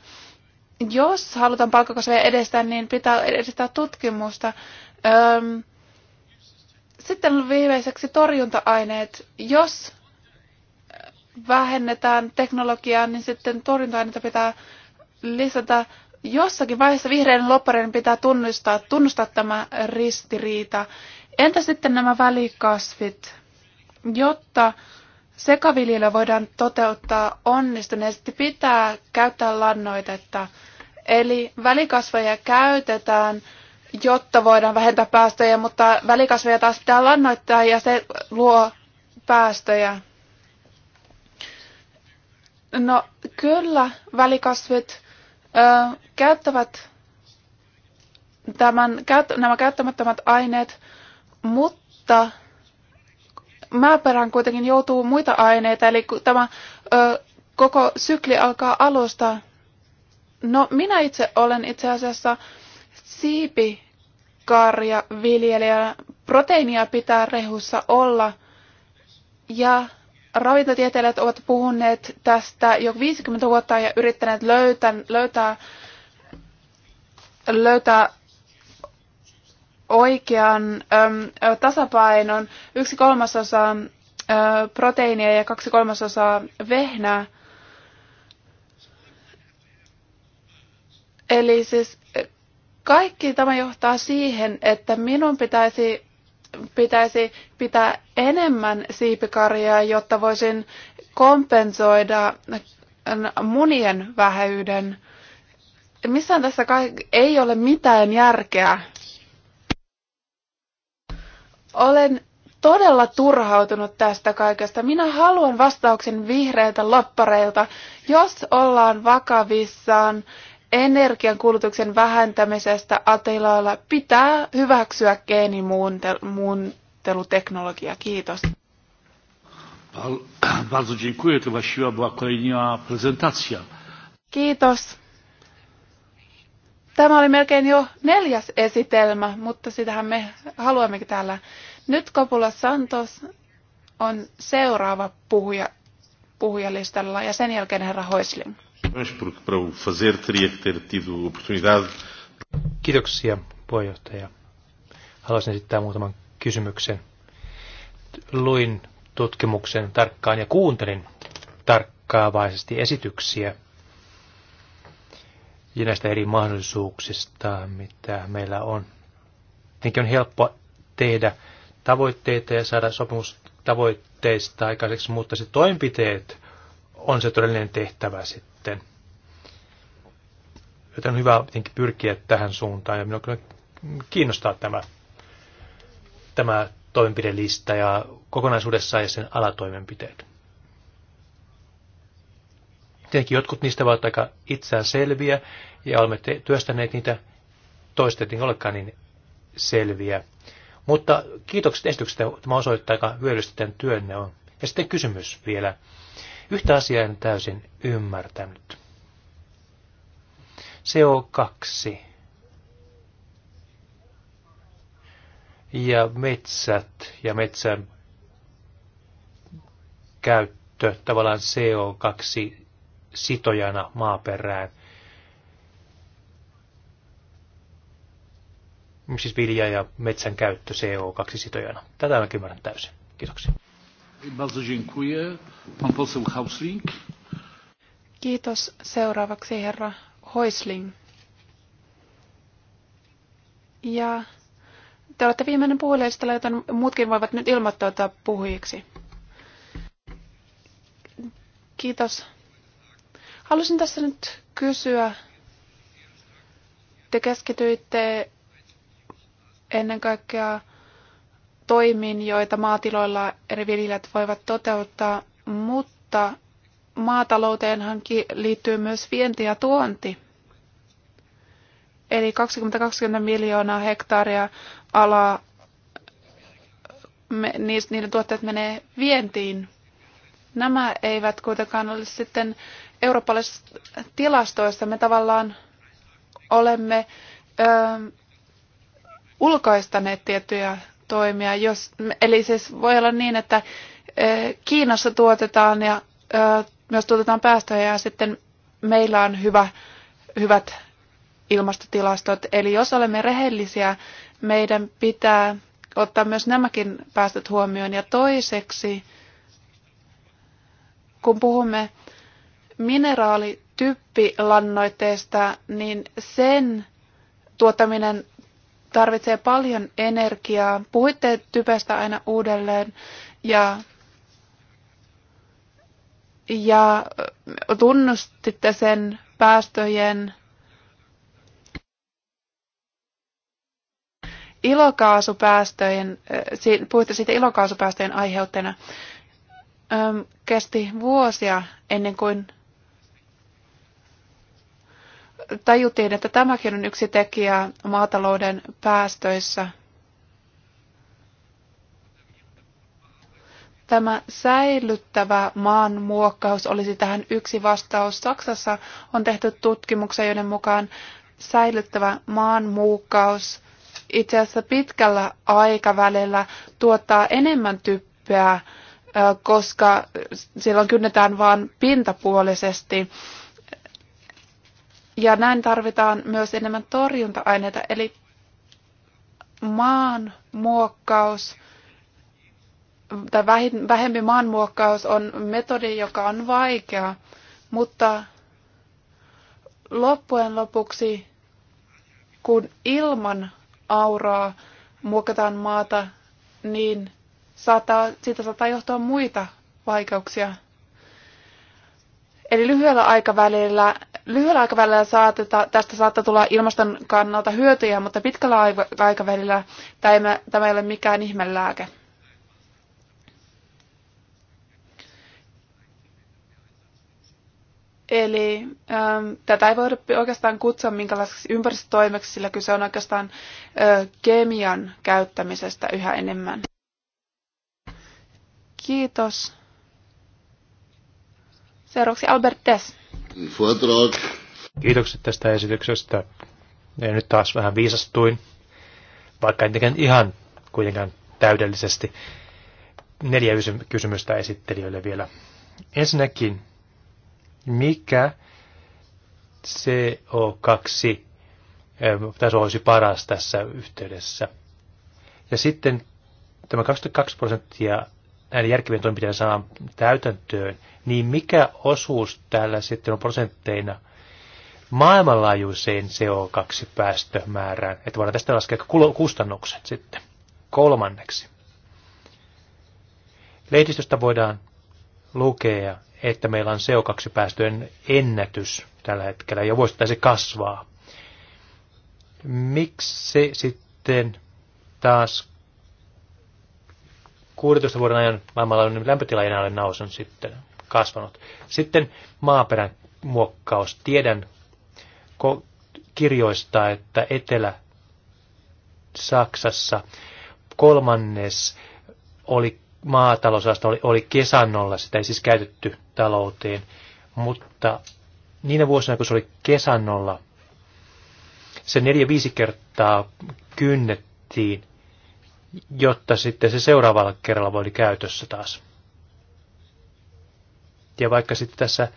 Jos halutaan palkkakasveja edistää, niin pitää edistää tutkimusta. Sitten viimeiseksi torjunta-aineet. Jos vähennetään teknologiaa, niin sitten torjunta-aineita pitää lisätä. Jossakin vaiheessa vihreiden loppareiden pitää tunnustaa, tunnustaa tämä ristiriita. Entä sitten nämä välikasvit? Jotta sekaviljelyä voidaan toteuttaa onnistuneesti, pitää käyttää lannoitetta. Eli välikasveja käytetään, jotta voidaan vähentää päästöjä, mutta välikasveja taas pitää lannoittaa ja se luo päästöjä. No kyllä, välikasvit ö, käyttävät tämän, käyt, nämä käyttämättömät aineet, mutta maaperään kuitenkin joutuu muita aineita, eli tämä ö, koko sykli alkaa alusta. No minä itse olen itse asiassa siipikarja viljelijä. Proteiinia pitää rehussa olla ja ravintotieteilijät ovat puhuneet tästä jo 50 vuotta ja yrittäneet löytää, löytää, löytää oikean tasapainon. Yksi kolmasosa proteiinia ja kaksi kolmasosaa vehnää. Eli siis kaikki tämä johtaa siihen, että minun pitäisi pitäisi pitää enemmän siipikarjaa, jotta voisin kompensoida munien vähäyden. Missään tässä ei ole mitään järkeä. Olen todella turhautunut tästä kaikesta. Minä haluan vastauksen vihreiltä loppareilta, jos ollaan vakavissaan energiankulutuksen vähentämisestä atiloilla pitää hyväksyä geenimuunteluteknologia. Kiitos. [CLEARS THROAT] Bardzo dziękuję. To właściwa była kolejna prezentacja. Kiitos. Tämä oli melkein jo neljäs esitelmä, mutta sitähän me haluammekin täällä. Nyt Kopula Santos on seuraava puhuja, puhujalistalla ja sen jälkeen herra Hoisling. Kiitoksia, puheenjohtaja. Haluaisin esittää muutaman kysymyksen. Luin tutkimuksen tarkkaan ja kuuntelin tarkkaavaisesti esityksiä ja näistä eri mahdollisuuksista, mitä meillä on. Tietenkin on helppo tehdä tavoitteita ja saada sopimus tavoitteista aikaiseksi, mutta se toimenpiteet on se todellinen tehtävä sitten. Joten on hyvä pyrkiä tähän suuntaan ja minua kyllä kiinnostaa tämä, tämä toimenpidelista ja kokonaisuudessaan ja sen alatoimenpiteet. Tietenkin jotkut niistä ovat aika itsään selviä ja olemme työstäneet niitä toistettiin olekaan niin selviä. Mutta kiitokset esityksestä, tämä osoittaa aika hyödyllistä tämän työnne on. Ja sitten kysymys vielä. Yhtä asiaa en täysin ymmärtänyt. CO2 ja metsät ja metsän käyttö tavallaan CO2 sitojana maaperään. Siis vilja ja metsän käyttö CO2 sitojana. Tätä en ymmärrän täysin. Kiitoksia. Bardzo dziękuję. Pan poseł Hausling. Kiitos. Seuraavaksi herra Hoisling. Ja te olette viimeinen puhujalistalla, joten muutkin voivat nyt ilmoittautua puhujiksi. Kiitos. Halusin tässä nyt kysyä, te keskityitte ennen kaikkea toimin, joita maatiloilla eri viljelijät voivat toteuttaa, mutta maatalouteenhan liittyy myös vienti ja tuonti. Eli 20-20 miljoonaa hektaaria alaa, me, niiden tuotteet menee vientiin. Nämä eivät kuitenkaan ole sitten eurooppalaisissa tilastoissa. Me tavallaan olemme ö, ulkoistaneet tiettyjä toimia. Jos, eli siis voi olla niin, että Kiinassa tuotetaan ja myös tuotetaan päästöjä ja sitten meillä on hyvä, hyvät ilmastotilastot. Eli jos olemme rehellisiä, meidän pitää ottaa myös nämäkin päästöt huomioon. Ja toiseksi, kun puhumme mineraalityppilannoitteesta, niin sen tuottaminen tarvitsee paljon energiaa. Puhuitte typestä aina uudelleen ja, ja tunnustitte sen päästöjen ilokaasupäästöjen, eh, puhuitte siitä ilokaasupäästöjen aiheuttena. Öm, kesti vuosia ennen kuin tajuttiin, että tämäkin on yksi tekijä maatalouden päästöissä. Tämä säilyttävä maan muokkaus olisi tähän yksi vastaus. Saksassa on tehty tutkimuksia, joiden mukaan säilyttävä maan muokkaus itse asiassa pitkällä aikavälillä tuottaa enemmän typpeä, koska silloin kynnetään vain pintapuolisesti ja näin tarvitaan myös enemmän torjunta-aineita, eli maanmuokkaus tai vähempi maanmuokkaus on metodi, joka on vaikea, mutta loppujen lopuksi, kun ilman auraa muokataan maata, niin saattaa, siitä saattaa johtua muita vaikeuksia. Eli lyhyellä aikavälillä, lyhyellä aikavälillä saateta, tästä saattaa tulla ilmaston kannalta hyötyjä, mutta pitkällä aikavälillä tämä, tämä ei ole mikään ihmelääke. Eli ähm, tätä ei voida oikeastaan kutsua minkälaiseksi ympäristötoimeksi, sillä kyse on oikeastaan äh, kemian käyttämisestä yhä enemmän. Kiitos. Seuraavaksi Albert Tess. Kiitokset tästä esityksestä. Ja nyt taas vähän viisastuin, vaikka en ihan kuitenkaan täydellisesti. Neljä kysymystä esittelijöille vielä. Ensinnäkin, mikä CO2 eh, taso olisi paras tässä yhteydessä? Ja sitten tämä 22 prosenttia näiden järkevien toimenpiteiden saadaan täytäntöön, niin mikä osuus täällä sitten on prosentteina maailmanlaajuiseen CO2-päästömäärään, että voidaan tästä laskea kustannukset sitten kolmanneksi. Lehdistöstä voidaan lukea, että meillä on CO2-päästöjen ennätys tällä hetkellä ja vuosittaisesti kasvaa. Miksi sitten taas 16 vuoden ajan maailmanlaajuinen lämpötila ei enää ole nousun sitten kasvanut. Sitten maaperän muokkaus. Tiedän kirjoista, että Etelä-Saksassa kolmannes oli maatalousasta oli, oli kesannolla, sitä ei siis käytetty talouteen, mutta niinä vuosina, kun se oli kesannolla, se neljä-viisi kertaa kynnettiin jotta sitten se seuraavalla kerralla voi käytössä taas. Ja vaikka sitten tässä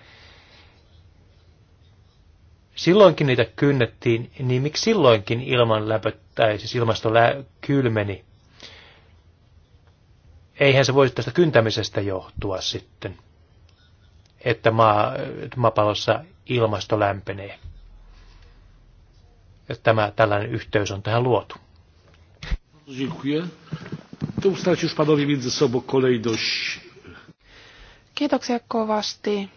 silloinkin niitä kynnettiin, niin miksi silloinkin ilman läpöttäisi, siis ilmasto lä- kylmeni? Eihän se voisi tästä kyntämisestä johtua sitten, että maa, maapallossa ilmasto lämpenee. Että tämä tällainen yhteys on tähän luotu. Kiitoksia kovasti.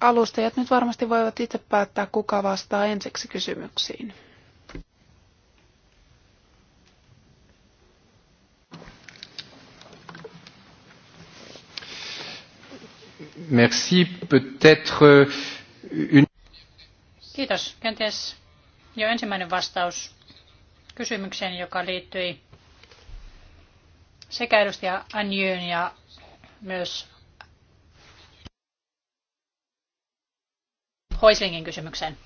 Alustajat nyt varmasti voivat itse päättää, kuka vastaa ensiksi kysymyksiin. Merci. Peut-être euh, une... Kiitos. Kenties jo ensimmäinen vastaus kysymykseen, joka liittyi sekä edustaja Anjön ja myös Hoislingin kysymykseen.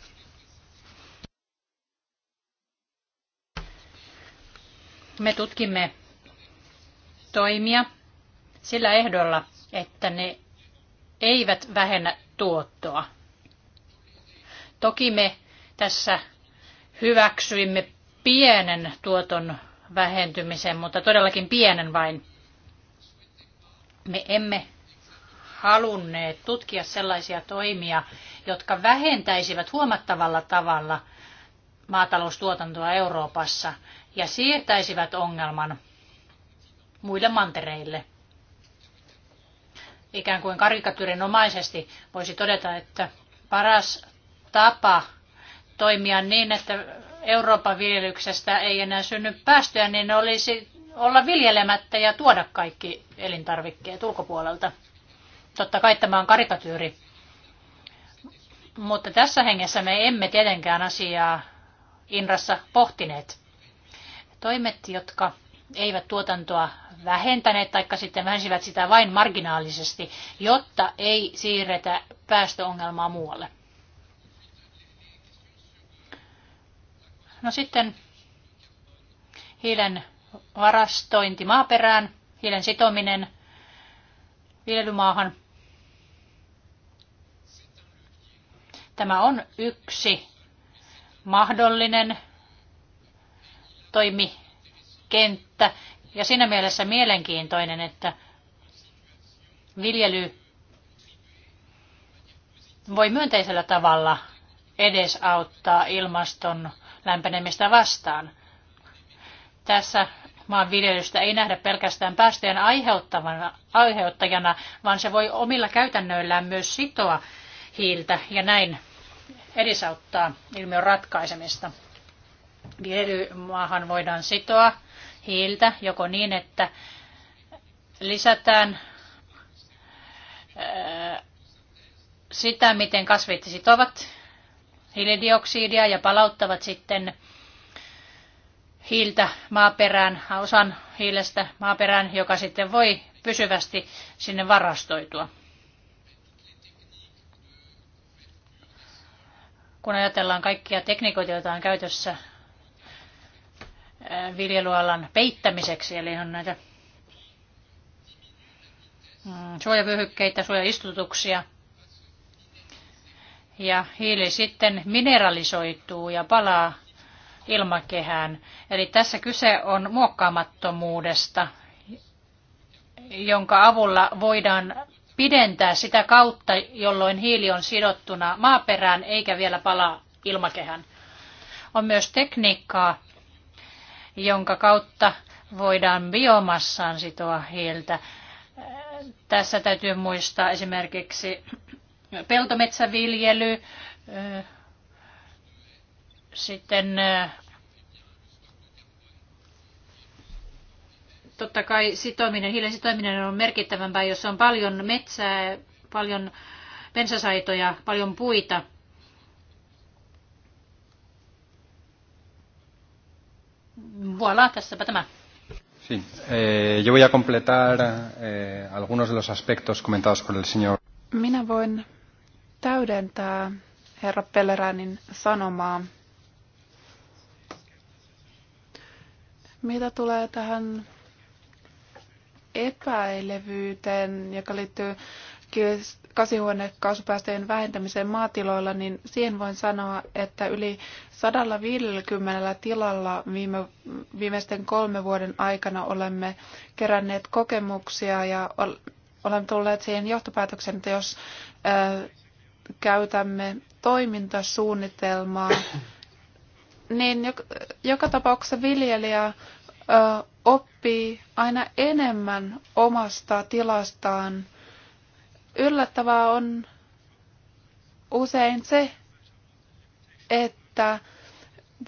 Me tutkimme toimia sillä ehdolla, että ne eivät vähennä tuottoa. Toki me tässä hyväksyimme pienen tuoton vähentymisen, mutta todellakin pienen vain. Me emme halunneet tutkia sellaisia toimia, jotka vähentäisivät huomattavalla tavalla maataloustuotantoa Euroopassa ja siirtäisivät ongelman muille mantereille. Ikään kuin karikatyrinomaisesti voisi todeta, että paras tapa toimia niin, että Euroopan viljelyksestä ei enää synny päästöjä, niin olisi olla viljelemättä ja tuoda kaikki elintarvikkeet ulkopuolelta. Totta kai tämä on karikatyyri. Mutta tässä hengessä me emme tietenkään asiaa Inrassa pohtineet. Toimet, jotka eivät tuotantoa vähentäneet, tai sitten vähensivät sitä vain marginaalisesti, jotta ei siirretä päästöongelmaa muualle. No sitten hiilen varastointi maaperään, hiilen sitominen viljelymaahan. Tämä on yksi mahdollinen toimikenttä ja siinä mielessä mielenkiintoinen, että viljely voi myönteisellä tavalla edesauttaa ilmaston lämpenemistä vastaan. Tässä viljelystä ei nähdä pelkästään päästöjen aiheuttavana, aiheuttajana, vaan se voi omilla käytännöillään myös sitoa hiiltä ja näin edesauttaa ilmiön ratkaisemista. Viljelymaahan voidaan sitoa hiiltä joko niin, että lisätään sitä, miten kasvit sitovat hiilidioksidia ja palauttavat sitten hiiltä maaperään, osan hiilestä maaperään, joka sitten voi pysyvästi sinne varastoitua. Kun ajatellaan kaikkia tekniikoita, joita on käytössä viljelualan peittämiseksi, eli on näitä mm, suojavyöhykkeitä, suojaistutuksia, ja hiili sitten mineralisoituu ja palaa ilmakehään. Eli tässä kyse on muokkaamattomuudesta, jonka avulla voidaan pidentää sitä kautta, jolloin hiili on sidottuna maaperään eikä vielä palaa ilmakehään. On myös tekniikkaa, jonka kautta voidaan biomassaan sitoa hiiltä. Tässä täytyy muistaa esimerkiksi peltometsäviljely, sitten totta kai sitominen, hiilen sitoiminen on merkittävämpää, jos on paljon metsää, paljon pensasaitoja, paljon puita. Voilà, tässäpä tämä. Sí. Eh, yo voy a completar eh, algunos de los aspectos comentados por el señor. Minä voin täydentää herra Pelleränin sanomaa. Mitä tulee tähän epäilevyyteen, joka liittyy kasvihuonekaasupäästöjen vähentämiseen maatiloilla, niin siihen voin sanoa, että yli 150 tilalla viime, viimeisten kolme vuoden aikana olemme keränneet kokemuksia ja olemme tulleet siihen johtopäätöksen, että jos käytämme toimintasuunnitelmaa, niin joka, tapauksessa viljelijä oppii aina enemmän omasta tilastaan. Yllättävää on usein se, että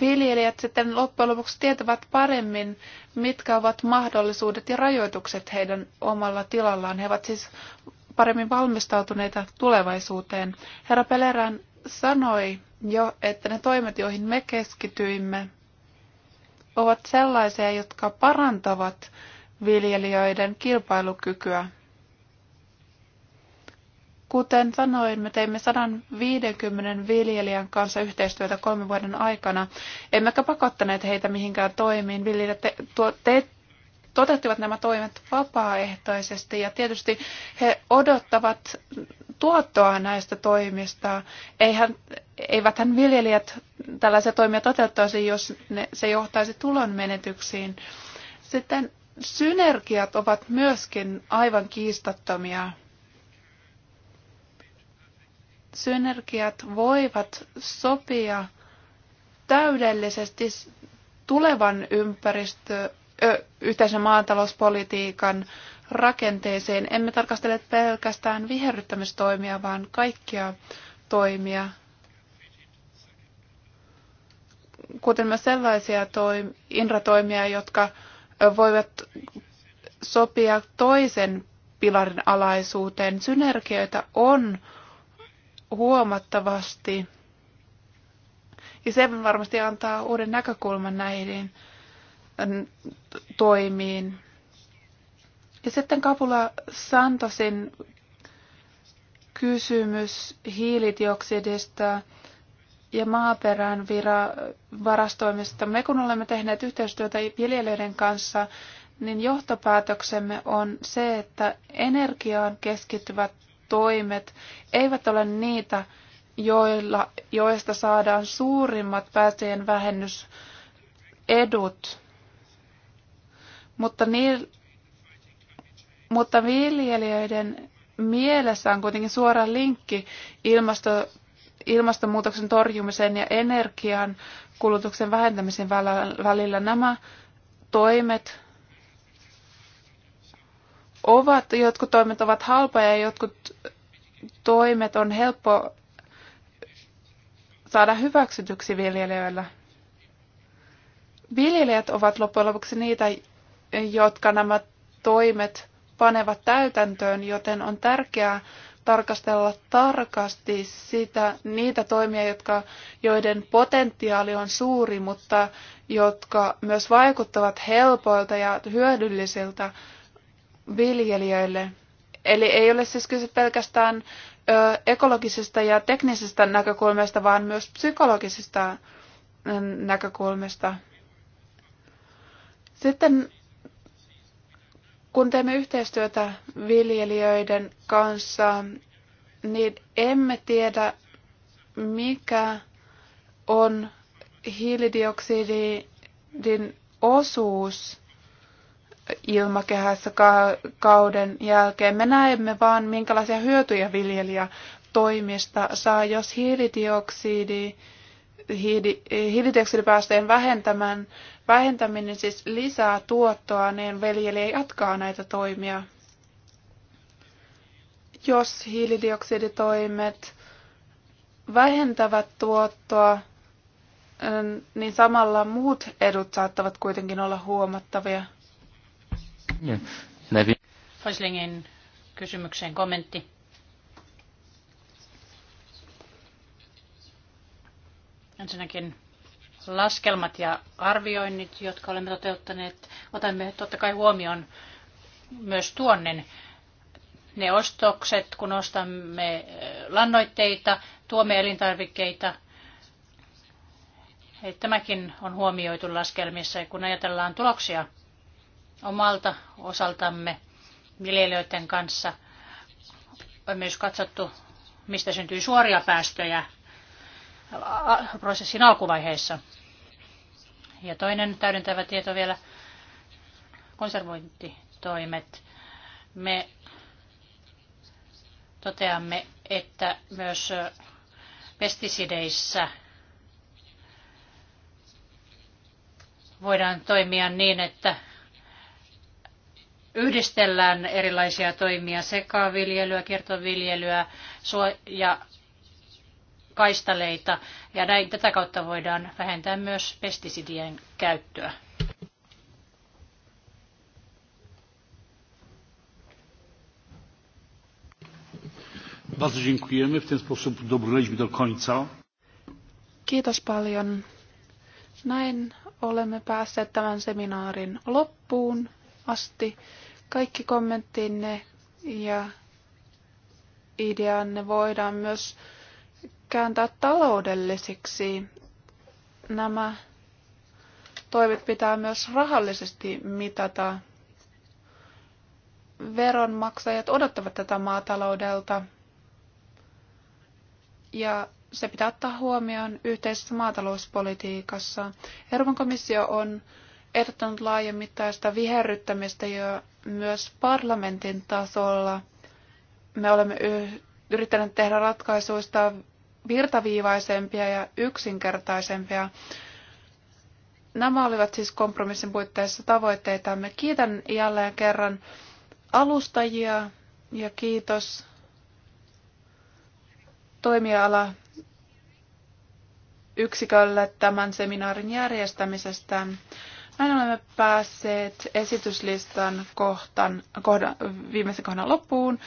viljelijät sitten loppujen lopuksi tietävät paremmin, mitkä ovat mahdollisuudet ja rajoitukset heidän omalla tilallaan. He ovat siis paremmin valmistautuneita tulevaisuuteen. Herra Pelerän sanoi jo, että ne toimet, joihin me keskityimme, ovat sellaisia, jotka parantavat viljelijöiden kilpailukykyä. Kuten sanoin, me teimme 150 viljelijän kanssa yhteistyötä kolmen vuoden aikana, emmekä pakottaneet heitä mihinkään toimiin. Viljelijät te, tuo, te, toteuttivat nämä toimet vapaaehtoisesti ja tietysti he odottavat tuottoa näistä toimista. Eihän, eiväthän viljelijät tällaisia toimia toteuttaisi, jos ne, se johtaisi tulon menetyksiin. Sitten synergiat ovat myöskin aivan kiistattomia. Synergiat voivat sopia täydellisesti tulevan ympäristö yhteisen maatalouspolitiikan rakenteeseen. Emme tarkastele pelkästään viherryttämistoimia, vaan kaikkia toimia, kuten myös sellaisia toim- infratoimia, jotka voivat sopia toisen pilarin alaisuuteen. Synergioita on huomattavasti. Ja se varmasti antaa uuden näkökulman näihin toimiin. Ja sitten Kapula Santosin kysymys hiilidioksidista ja maaperän vira- varastoimista. Me kun olemme tehneet yhteistyötä viljelijöiden kanssa, niin johtopäätöksemme on se, että energiaan keskittyvät toimet eivät ole niitä, joilla, joista saadaan suurimmat päästöjen vähennysedut. Mutta, niil, mutta viljelijöiden mielessä on kuitenkin suora linkki ilmasto, ilmastonmuutoksen torjumisen ja energian kulutuksen vähentämisen välillä. Nämä toimet ovat, jotkut toimet ovat halpoja ja jotkut toimet on helppo saada hyväksytyksi viljelijöillä. Viljelijät ovat loppujen lopuksi niitä, jotka nämä toimet panevat täytäntöön, joten on tärkeää tarkastella tarkasti sitä, niitä toimia, jotka, joiden potentiaali on suuri, mutta jotka myös vaikuttavat helpoilta ja hyödyllisiltä viljelijöille. Eli ei ole siis kyse pelkästään ö, ekologisesta ja teknisestä näkökulmasta, vaan myös psykologisesta näkökulmasta. Sitten kun teemme yhteistyötä viljelijöiden kanssa, niin emme tiedä, mikä on hiilidioksidin osuus ilmakehässä kauden jälkeen. Me näemme vaan, minkälaisia hyötyjä viljelijä toimista saa, jos hiilidioksidi hiili, eh, hiilidioksidipäästöjen vähentämään, vähentäminen siis lisää tuottoa, niin ei jatkaa näitä toimia. Jos hiilidioksiditoimet vähentävät tuottoa, eh, niin samalla muut edut saattavat kuitenkin olla huomattavia. Niin. Faislingin kysymykseen kommentti. Ensinnäkin laskelmat ja arvioinnit, jotka olemme toteuttaneet, otamme totta kai huomioon myös tuonnen ne ostokset, kun ostamme eh, lannoitteita, tuomme elintarvikkeita. Että eh, tämäkin on huomioitu laskelmissa ja kun ajatellaan tuloksia omalta osaltamme viljelijöiden kanssa, on myös katsottu, mistä syntyy suoria päästöjä prosessin alkuvaiheessa. Ja toinen täydentävä tieto vielä, konservointitoimet. Me toteamme, että myös pestisideissä voidaan toimia niin, että yhdistellään erilaisia toimia, sekaviljelyä, kiertoviljelyä ja kaistaleita ja näin tätä kautta voidaan vähentää myös pestisidien käyttöä. Bardzo dziękujemy. W ten sposób dobrnęliśmy do końca. Kiitos paljon. Näin olemme päässeet tämän seminaarin loppuun asti. Kaikki kommenttinne ja ideanne voidaan myös kääntää taloudellisiksi. Nämä toimet pitää myös rahallisesti mitata. Veronmaksajat odottavat tätä maataloudelta ja se pitää ottaa huomioon yhteisessä maatalouspolitiikassa. Euroopan komissio on ehdottanut laajemmittaista viherryttämistä jo myös parlamentin tasolla. Me olemme yrittäneet tehdä ratkaisuista virtaviivaisempia ja yksinkertaisempia. Nämä olivat siis kompromissin puitteissa tavoitteitamme. Kiitän jälleen kerran alustajia ja kiitos toimiala yksikölle tämän seminaarin järjestämisestä. Näin olemme päässeet esityslistan kohtan, kohdan, viimeisen kohdan loppuun,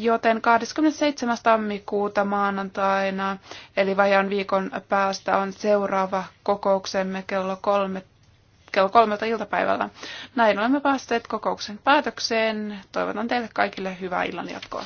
joten 27. tammikuuta maanantaina, eli vajaan viikon päästä, on seuraava kokouksemme kello, kolme, kello kolmelta iltapäivällä. Näin olemme päässeet kokouksen päätökseen. Toivotan teille kaikille hyvää illanjatkoa.